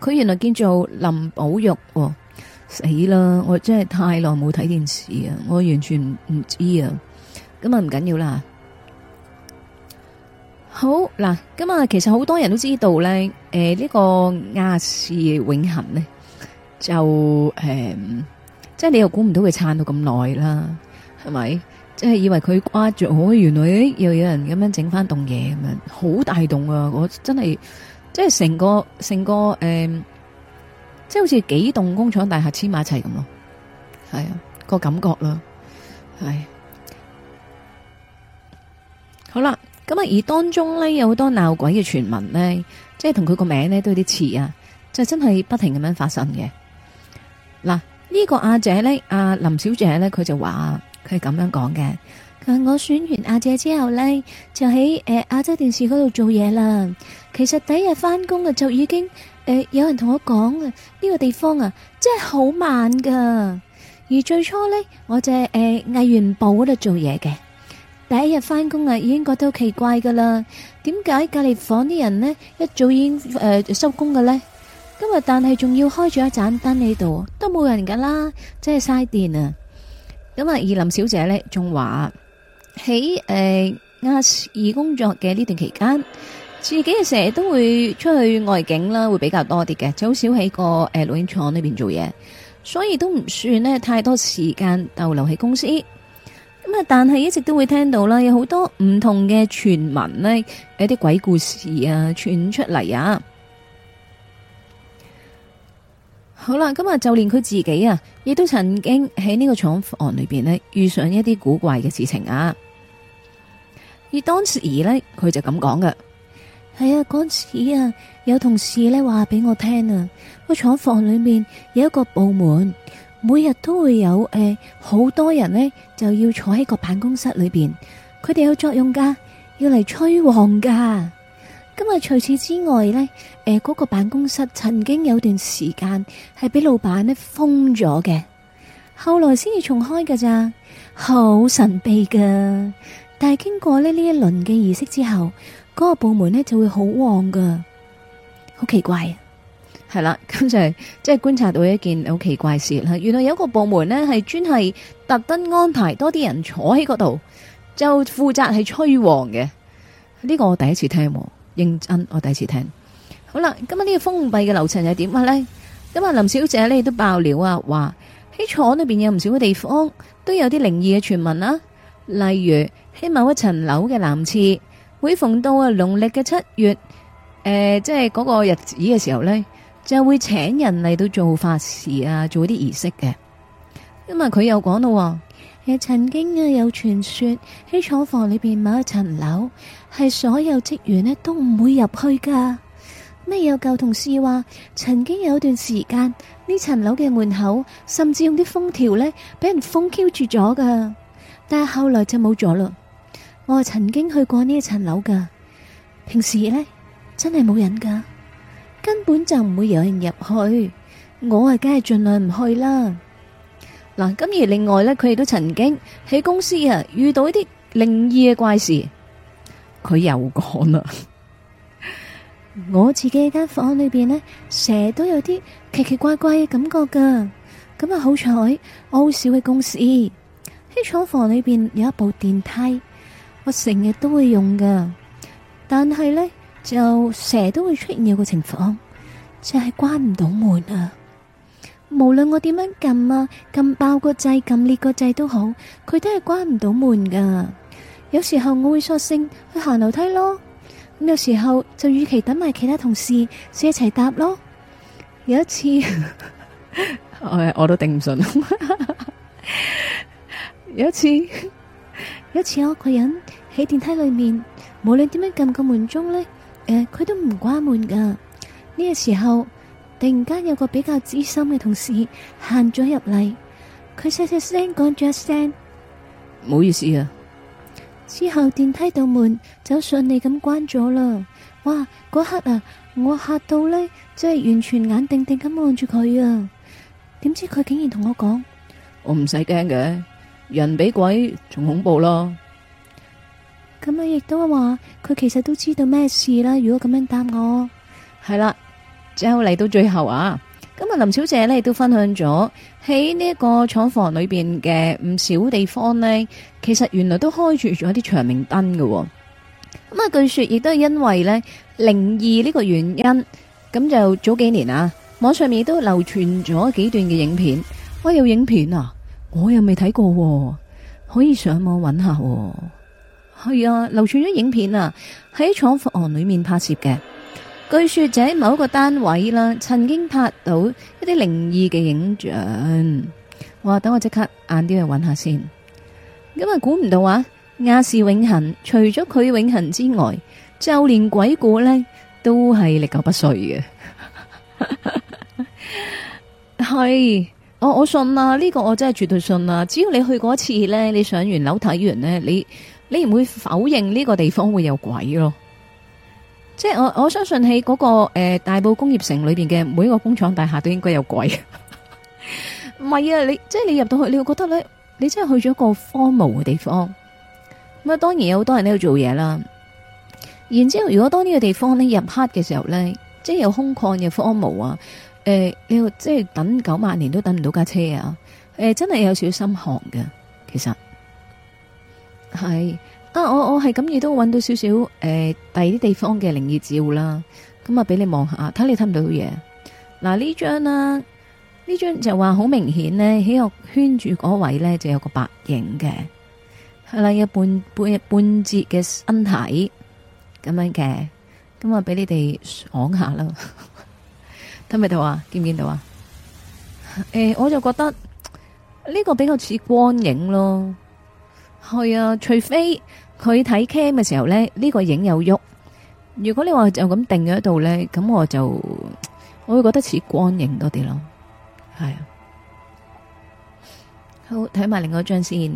佢原來叫做林寶玉。死啦！我真係太耐冇睇電視啊，我完全唔知啊。咁啊唔緊要啦。好嗱，咁啊其實好多人都知道咧，誒呢個亞視永恒咧，就誒即係你又估唔到佢撐到咁耐啦，係咪？即係以為佢掛住我，原來又有人咁樣整翻棟嘢咁樣，好大棟啊！我真係即係成個成個誒。呃即係好似幾棟工廠大廈黐埋一齊咁咯，係啊、個感覺啦係好啦。咁啊，而當中呢，有好多鬧鬼嘅傳聞呢，即係同佢個名呢都有啲似啊，就真係不停咁樣發生嘅。嗱，呢、呢個阿姐呢，阿林小姐呢，佢就話佢係咁樣講嘅。佢、啊、我選完阿姐之後呢，就喺誒亞洲電視嗰度做嘢啦。其實第一日翻工嘅就已經。誒、呃，有人同我講啊，呢、這個地方啊，真係好慢噶。而最初呢，我就係誒藝員部嗰度做嘢嘅。第一日翻工啊，已經覺得好奇怪噶啦。點解隔籬房啲人呢，一早已經誒、呃、收工噶呢？今日但係仲要開住一盞燈喺度，都冇人噶啦，真係嘥電啊！咁、呃、啊，二林小姐呢，仲話喺誒亞視工作嘅呢段期間。自己成日都會出去外景啦，會比較多啲嘅，就好少喺個誒錄影廠裏邊做嘢，所以都唔算呢太多時間逗留喺公司。咁啊，但係一直都會聽到啦，有好多唔同嘅傳聞呢，有啲鬼故事啊傳出嚟啊。好啦，咁啊，就連佢自己啊，亦都曾經喺呢個廠房裏邊呢遇上一啲古怪嘅事情啊。而當時呢，佢就咁講嘅。係、哎、啊，嗰時啊，有同事咧話俾我聽啊，個廠房裏面有一個部門，每日都會有誒好、呃、多人呢就要坐喺個辦公室裏邊，佢哋有作用噶，要嚟催旺噶。今日除此之外呢，誒、呃、嗰、那個辦公室曾經有段時間係俾老闆呢封咗嘅，後來先至重開噶咋，好神秘噶。但係經過呢呢一輪嘅儀式之後。嗰、那個部門呢就會好旺噶，好奇怪啊！係啦，咁就係即係觀察到一件好奇怪事啦。原來有一個部門呢係專係特登安排多啲人坐喺嗰度，就負責係催旺嘅。呢、這個我第一次聽，認真我第一次聽。好啦，今日呢個封閉嘅流程係點呢？咁啊，林小姐咧都爆料啊，話喺廠裏邊有唔少嘅地方都有啲靈異嘅傳聞啦，例如喺某一層樓嘅男廁。每逢到啊農曆嘅七月，誒、呃，即係嗰個日子嘅時候咧，就會請人嚟到做法事啊，做啲儀式嘅。咁啊，佢又講到亦曾經啊有傳說喺廠房裏邊某一層樓係所有職員咧都唔會入去噶咩？有舊同事話，曾經有一段時間呢層樓嘅門口甚至用啲封條咧俾人封住咗噶，但係後來就冇咗啦。我係曾經去過呢一層樓噶，平時呢，真係冇人噶，根本就唔會有人入去。我係梗係盡量唔去啦。嗱，咁而另外呢，佢哋都曾經喺公司啊遇到一啲靈異嘅怪事。佢又講啦，我自己間房裏邊呢，成日都有啲奇奇怪怪嘅感覺噶。咁啊，好彩我好少喺公司，喺廠房裏邊有一部電梯。我成日都會用噶，但係咧就成日都會出現有個情況，就係關唔到門啊！無論我點樣撳啊，撳爆個掣，撳裂個掣都好，佢都係關唔到門噶。有時候我會索性去行樓梯咯，咁有時候就與其等埋其他同事一齊搭咯。有一次，我我都頂唔順。有一次，有一次我個人。喺電梯裏面，無論點樣撳個門鐘呢，誒、呃，佢都唔關門噶。呢、這個時候，突然間有個比較資深嘅同事行咗入嚟，佢細細聲講咗一聲：唔好意思啊。之後電梯度門就順利咁關咗啦。哇！嗰刻啊，我嚇到呢，真、就、係、是、完全眼定定咁望住佢啊。點知佢竟然同我講：我唔使驚嘅，人比鬼仲恐怖咯。咁啊，亦都話佢其實都知道咩事啦。如果咁樣答我，係啦，之後嚟到最後啊，咁啊，林小姐呢，亦都分享咗喺呢一個廠房裏邊嘅唔少地方呢，其實原來都開住咗啲長明燈㗎。咁啊，據說亦都係因為呢靈異呢個原因，咁就早幾年啊，網上面都流傳咗幾段嘅影，影片。我有影片啊，我又未睇過，可以上網揾下。係啊，流傳咗影片啊，喺廠房裏面拍攝嘅。據說就喺某個單位啦，曾經拍到一啲靈異嘅影像。哇，等我即刻晏啲去揾下先。咁啊，估唔到啊，亞視永恒，除咗佢永恒之外，就連鬼故呢都係歷久不衰嘅。係， 哦，我我信啊，呢，呢個我真係絕對信啊。只要你去過一次呢，你上完樓睇完呢。你。你唔會否認呢個地方會有鬼咯，即係我我相信喺嗰、那個誒、呃、大埔工業城裏邊嘅每一個工廠大廈都應該有鬼，唔 係啊？你即係你入到去，你會覺得咧，你真係去咗個荒蕪嘅地方。咁啊，當然有好多人喺度做嘢啦。然之後，如果當呢個地方咧入黑嘅時候咧，即係有空曠嘅荒蕪啊，誒、呃，你即係等九萬年都等唔到架車啊，誒、呃，真係有少少心寒嘅，其實。係啊，我我係咁亦都搵到少少誒，第二啲地方嘅靈異照啦，咁啊俾你望下，睇你睇唔到啲嘢。嗱呢張啦，呢張就話好明顯咧，喺個圈住嗰位咧就有個白影嘅，係啦，有半半半截嘅身體咁樣嘅，咁啊俾你哋講下啦，睇唔睇到啊？見唔見到啊？誒、呃，我就覺得呢、這個比較似光影咯。係啊，除非佢睇 cam 嘅時候呢，呢、呢個影有喐。如果你話就咁定咗喺度呢，咁我就我會覺得似光影多啲咯。係啊，好，睇埋另外一張先。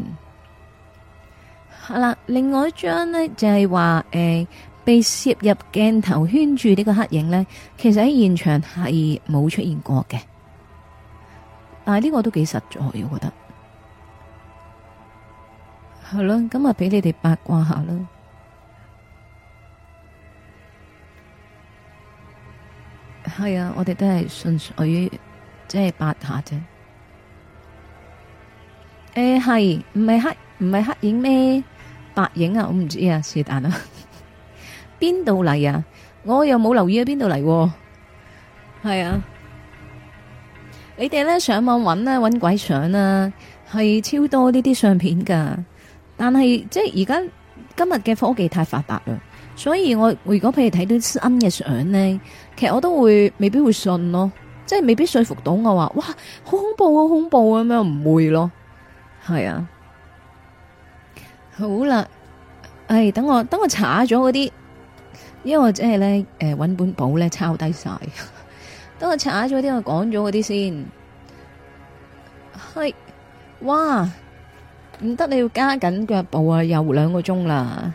好啦、啊，另外一張呢，就係話誒被攝入鏡頭圈住呢個黑影呢，其實喺現場係冇出現過嘅。但係呢個都幾實在，我覺得。好、嗯、啦，咁啊，畀你哋八卦下啦。係啊，我哋都係順於即係八下啫。誒、欸，係唔係黑唔係黑影咩？白影啊，我唔知啊，是但啊。邊度嚟？啊，我又冇留意喺邊度嚟。係啊，你哋咧，上網搵啊，搵鬼相啊，係超多呢啲相片噶。但係即係而家今日嘅科技太發達啦，所以我如果譬如睇到新嘅相咧，其實我都會未必會信咯，即係未必說服到我話，哇，好恐怖好、啊、恐怖咁樣唔會咯，係啊，好啦，誒、哎，等我等我查咗嗰啲，因為我即係咧誒搵本簿咧抄低晒，等我查咗啲、呃， 我講咗嗰啲先，係、哎，哇！唔得，你要加緊腳步啊！又兩個鐘啦，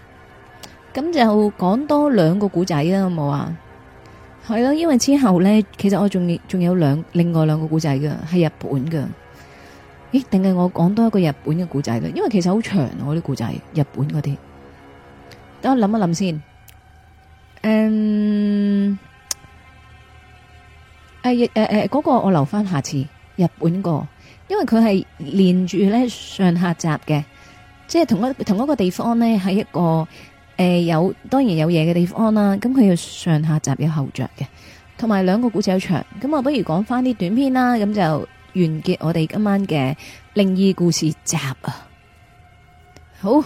咁就講多兩個古仔啊，好冇啊？係咯，因為之後咧，其實我仲仲有兩另外兩個古仔嘅，係日本嘅。咦？定係我講多一個日本嘅古仔㗎？因為其實好長、啊，我啲古仔日本嗰啲。等我諗一諗先。誒、嗯，誒誒誒，嗰、哎哎嗰個我留翻下，下次，日本個。因為佢係連住咧，上下集嘅，即係同一同一個地方呢係一個誒、呃、有當然有嘢嘅地方啦。咁佢有上下集有後着嘅，同埋兩個故事有長。咁我不如講翻啲短篇啦。咁就完結我哋今晚嘅另一故事集靈異故事集啊。好，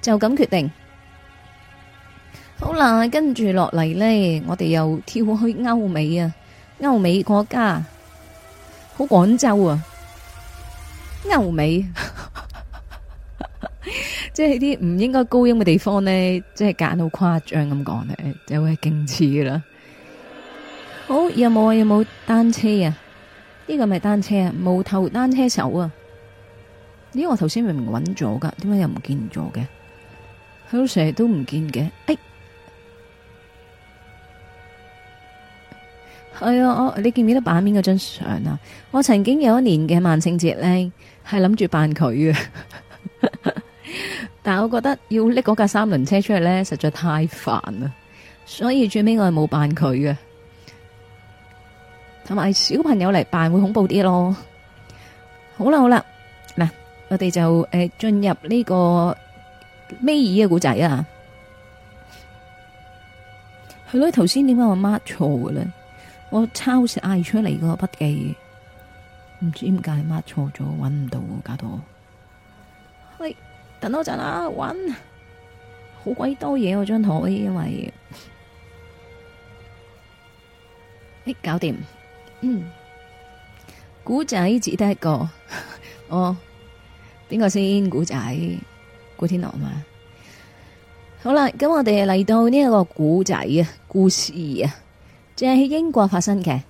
就咁決定。好啦，跟住落嚟呢，我哋又跳去歐美啊，歐美國家，好廣州啊。牛尾，即係啲唔應該高音嘅地方呢，即係揀到誇張咁講咧，就會係勁似嘅啦。好，有冇啊？有冇單車啊？呢個咪單車啊？冇頭單車手啊？呢個我頭先明明揾咗噶，點解又唔見咗嘅？好，成日都唔見嘅。哎，係啊！我你記唔記得版面嗰張相啊？我曾經有一年嘅萬聖節咧。係諗住扮佢嘅，但係我覺得要搦嗰架三輪車出嚟咧，實在太煩啦，所以最尾我係冇扮佢嘅。同埋小朋友嚟扮會恐怖啲咯。好啦好啦，嗱，我哋就誒進入呢個尾二嘅古仔啊。係咯，頭先點解我 mark 錯嘅咧？我抄寫嗌出嚟個筆記。唔知點解抹錯咗，搵唔到，搞到喂，等多陣啊，搵好鬼多嘢嗰張圖，因為誒、哎、搞掂，嗯，古仔只得一個 哦，邊個先古仔？古天樂嘛？好啦，咁我哋嚟到呢一個古仔啊，故事啊，淨係喺英國發生嘅。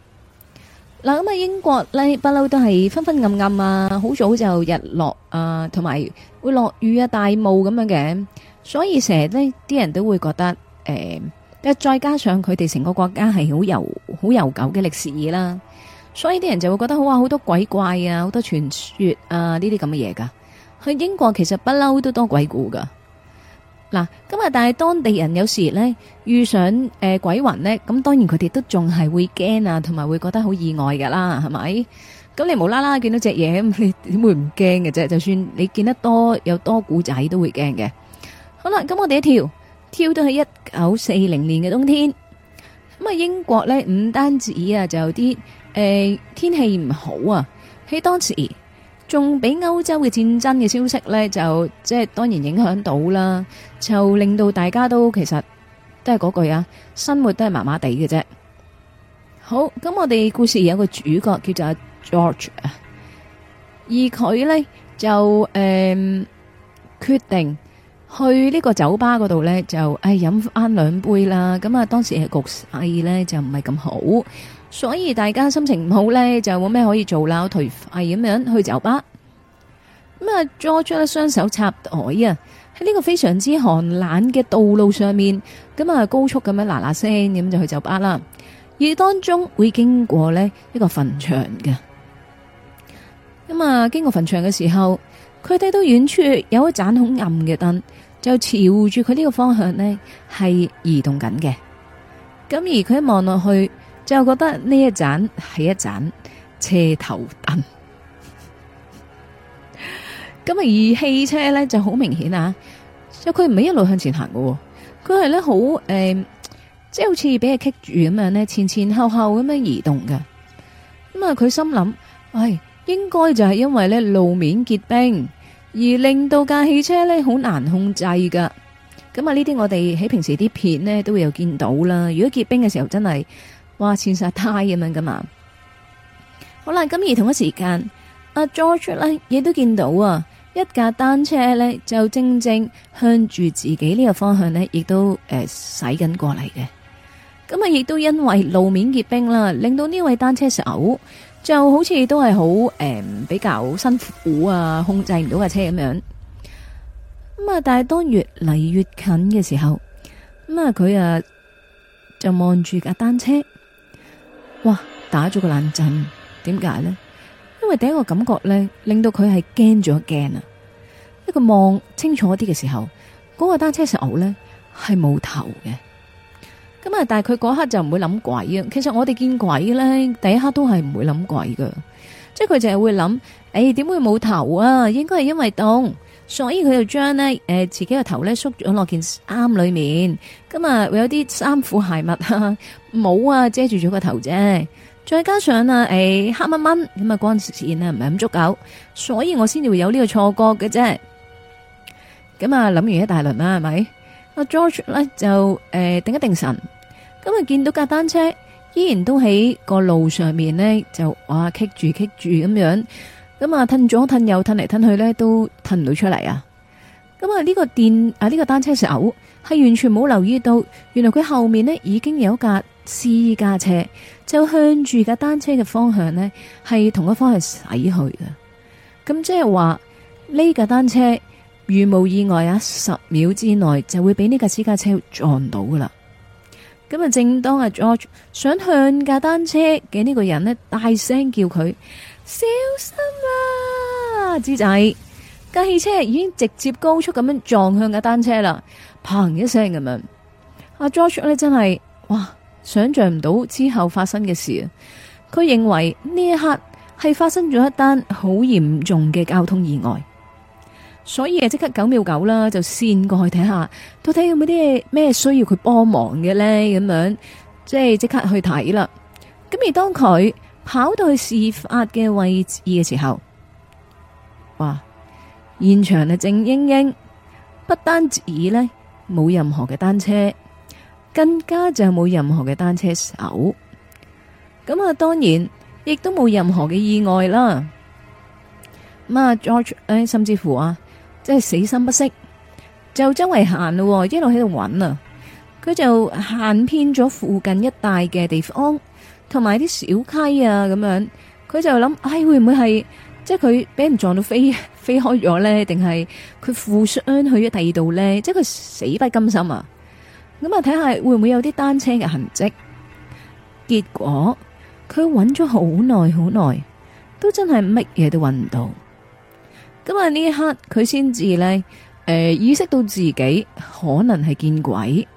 嗱，咁啊，英國咧不嬲都係昏昏暗暗啊，好早就日落啊，同埋會落雨啊、大霧咁樣嘅，所以成日呢啲人都會覺得，誒，又再加上佢哋成個國家係好悠好悠久嘅歷史啦，所以啲人就會覺得好話好多鬼怪啊，好多傳説啊，呢啲咁嘅嘢噶，去英國其實不嬲都多鬼故噶。嗱，咁日但係當地人有時呢遇上誒、呃、鬼魂呢，咁當然佢哋都仲係會驚啊，同埋會覺得好意外噶啦，係咪？咁你無啦啦見到隻嘢，你點會唔驚嘅啫？就算你見得多有多古仔，都會驚嘅。好啦，咁我哋一跳跳到喺一九四零年嘅冬天，咁啊英國呢，唔單止啊，就有啲誒天氣唔好啊，喺當時。仲俾歐洲嘅戰爭嘅消息呢，就即係當然影響到啦，就令到大家都其實都係嗰句啊，生活都係麻麻地嘅啫。好，咁我哋故事有一個主角叫做 George，而佢呢就誒、嗯、決定去呢個酒吧嗰度呢，就誒飲翻兩杯啦。咁啊，當時嘅局勢呢，就唔係咁好。所以大家心情唔好呢，就冇咩可以做啦，頹廢咁樣去酒吧。咁啊，揸出一雙手插袋啊，喺呢個非常之寒冷嘅道路上面，咁啊高速咁樣嗱嗱聲咁就去酒吧啦。而當中會經過呢一個墳場嘅。咁啊，經過墳場嘅時候，佢睇到遠處有一盞好暗嘅燈，就朝住佢呢個方向呢，係移動緊嘅。咁而佢一望落去。就覺得呢一盞係一盞車頭燈，咁 啊而汽車咧就好明顯啊，即係佢唔係一路向前行嘅，佢係咧好誒，即係好似俾佢棘住咁樣咧前前後後咁樣移動㗎。咁啊佢心諗，唉、哎，應該就係因為咧路面結冰而令到架汽車咧好難控制㗎。咁啊呢啲我哋喺平時啲片呢都會有見到啦。如果結冰嘅時候真係。哇！前晒太咁樣噶嘛？好啦，咁而同一時間，阿、啊、George 咧亦都見到啊，一架單車呢，就正正向住自己呢個方向呢，亦都誒駛緊過嚟嘅。咁啊，亦都因為路面結冰啦，令到呢位單車手就好似都係好誒比較辛苦啊，控制唔到架車咁樣。咁啊，但係當越嚟越近嘅時候，咁啊，佢啊就望住架單車。打咗個冷震，點解呢？因為第一個感覺咧，令到佢係驚咗驚啊！一個望清楚啲嘅時候，嗰、那個單車獸咧係冇頭嘅。咁啊，但係佢嗰刻就唔會諗鬼啊。其實我哋見鬼咧，第一刻都係唔會諗鬼噶，即係佢就係會諗：誒、哎，點會冇頭啊？應該係因為凍，所以佢就將呢誒、呃、自己個頭咧縮咗落件衫裏面。咁啊，會有啲衫褲鞋襪啊、冇啊遮住咗個頭啫。再加上啊，誒、欸、黑蚊蚊，咁啊，光綫啊唔係咁足夠，所以我先至會有呢個錯覺嘅啫。咁啊諗完一大輪啦，係咪？阿 George 咧就誒、欸、定一定神，咁啊，見到架單車依然都喺個路上面呢，就哇棘住棘住咁樣，咁啊褪左褪右褪嚟褪去咧都褪唔到出嚟啊！咁啊呢個電啊呢個單車食係完全冇留意到，原來佢後面呢已經有一架私家車就向住架單車嘅方向呢係同一方向駛去。咁即係話，呢架單車如無意外啊，十秒之內就會俾呢架私家車撞到噶啦。咁啊，正當阿、啊、George 想向架單車嘅呢個人呢大聲叫佢 小心啦、啊、智仔架汽車已經直接高速咁樣撞向架單車啦。「砰，一聲咁樣，阿 George 咧，真係哇，想象唔到之後發生嘅事啊！佢認為呢一刻係發生咗一單好嚴重嘅交通意外，所以誒即刻九秒九啦，就先過去睇下，到底有冇啲咩需要佢幫忙嘅呢。咁樣即係即刻去睇啦。咁而當佢跑到去事發嘅位置嘅時候，哇！現場嘅靜英英不單止呢。」冇任何嘅單車，更加就冇任何嘅單車手。咁啊，當然亦都冇任何嘅意外啦。咁啊，George，誒，甚至乎啊，即係死心不息，就周圍行咯，一路喺度揾啊。佢就行遍咗附近一帶嘅地方，同埋啲小溪啊咁樣。佢就諗，唉，會唔會係即係佢俾人撞到飛啊？飛開咗呢，定係佢負傷去咗第二度呢？即係佢死不甘心啊！咁啊，睇下會唔會有啲單車嘅痕跡？結果佢揾咗好耐，好耐都真係乜嘢都揾唔到。咁啊，呢一刻佢先至呢，誒、呃、意識到自己可能係見鬼。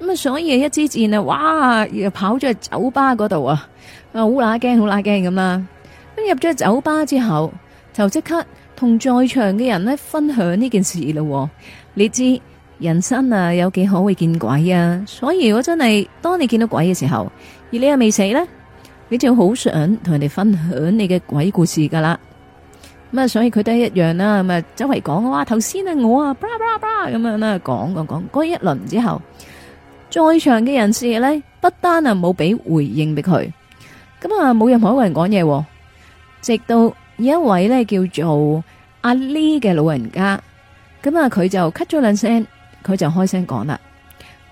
咁啊，所以一支箭啊，哇！又跑咗去酒吧嗰度啊，啊好乸驚，好乸驚咁啦。咁入咗去酒吧之後，就即刻。同在場嘅人咧分享呢件事咯，你知人生啊有幾可會見鬼啊？所以如果真係當你見到鬼嘅時候，而你又未死咧，你就好想同人哋分享你嘅鬼故事噶啦。咁啊，所以佢都係一樣啦。咁啊，周圍講哇，頭先啊我啊，咁樣啦，講講講，講一輪之後，在場嘅人士咧，不單啊冇俾回應俾佢，咁啊冇任何一個人講嘢，直到。有一位咧叫做阿李嘅老人家，咁啊佢就咳咗兩聲，佢就開聲講啦。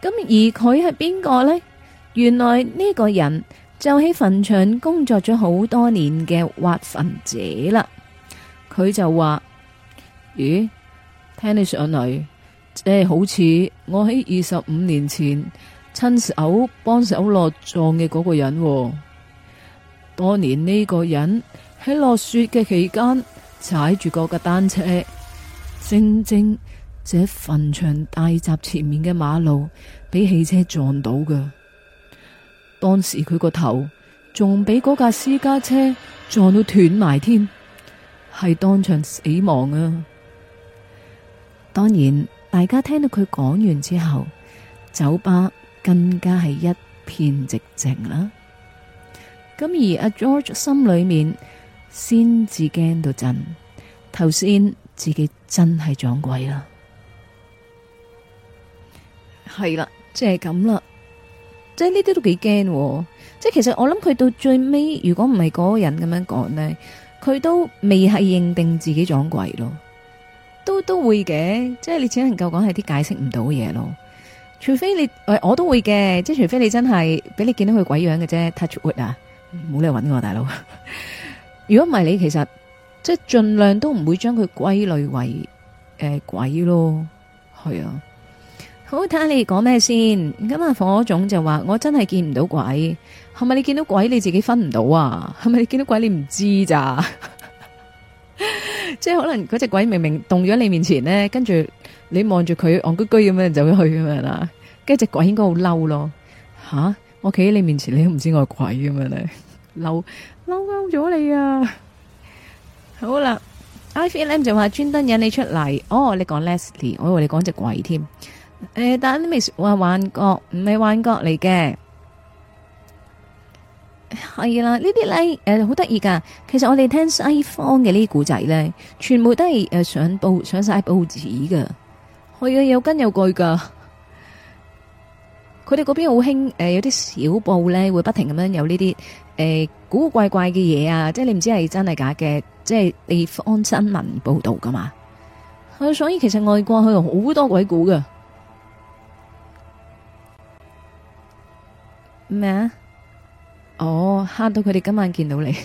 咁而佢係邊個呢？原來呢個人就喺墳場工作咗好多年嘅挖墳者啦。佢就話：咦，聽你上嚟，即係好似我喺二十五年前親手幫手落葬嘅嗰個人。當年呢個人。喺落雪嘅期間，踩住嗰架單車，正正這墳場大閘前面嘅馬路，俾汽車撞到噶。當時佢個頭仲俾嗰架私家車撞到斷埋添，係當場死亡啊！當然，大家聽到佢講完之後，酒吧更加係一片寂靜啦。咁而阿 George 心裏面。先至驚到震，頭先自己真係撞鬼啦。係啦，即係咁啦，即係呢啲都幾驚，即係其實我諗佢到最尾，如果唔係嗰個人咁樣講呢，佢都未係認定自己撞鬼咯，都都會嘅，即係你只能夠講係啲解釋唔到嘢咯，除非你誒，我都會嘅，即係除非你真係俾你見到佢鬼樣嘅啫，touch wood 啊，好理由揾我大佬。如果唔係你，其實即係盡量都唔會將佢歸類為誒、呃、鬼咯，係啊。好睇下你講咩先。咁啊，火總就話我真係見唔到鬼。係咪你見到鬼你自己分唔到啊？係咪你見到鬼你唔知咋？ 即係可能嗰隻鬼明明動咗你面前咧，跟住你望住佢戇居居咁樣走咗去咁樣啦。跟住隻鬼應該好嬲咯。吓、啊，我企喺你面前，你都唔知我係鬼咁樣咧，嬲。 嬲咗你啊！好啦，I F M 就話專登引你出嚟。哦，你講 Leslie，我以為你講隻鬼添。誒、欸，但係你未話幻覺，唔係幻覺嚟嘅。係啦，這些呢啲咧誒好得意噶。其實我哋聽西方嘅呢啲古仔咧，全部都係誒上報上晒報紙噶，可以有根有據噶。佢哋嗰邊好興誒，有啲、呃、小報咧會不停咁樣有呢啲誒。呃古古怪怪嘅嘢啊，即係你唔知係真係假嘅，即係地方新聞報道噶嘛。啊，所以其實外國佢好多鬼故噶。咩啊？哦，嚇到佢哋今晚見到你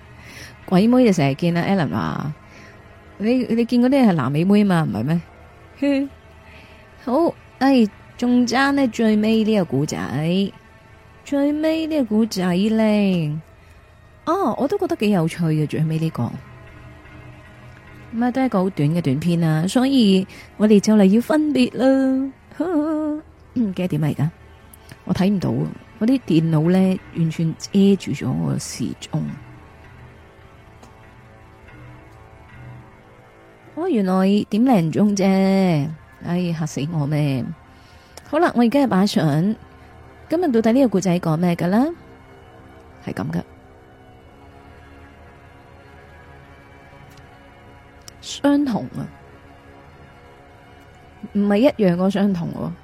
鬼妹就成日見、Alan、啊！Ellen 話：你你見嗰啲係南美妹啊嘛，唔係咩？ 好，誒、哎，仲爭呢最尾呢個古仔，最尾呢個古仔咧。哦，我都覺得幾有趣嘅，最尾呢、這個咁啊，都係一個好短嘅短片啦、啊。所以我哋就嚟要分別啦。唔記得點啊而家，我睇唔到，我啲電腦咧完全遮住咗我嘅時鐘。哦，原來點零鐘啫，哎嚇死我咩？好啦，我而家係把上，今日到底呢個故仔講咩噶啦？係咁噶。相同啊，唔係一樣個相同，啊，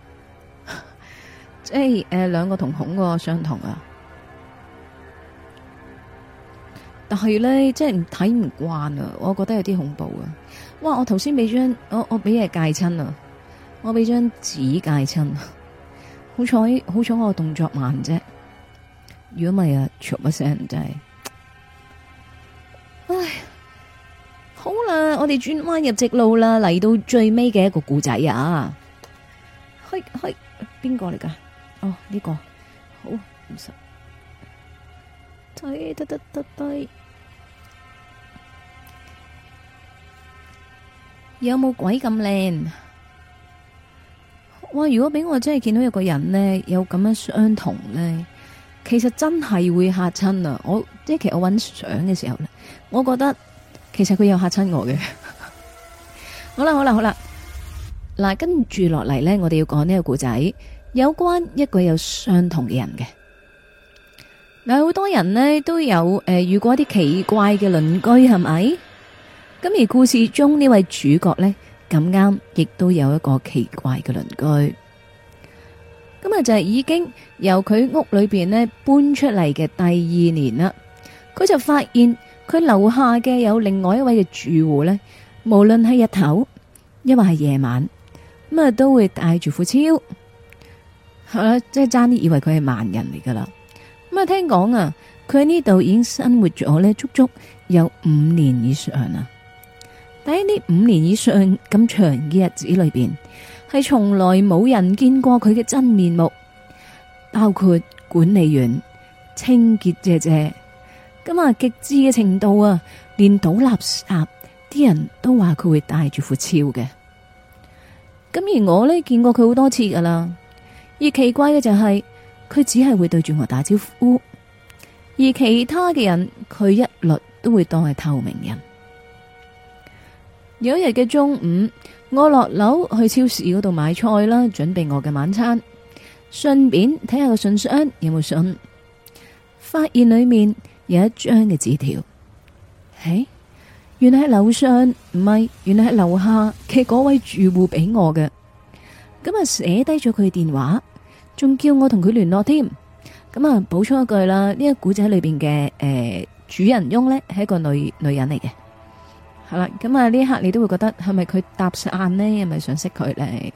即係誒兩個瞳孔個相同啊。但係咧，即係唔睇唔慣啊，我覺得有啲恐怖啊。哇，我頭先俾張我我俾嘢戒親啊，我俾張紙戒親啊。 好彩好彩，我動作慢啫。如果唔係啊，嘈乜聲真係，唉。好啦，我哋轉彎入直路啦，嚟到最尾嘅一個故仔啊！開開，邊個嚟㗎？哦，呢個好唔使。得得得得，有冇鬼咁靚？哇！如果俾我真係見到有個人呢，有咁樣相同呢，其實真係會嚇親啊！我即係其實我揾相嘅時候咧，我覺得。其實佢有嚇親我嘅， 好啦好啦好啦，嗱，跟住落嚟呢，我哋要講呢個故仔，有關一個有相同嘅人嘅。嗱，好多人呢，都有誒、呃，遇過一啲奇怪嘅鄰居係咪？咁而故事中呢位主角呢，咁啱，亦都有一個奇怪嘅鄰居，咁啊就係已經由佢屋裏邊呢搬出嚟嘅第二年啦，佢就發現。佢樓下嘅有另外一位嘅住戶呢，無論係日頭，亦或係夜晚，咁啊都會帶住副超，即係爭啲以為佢係盲人嚟噶啦。咁啊聽講啊，佢喺呢度已經生活咗呢足足有五年以上啊！但喺呢五年以上咁長嘅日子裏邊，係從來冇人見過佢嘅真面目，包括管理員、清潔姐姐。咁啊，極致嘅程度啊，連倒垃圾啲人都話佢會戴住副超嘅。咁而我呢，見過佢好多次噶啦，而奇怪嘅就係、是、佢只係會對住我打招呼，而其他嘅人佢一律都會當係透明人。有一日嘅中午，我落樓去超市嗰度買菜啦，準備我嘅晚餐，順便睇下個信箱有冇信，發現裏面，有一張嘅紙條，誒、欸，原來喺樓上唔係，原來喺樓下嘅嗰位住戶俾我嘅，咁啊寫低咗佢電話，仲叫我同佢聯絡添，咁啊補充一句啦，呢個古仔裏邊嘅誒主人翁呢，係一個女女人嚟嘅，係啦，咁啊呢一刻你都會覺得係咪佢搭訕呢？係咪想識佢咧？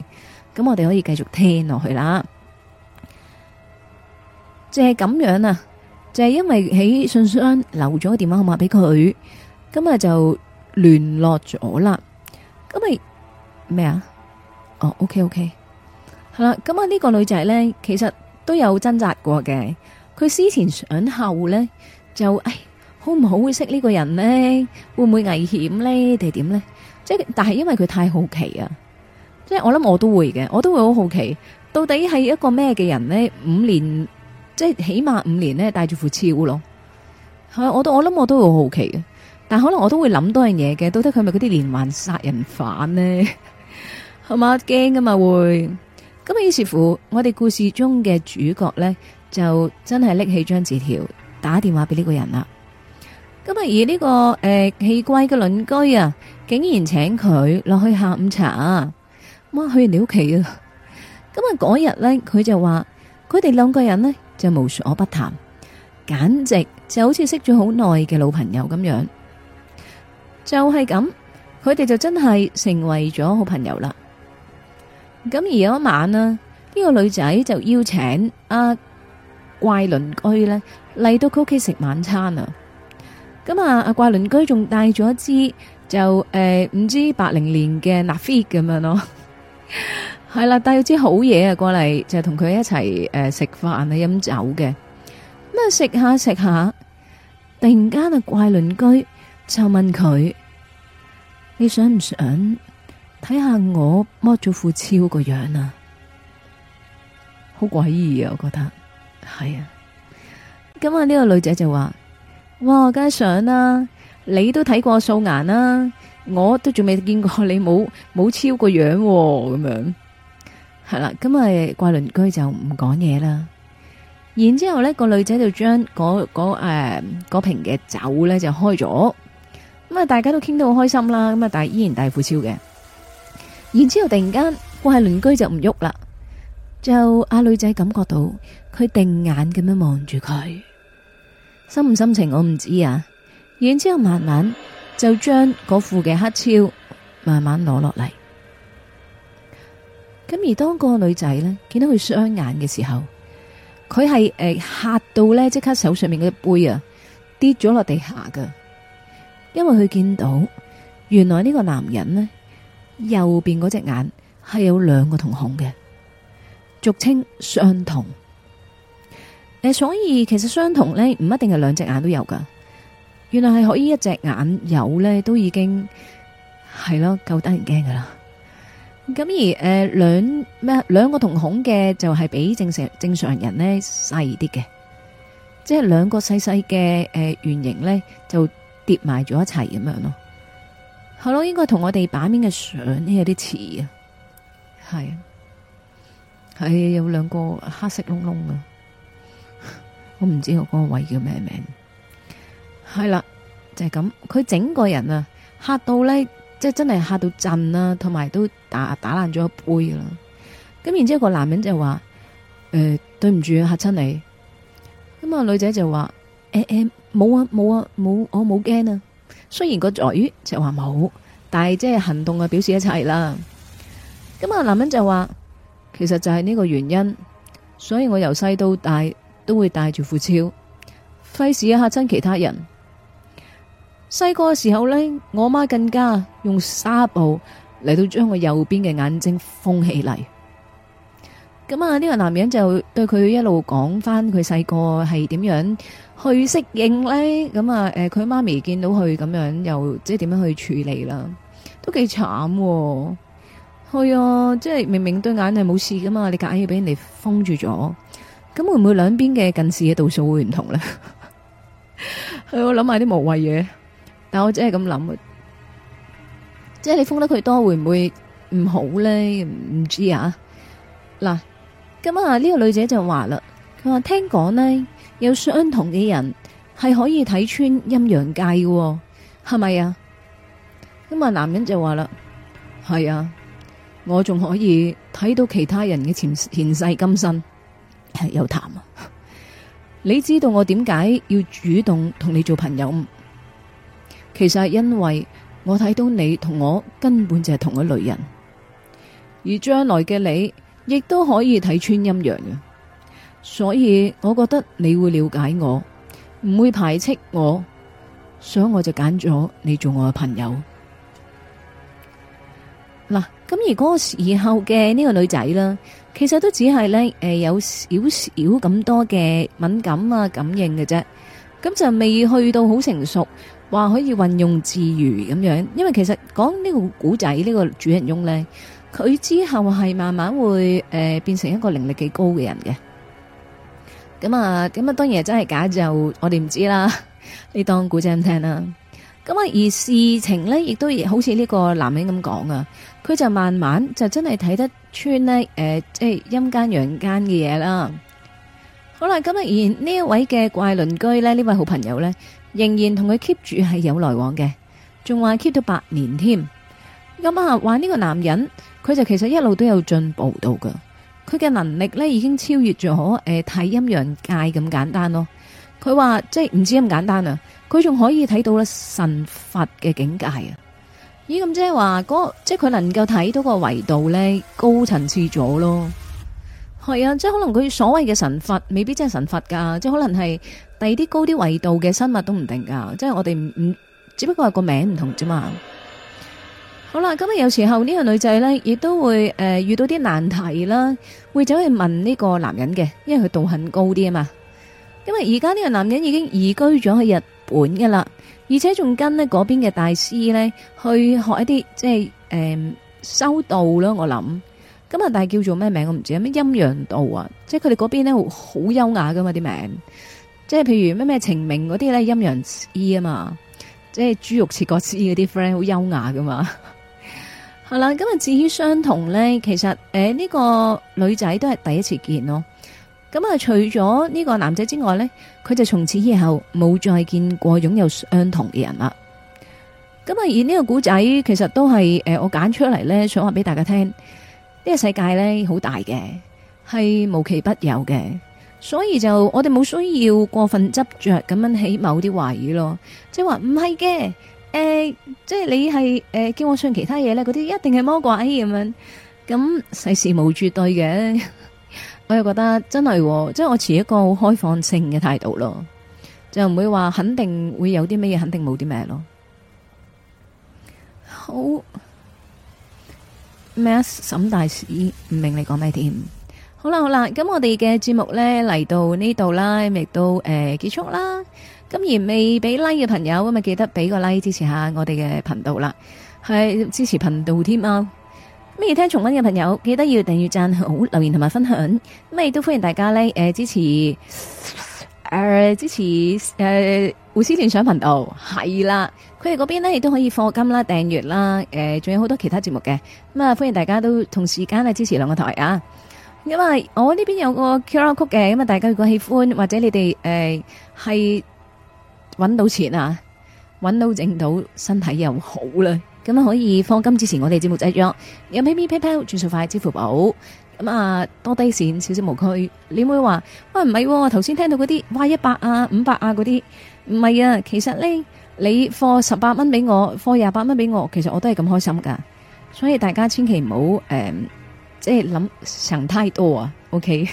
咁我哋可以繼續聽落去啦，就係、是、咁樣啊。就係、是、因為喺信箱留咗個電話號碼俾佢，咁咪就聯絡咗啦。咁咪咩啊？哦，OK OK，係啦。咁啊呢個女仔咧，其實都有掙扎過嘅。佢思前想後咧，就誒，好唔好會識呢個人咧？會唔會危險咧？定係點咧？即係，但係因為佢太好奇啊，即係我諗我都會嘅，我都會好好奇，到底係一個咩嘅人咧？五年。即係起碼五年咧，戴住副超咯。係，我都我諗我都會好奇，但可能我都會諗多樣嘢嘅。到底佢係咪嗰啲連環殺人犯呢？係 嘛驚噶嘛會？咁於是乎，我哋故事中嘅主角咧，就真係拎起張字條，打電話俾呢個人啦。咁啊，而呢、這個誒奇、呃、怪嘅鄰居啊，竟然請佢落去下午茶。哇，去你屋企啊！咁 啊，嗰日咧，佢就話佢哋兩個人咧。就無所不談，簡直就好似識咗好耐嘅老朋友咁樣，就係咁，佢哋就真係成為咗好朋友啦。咁而有一晚呢，呢個女仔就邀請阿怪鄰居呢嚟到佢屋企食晚餐啊。咁啊，阿怪鄰居仲帶咗一支就誒，唔知八零年嘅納菲咁樣咯。係啦，帶咗支好嘢啊，過嚟，就同佢一齊誒食飯啊，飲酒嘅。咩食下食下，突然間啊怪鄰居就問佢：你想唔想睇下我剝咗副超個樣啊？好詭異啊！我覺得係啊。咁啊呢個女仔就話：哇，梗係想啦、啊，你都睇過素顏啦、啊，我都仲未見過你冇冇超個樣咁、啊、樣。係啦，咁咪怪鄰居就唔講嘢啦。然之後呢個女仔就將嗰嗰誒嗰瓶嘅酒呢就開咗。咁啊，大家都傾得好開心啦。咁啊，但係依然大副超嘅。然之後突然間，怪鄰居就唔喐啦。就阿女仔感覺到佢定眼咁樣望住佢，心唔心情我唔知啊。然之後慢慢就將嗰副嘅黑超慢慢攞落嚟。咁而當個女仔呢，見到佢雙眼嘅時候，佢係誒嚇到呢，即刻手上面嗰杯啊跌咗落地下噶，因為佢見到原來呢個男人呢，右邊嗰隻眼係有兩個瞳孔嘅，俗稱雙瞳。誒，所以其實雙瞳呢，唔一定係兩隻眼都有噶，原來係可以一隻眼有呢，都已經係咯夠得人驚噶啦。咁而誒、呃、兩咩兩個瞳孔嘅就係比正常正常人呢細啲嘅，即係兩個細細嘅誒圓形呢，就疊埋咗一齊咁樣咯。係咯，應該同我哋版面嘅相呢有啲似啊。係啊係有兩個黑色窿窿啊，我唔知我嗰個位叫咩名。係啦，就係、是、咁，佢整個人啊嚇到呢。即係真係嚇到震啦，同埋都打打爛咗一杯啦。咁然之後個男人就話：誒、呃，對唔住嚇親你。咁、欸欸、啊，女仔就話：誒誒，冇啊冇啊冇，我冇驚啊。雖然個在於就話冇，但係即係行動嘅表示一齊啦。咁啊，男人就話：其實就係呢個原因，所以我由細到大都會帶住符咒，費事嚇親其他人。細個嘅時候咧，我媽更加用紗布嚟到將我右邊嘅眼睛封起嚟。咁啊，呢、這個男人就對佢一路講翻佢細個係點樣去適應咧。咁啊，誒、呃，佢媽咪見到佢咁樣又即係點樣去處理啦，都幾慘啊。係啊，即係明明對眼係冇事噶嘛，你夾硬要俾人哋封住咗，咁會唔會兩邊嘅近視嘅度數會唔同咧？係 我諗下啲無謂嘢。但我只係咁諗，即係你封得佢多會唔會唔好咧？唔知啊。嗱，咁啊呢個女仔就話啦，佢話聽講呢，有相同嘅人係可以睇穿陰陽界嘅，係咪啊？咁啊，男人就話啦，係啊，我仲可以睇到其他人嘅前前世今生，係有談啊。 你知道我點解要主動同你做朋友？其實係因為我睇到你同我根本就係同一類人，而將來嘅你亦都可以睇穿陰陽，所以我覺得你會了解我，唔會排斥我，所以我就揀咗你做我嘅朋友。嗱，咁而嗰個時候嘅呢個女仔啦，其實都只係呢誒有少少咁多嘅敏感啊感應嘅啫，咁就未去到好成熟，話可以運用自如咁樣，因為其實講呢個古仔，呢、呢個主人翁呢，佢之後係慢慢會誒、呃、變成一個能力幾高嘅人嘅。咁啊，咁啊，當然真係假就我哋唔知啦，你當古仔咁聽啦。咁啊，而事情呢，亦都好似呢個男人咁講啊，佢就慢慢就真係睇得穿呢，誒、呃，即係陰間陽間嘅嘢啦。好啦，咁啊，而呢一位嘅怪鄰居呢，呢位好朋友呢。仍然同佢 keep 住係有來往嘅，仲話 keep 到八年添。咁啊，話呢個男人佢就其實一路都有進步到噶，佢嘅能力咧已經超越咗誒睇陰陽界咁簡單咯。佢話即係唔止咁簡單啊，佢仲可以睇到咧神佛嘅境界啊。咦，咁、那個、即係話嗰即係佢能夠睇到個維度咧高層次咗咯。係啊，即係可能佢所謂嘅神佛未必真係神佛噶，即係可能係。第二啲高啲維度嘅生物都唔定噶，即係我哋唔唔，只不過係個名唔同啫嘛。好啦，咁啊，有時候呢、呢個女仔呢，亦都會誒、呃、遇到啲難題啦，會走去問呢個男人嘅，因為佢道行高啲啊嘛。因為而家呢個男人已經移居咗去日本噶啦，而且仲跟呢嗰邊嘅大師呢去學一啲即係誒、呃、修道咯。我諗咁啊，但係叫做咩名我唔知，有咩陰陽道啊，即係佢哋嗰邊呢，好優雅噶嘛啲名。即係譬如咩咩情明嗰啲咧，陰陽師啊嘛，即係豬肉切割師嗰啲 friend 好優雅噶嘛，係 啦。咁啊，至於相同咧，其實誒呢，呃，這個女仔都係第一次見咯。咁、呃、啊，除咗呢個男仔之外咧，佢就從此以後冇再見過擁有相同嘅人啦。咁、呃、啊，呢個古仔，其實都係誒、呃、我揀出嚟咧，想話俾大家聽，呢，這個世界咧好大嘅，係無奇不有嘅。所以就我哋冇需要過分執着咁樣起某啲懷疑咯，即係話唔係嘅，誒，即、呃、係、就是、你係誒、呃、叫我信其他嘢咧，嗰啲一定係魔鬼咁樣，咁世事冇絕對嘅， 我又覺得真係、哦，即、就、係、是、我持一個好開放性嘅態度咯，就唔會話肯定會有啲咩嘢，肯定冇啲咩咯，好，m mass 沈大使唔明你講咩添？好啦，好啦，咁我哋嘅節目呢，嚟到呢度啦，亦都誒結束啦。咁而未俾 like 嘅朋友，咁咪記得俾個 like 支持下我哋嘅頻道啦，係支持頻道添啊。咩嘢聽重溫嘅朋友，記得要訂閱、讚好、哦、留言同埋分享。咁亦都歡迎大家呢誒、呃、支持誒、呃、支持誒、呃、胡思亂想頻道係啦。佢哋嗰邊呢，亦都可以課金啦、訂閱啦，誒、呃、仲有好多其他節目嘅咁啊。歡迎大家都同時間咧支持兩個台啊。因、嗯、為我呢邊有個 QR code 嘅，咁啊，大家如果喜歡或者你哋誒係搵到錢啊，搵到整到，身體又好啦，咁、嗯、啊可以放金支持我哋節目製作，有 paypaypaypay 轉數快支付寶，咁、嗯、啊多低線少少無趣，你會話喂，唔係、啊，我頭先聽到嗰啲哇一百啊五百啊嗰啲唔係啊，其實咧你放十八蚊俾我，放廿八蚊俾我，其實我都係咁開心噶，所以大家千祈唔好誒。呃即係諗想太多啊，OK。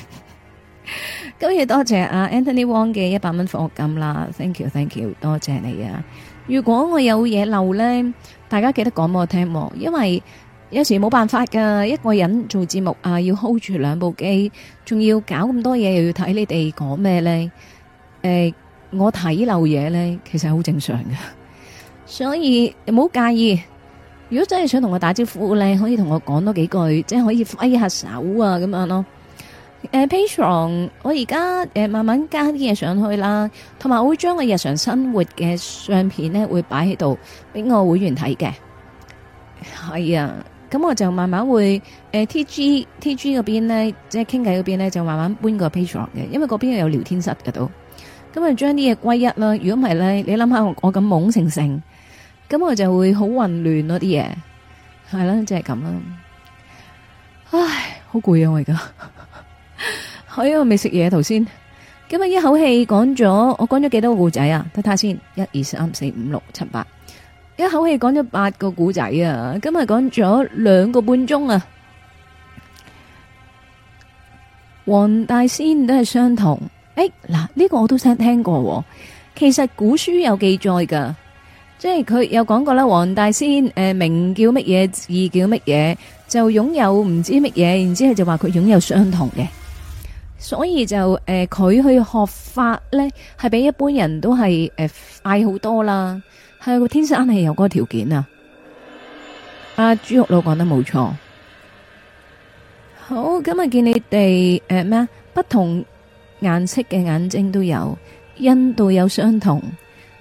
今日多謝阿 Anthony Wong 嘅一百蚊課金啦，Thank you，Thank you，多謝你啊！如果我有嘢漏呢，大家記得講俾我聽，因為有時冇辦法噶，一個人做節目啊，要 hold 住兩部機，仲要搞咁多嘢，又要睇你哋講咩呢？誒，我睇漏嘢呢，其實係好正常嘅，所以你唔好介意。如果真係想同我打招呼咧，可以同我講多幾句，即係可以揮下手啊咁樣咯。誒、uh，Patreon，我而家誒慢慢加啲嘢上去啦，同埋我會將我日常生活嘅相片咧，會擺喺度，俾我會員睇嘅。係啊，咁我就慢慢會誒、uh，T G T G 嗰邊咧，即係傾偈嗰邊咧，就慢慢搬過 Patreon 嘅，因為嗰邊有聊天室嘅都。咁啊，將啲嘢歸一啦。如果唔係咧，你諗下我我咁懵成成。咁我就會好混亂囉啲嘢，係啦，即係咁啦。唉，好攰啊！我而家，我依家未食嘢，頭先。今日一口氣講咗，我講咗幾多個故仔啊？睇睇先看看，一二三四五六七八，一口氣講咗八個古仔啊！今日講咗兩個半鐘啊。黃大仙都係相同。誒、哎，嗱，呢個我都聽聽過、啊，其實古書有記載噶。即係佢有講過啦，黃大仙誒、呃，名叫乜嘢，字叫乜嘢，就擁有唔知乜嘢，然之後就話佢擁有相同嘅，所以就誒，佢、呃、去學法咧，係比一般人都係誒快好多啦，係天生係有嗰個條件啊！阿、啊、朱玉老講得冇錯，好咁見你哋誒咩啊，不同顏色嘅眼睛都有，印度有相同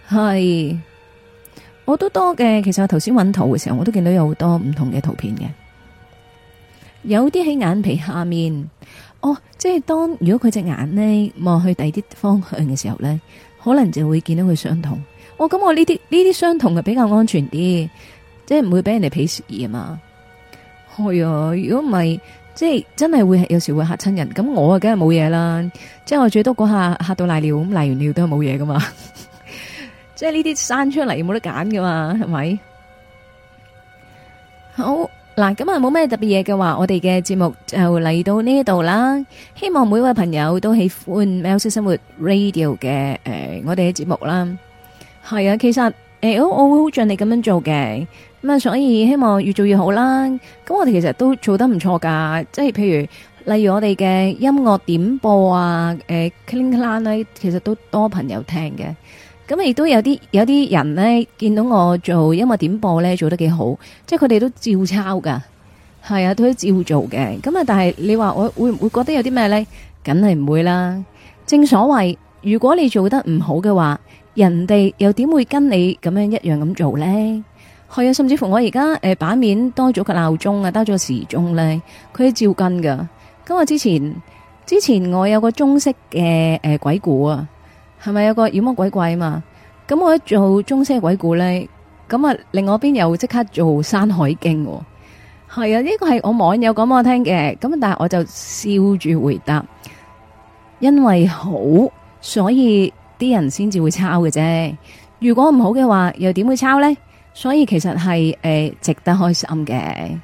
係。是我都多嘅，其實我頭先揾圖嘅時候，我都見到有好多唔同嘅圖片嘅，有啲喺眼皮下面，哦，即係當如果佢隻眼呢望去第二啲方向嘅時候呢，可能就會見到佢相同。哦，我咁我呢啲呢啲相同嘅比較安全啲，即係唔會俾人哋鄙視啊嘛。係啊，如果唔係，即係真係會有時會嚇親人。咁我啊梗係冇嘢啦，即係我最多嗰下嚇到賴尿咁賴完尿都係冇嘢噶嘛。即係呢啲生出嚟，冇得揀噶嘛，係咪？好嗱，咁啊冇咩特別嘢嘅話，我哋嘅節目就嚟到呢度啦。希望每位朋友都喜歡《喵式生活 Radio》嘅、呃、誒，我哋嘅節目啦。係啊，其實誒，我我會好盡力咁樣做嘅，咁啊，所以希望越做越好啦。咁我哋其實都做得唔錯噶，即係譬如例如我哋嘅音樂點播啊，誒、呃，聽啦咧，其實都多朋友聽嘅。咁亦都有啲有啲人咧，見到我做音樂點播咧做得幾好，即係佢哋都照抄噶，係啊，都照做嘅。咁啊，但係你話我會唔會覺得有啲咩咧？梗係唔會啦。正所謂，如果你做得唔好嘅話，人哋又點會跟你咁樣一樣咁做咧？係啊，甚至乎我而家誒版面多咗個鬧鐘啊，多咗個時鐘咧，佢都照跟噶。咁啊，之前之前我有個中式嘅誒、呃、鬼故啊。係咪有個妖魔鬼怪啊嘛？咁我一做中式鬼故呢，咁啊，另外邊又即刻做山海經喎。係啊，呢個係我網友講我聽嘅，咁但係我就笑住回答：「因為好，所以啲人先至會抄嘅啫。如果唔好嘅話，又點會抄呢？」所以其實係誒、呃、值得開心嘅。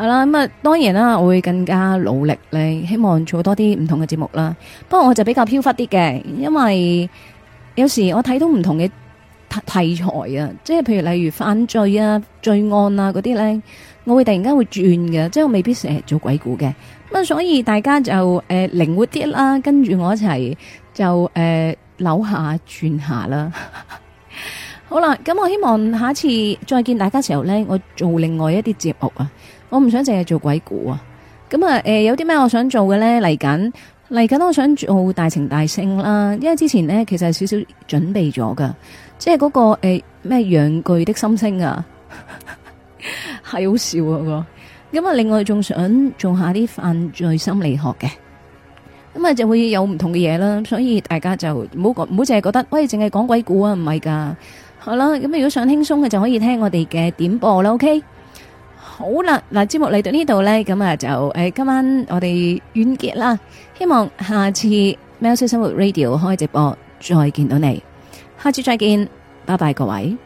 係啦，咁啊，當然啦，我會更加努力咧，希望做多啲唔同嘅節目啦。不過我就比較飄忽啲嘅，因為有時我睇到唔同嘅題材啊，即係譬如例如犯罪啊、罪案啊嗰啲咧，我會突然間會轉嘅，即係我未必成日做鬼故嘅。咁所以大家就誒、呃、靈活啲啦，跟住我一齊就誒、呃、扭下轉下啦。 好啦，咁我希望下一次再見大家嘅時候咧，我做另外一啲節目啊。我唔想淨係做鬼故啊！咁啊，誒、呃，有啲咩我想做嘅呢？嚟緊嚟緊，我想做大情大性啦，因為之前呢，其實係少少準備咗噶，即係嗰、那個誒咩養句的心聲啊，係 好笑啊。咁啊，另外仲想做下啲犯罪心理學嘅，咁啊就會有唔同嘅嘢啦。所以大家就唔好唔好淨係覺得，喂，淨係講鬼故啊，唔係噶。好啦，咁如果想輕鬆嘅，就可以聽我哋嘅點播啦，OK？好啦，嗱，節目嚟到呢度呢，咁啊就誒，今晚我哋完結啦，希望下次《喵式生活 Radio》開直播再見到你，下次再見，拜拜各位。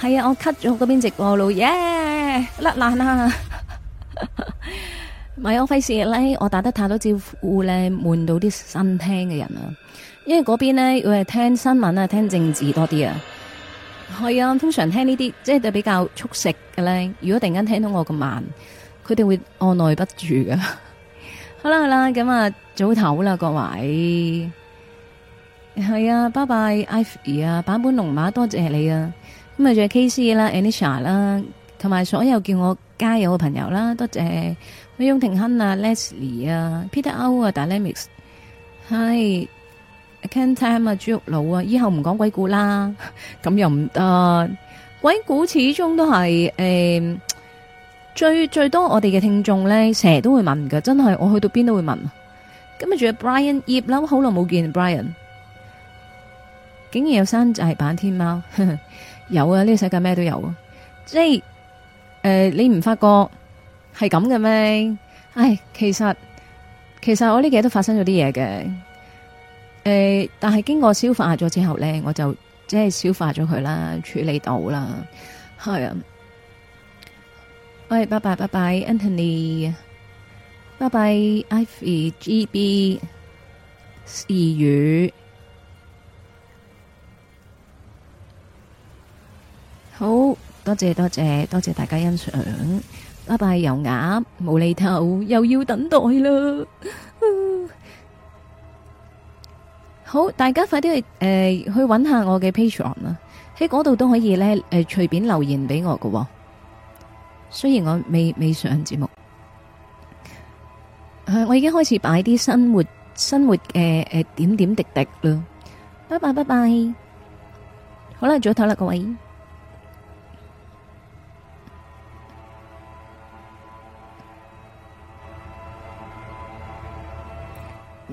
係啊，啊，我 cut 咗嗰邊直播路耶甩爛啦！咪、yeah! 我費事咧，我打得太多招呼咧，悶到啲新聽嘅人啊！因為嗰邊咧，會係聽新聞啊，聽政治多啲啊。係啊，通常聽呢啲即係比較速食嘅咧。如果突然間聽到我咁慢，佢哋會按耐不住噶。 好啦好啦，咁、嗯、啊早唞啦，各位。係啊，拜拜，Ivy 啊，版本龍馬多謝你啊。咁啊，仲有 KC 啦，Anisha 啦，同埋所有叫我加油嘅朋友啦，多謝。咪永庭亨啊，Leslie 啊，Peter O 啊，Dynamics，Hi，Can Time 啊，豬肉佬啊，以後唔講鬼故啦。咁 又唔啊，鬼故始終都係誒、欸、最最多我哋嘅聽眾咧，成日都會問噶，真係我去到邊都會問。咁啊，仲有 Brian 葉啦，我好耐冇見 Brian。竟然有山寨版天貓， 有啊！呢個世界咩都有，啊。即係誒，你唔發覺係咁嘅咩？唉，其實其實我呢幾日都發生咗啲嘢嘅，誒、呃，但係經過消化咗之後咧，我就即係消化咗佢啦，處理到啦，係啊。喂，拜拜拜拜，Anthony，拜拜，Ivy GB，二語。好多謝多謝多謝大家欣賞，拜拜油鴨無厘頭又要等待啦。好，大家快啲去誒去揾下我嘅 Patreon 啦，喺嗰度都可以咧誒隨便留言俾我噶。雖然我未未上節目，誒我已經開始擺啲生活生活嘅誒點點滴滴啦。拜拜拜拜，好啦，早唞啦，各位。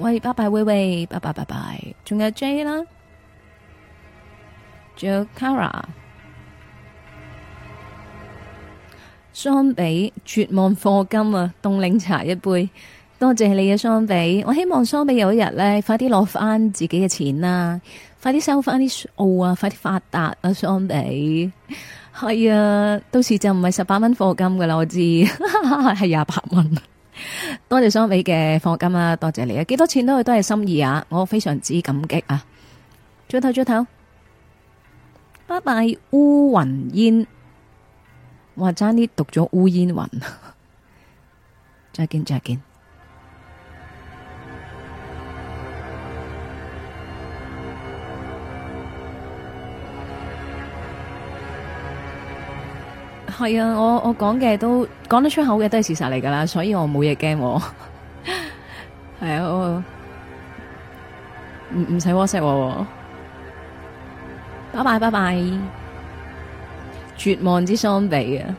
喂，拜拜，喂喂，拜拜，拜拜，仲有 J 啦，仲有 Cara，桑比絕望課金啊，凍檸茶一杯，多謝你啊，桑比，我希望桑比有一日咧，快啲攞翻自己嘅錢啦，快啲收翻啲奧啊，快啲發達啊，桑比，係啊，到時就唔係十八蚊課金噶啦，我知係廿八蚊。 多謝雙美嘅課金啊！多謝你啊，幾多錢都都係心意啊！我非常之感激啊！早唞早唞，拜拜，烏雲煙，我差啲讀咗烏煙雲。再見再見。係啊，我我講嘅都講得出口嘅都係事實嚟噶啦，所以我冇嘢驚。係 啊，我唔唔使 WhatsApp。我。拜拜拜拜，絕望之雙臂啊！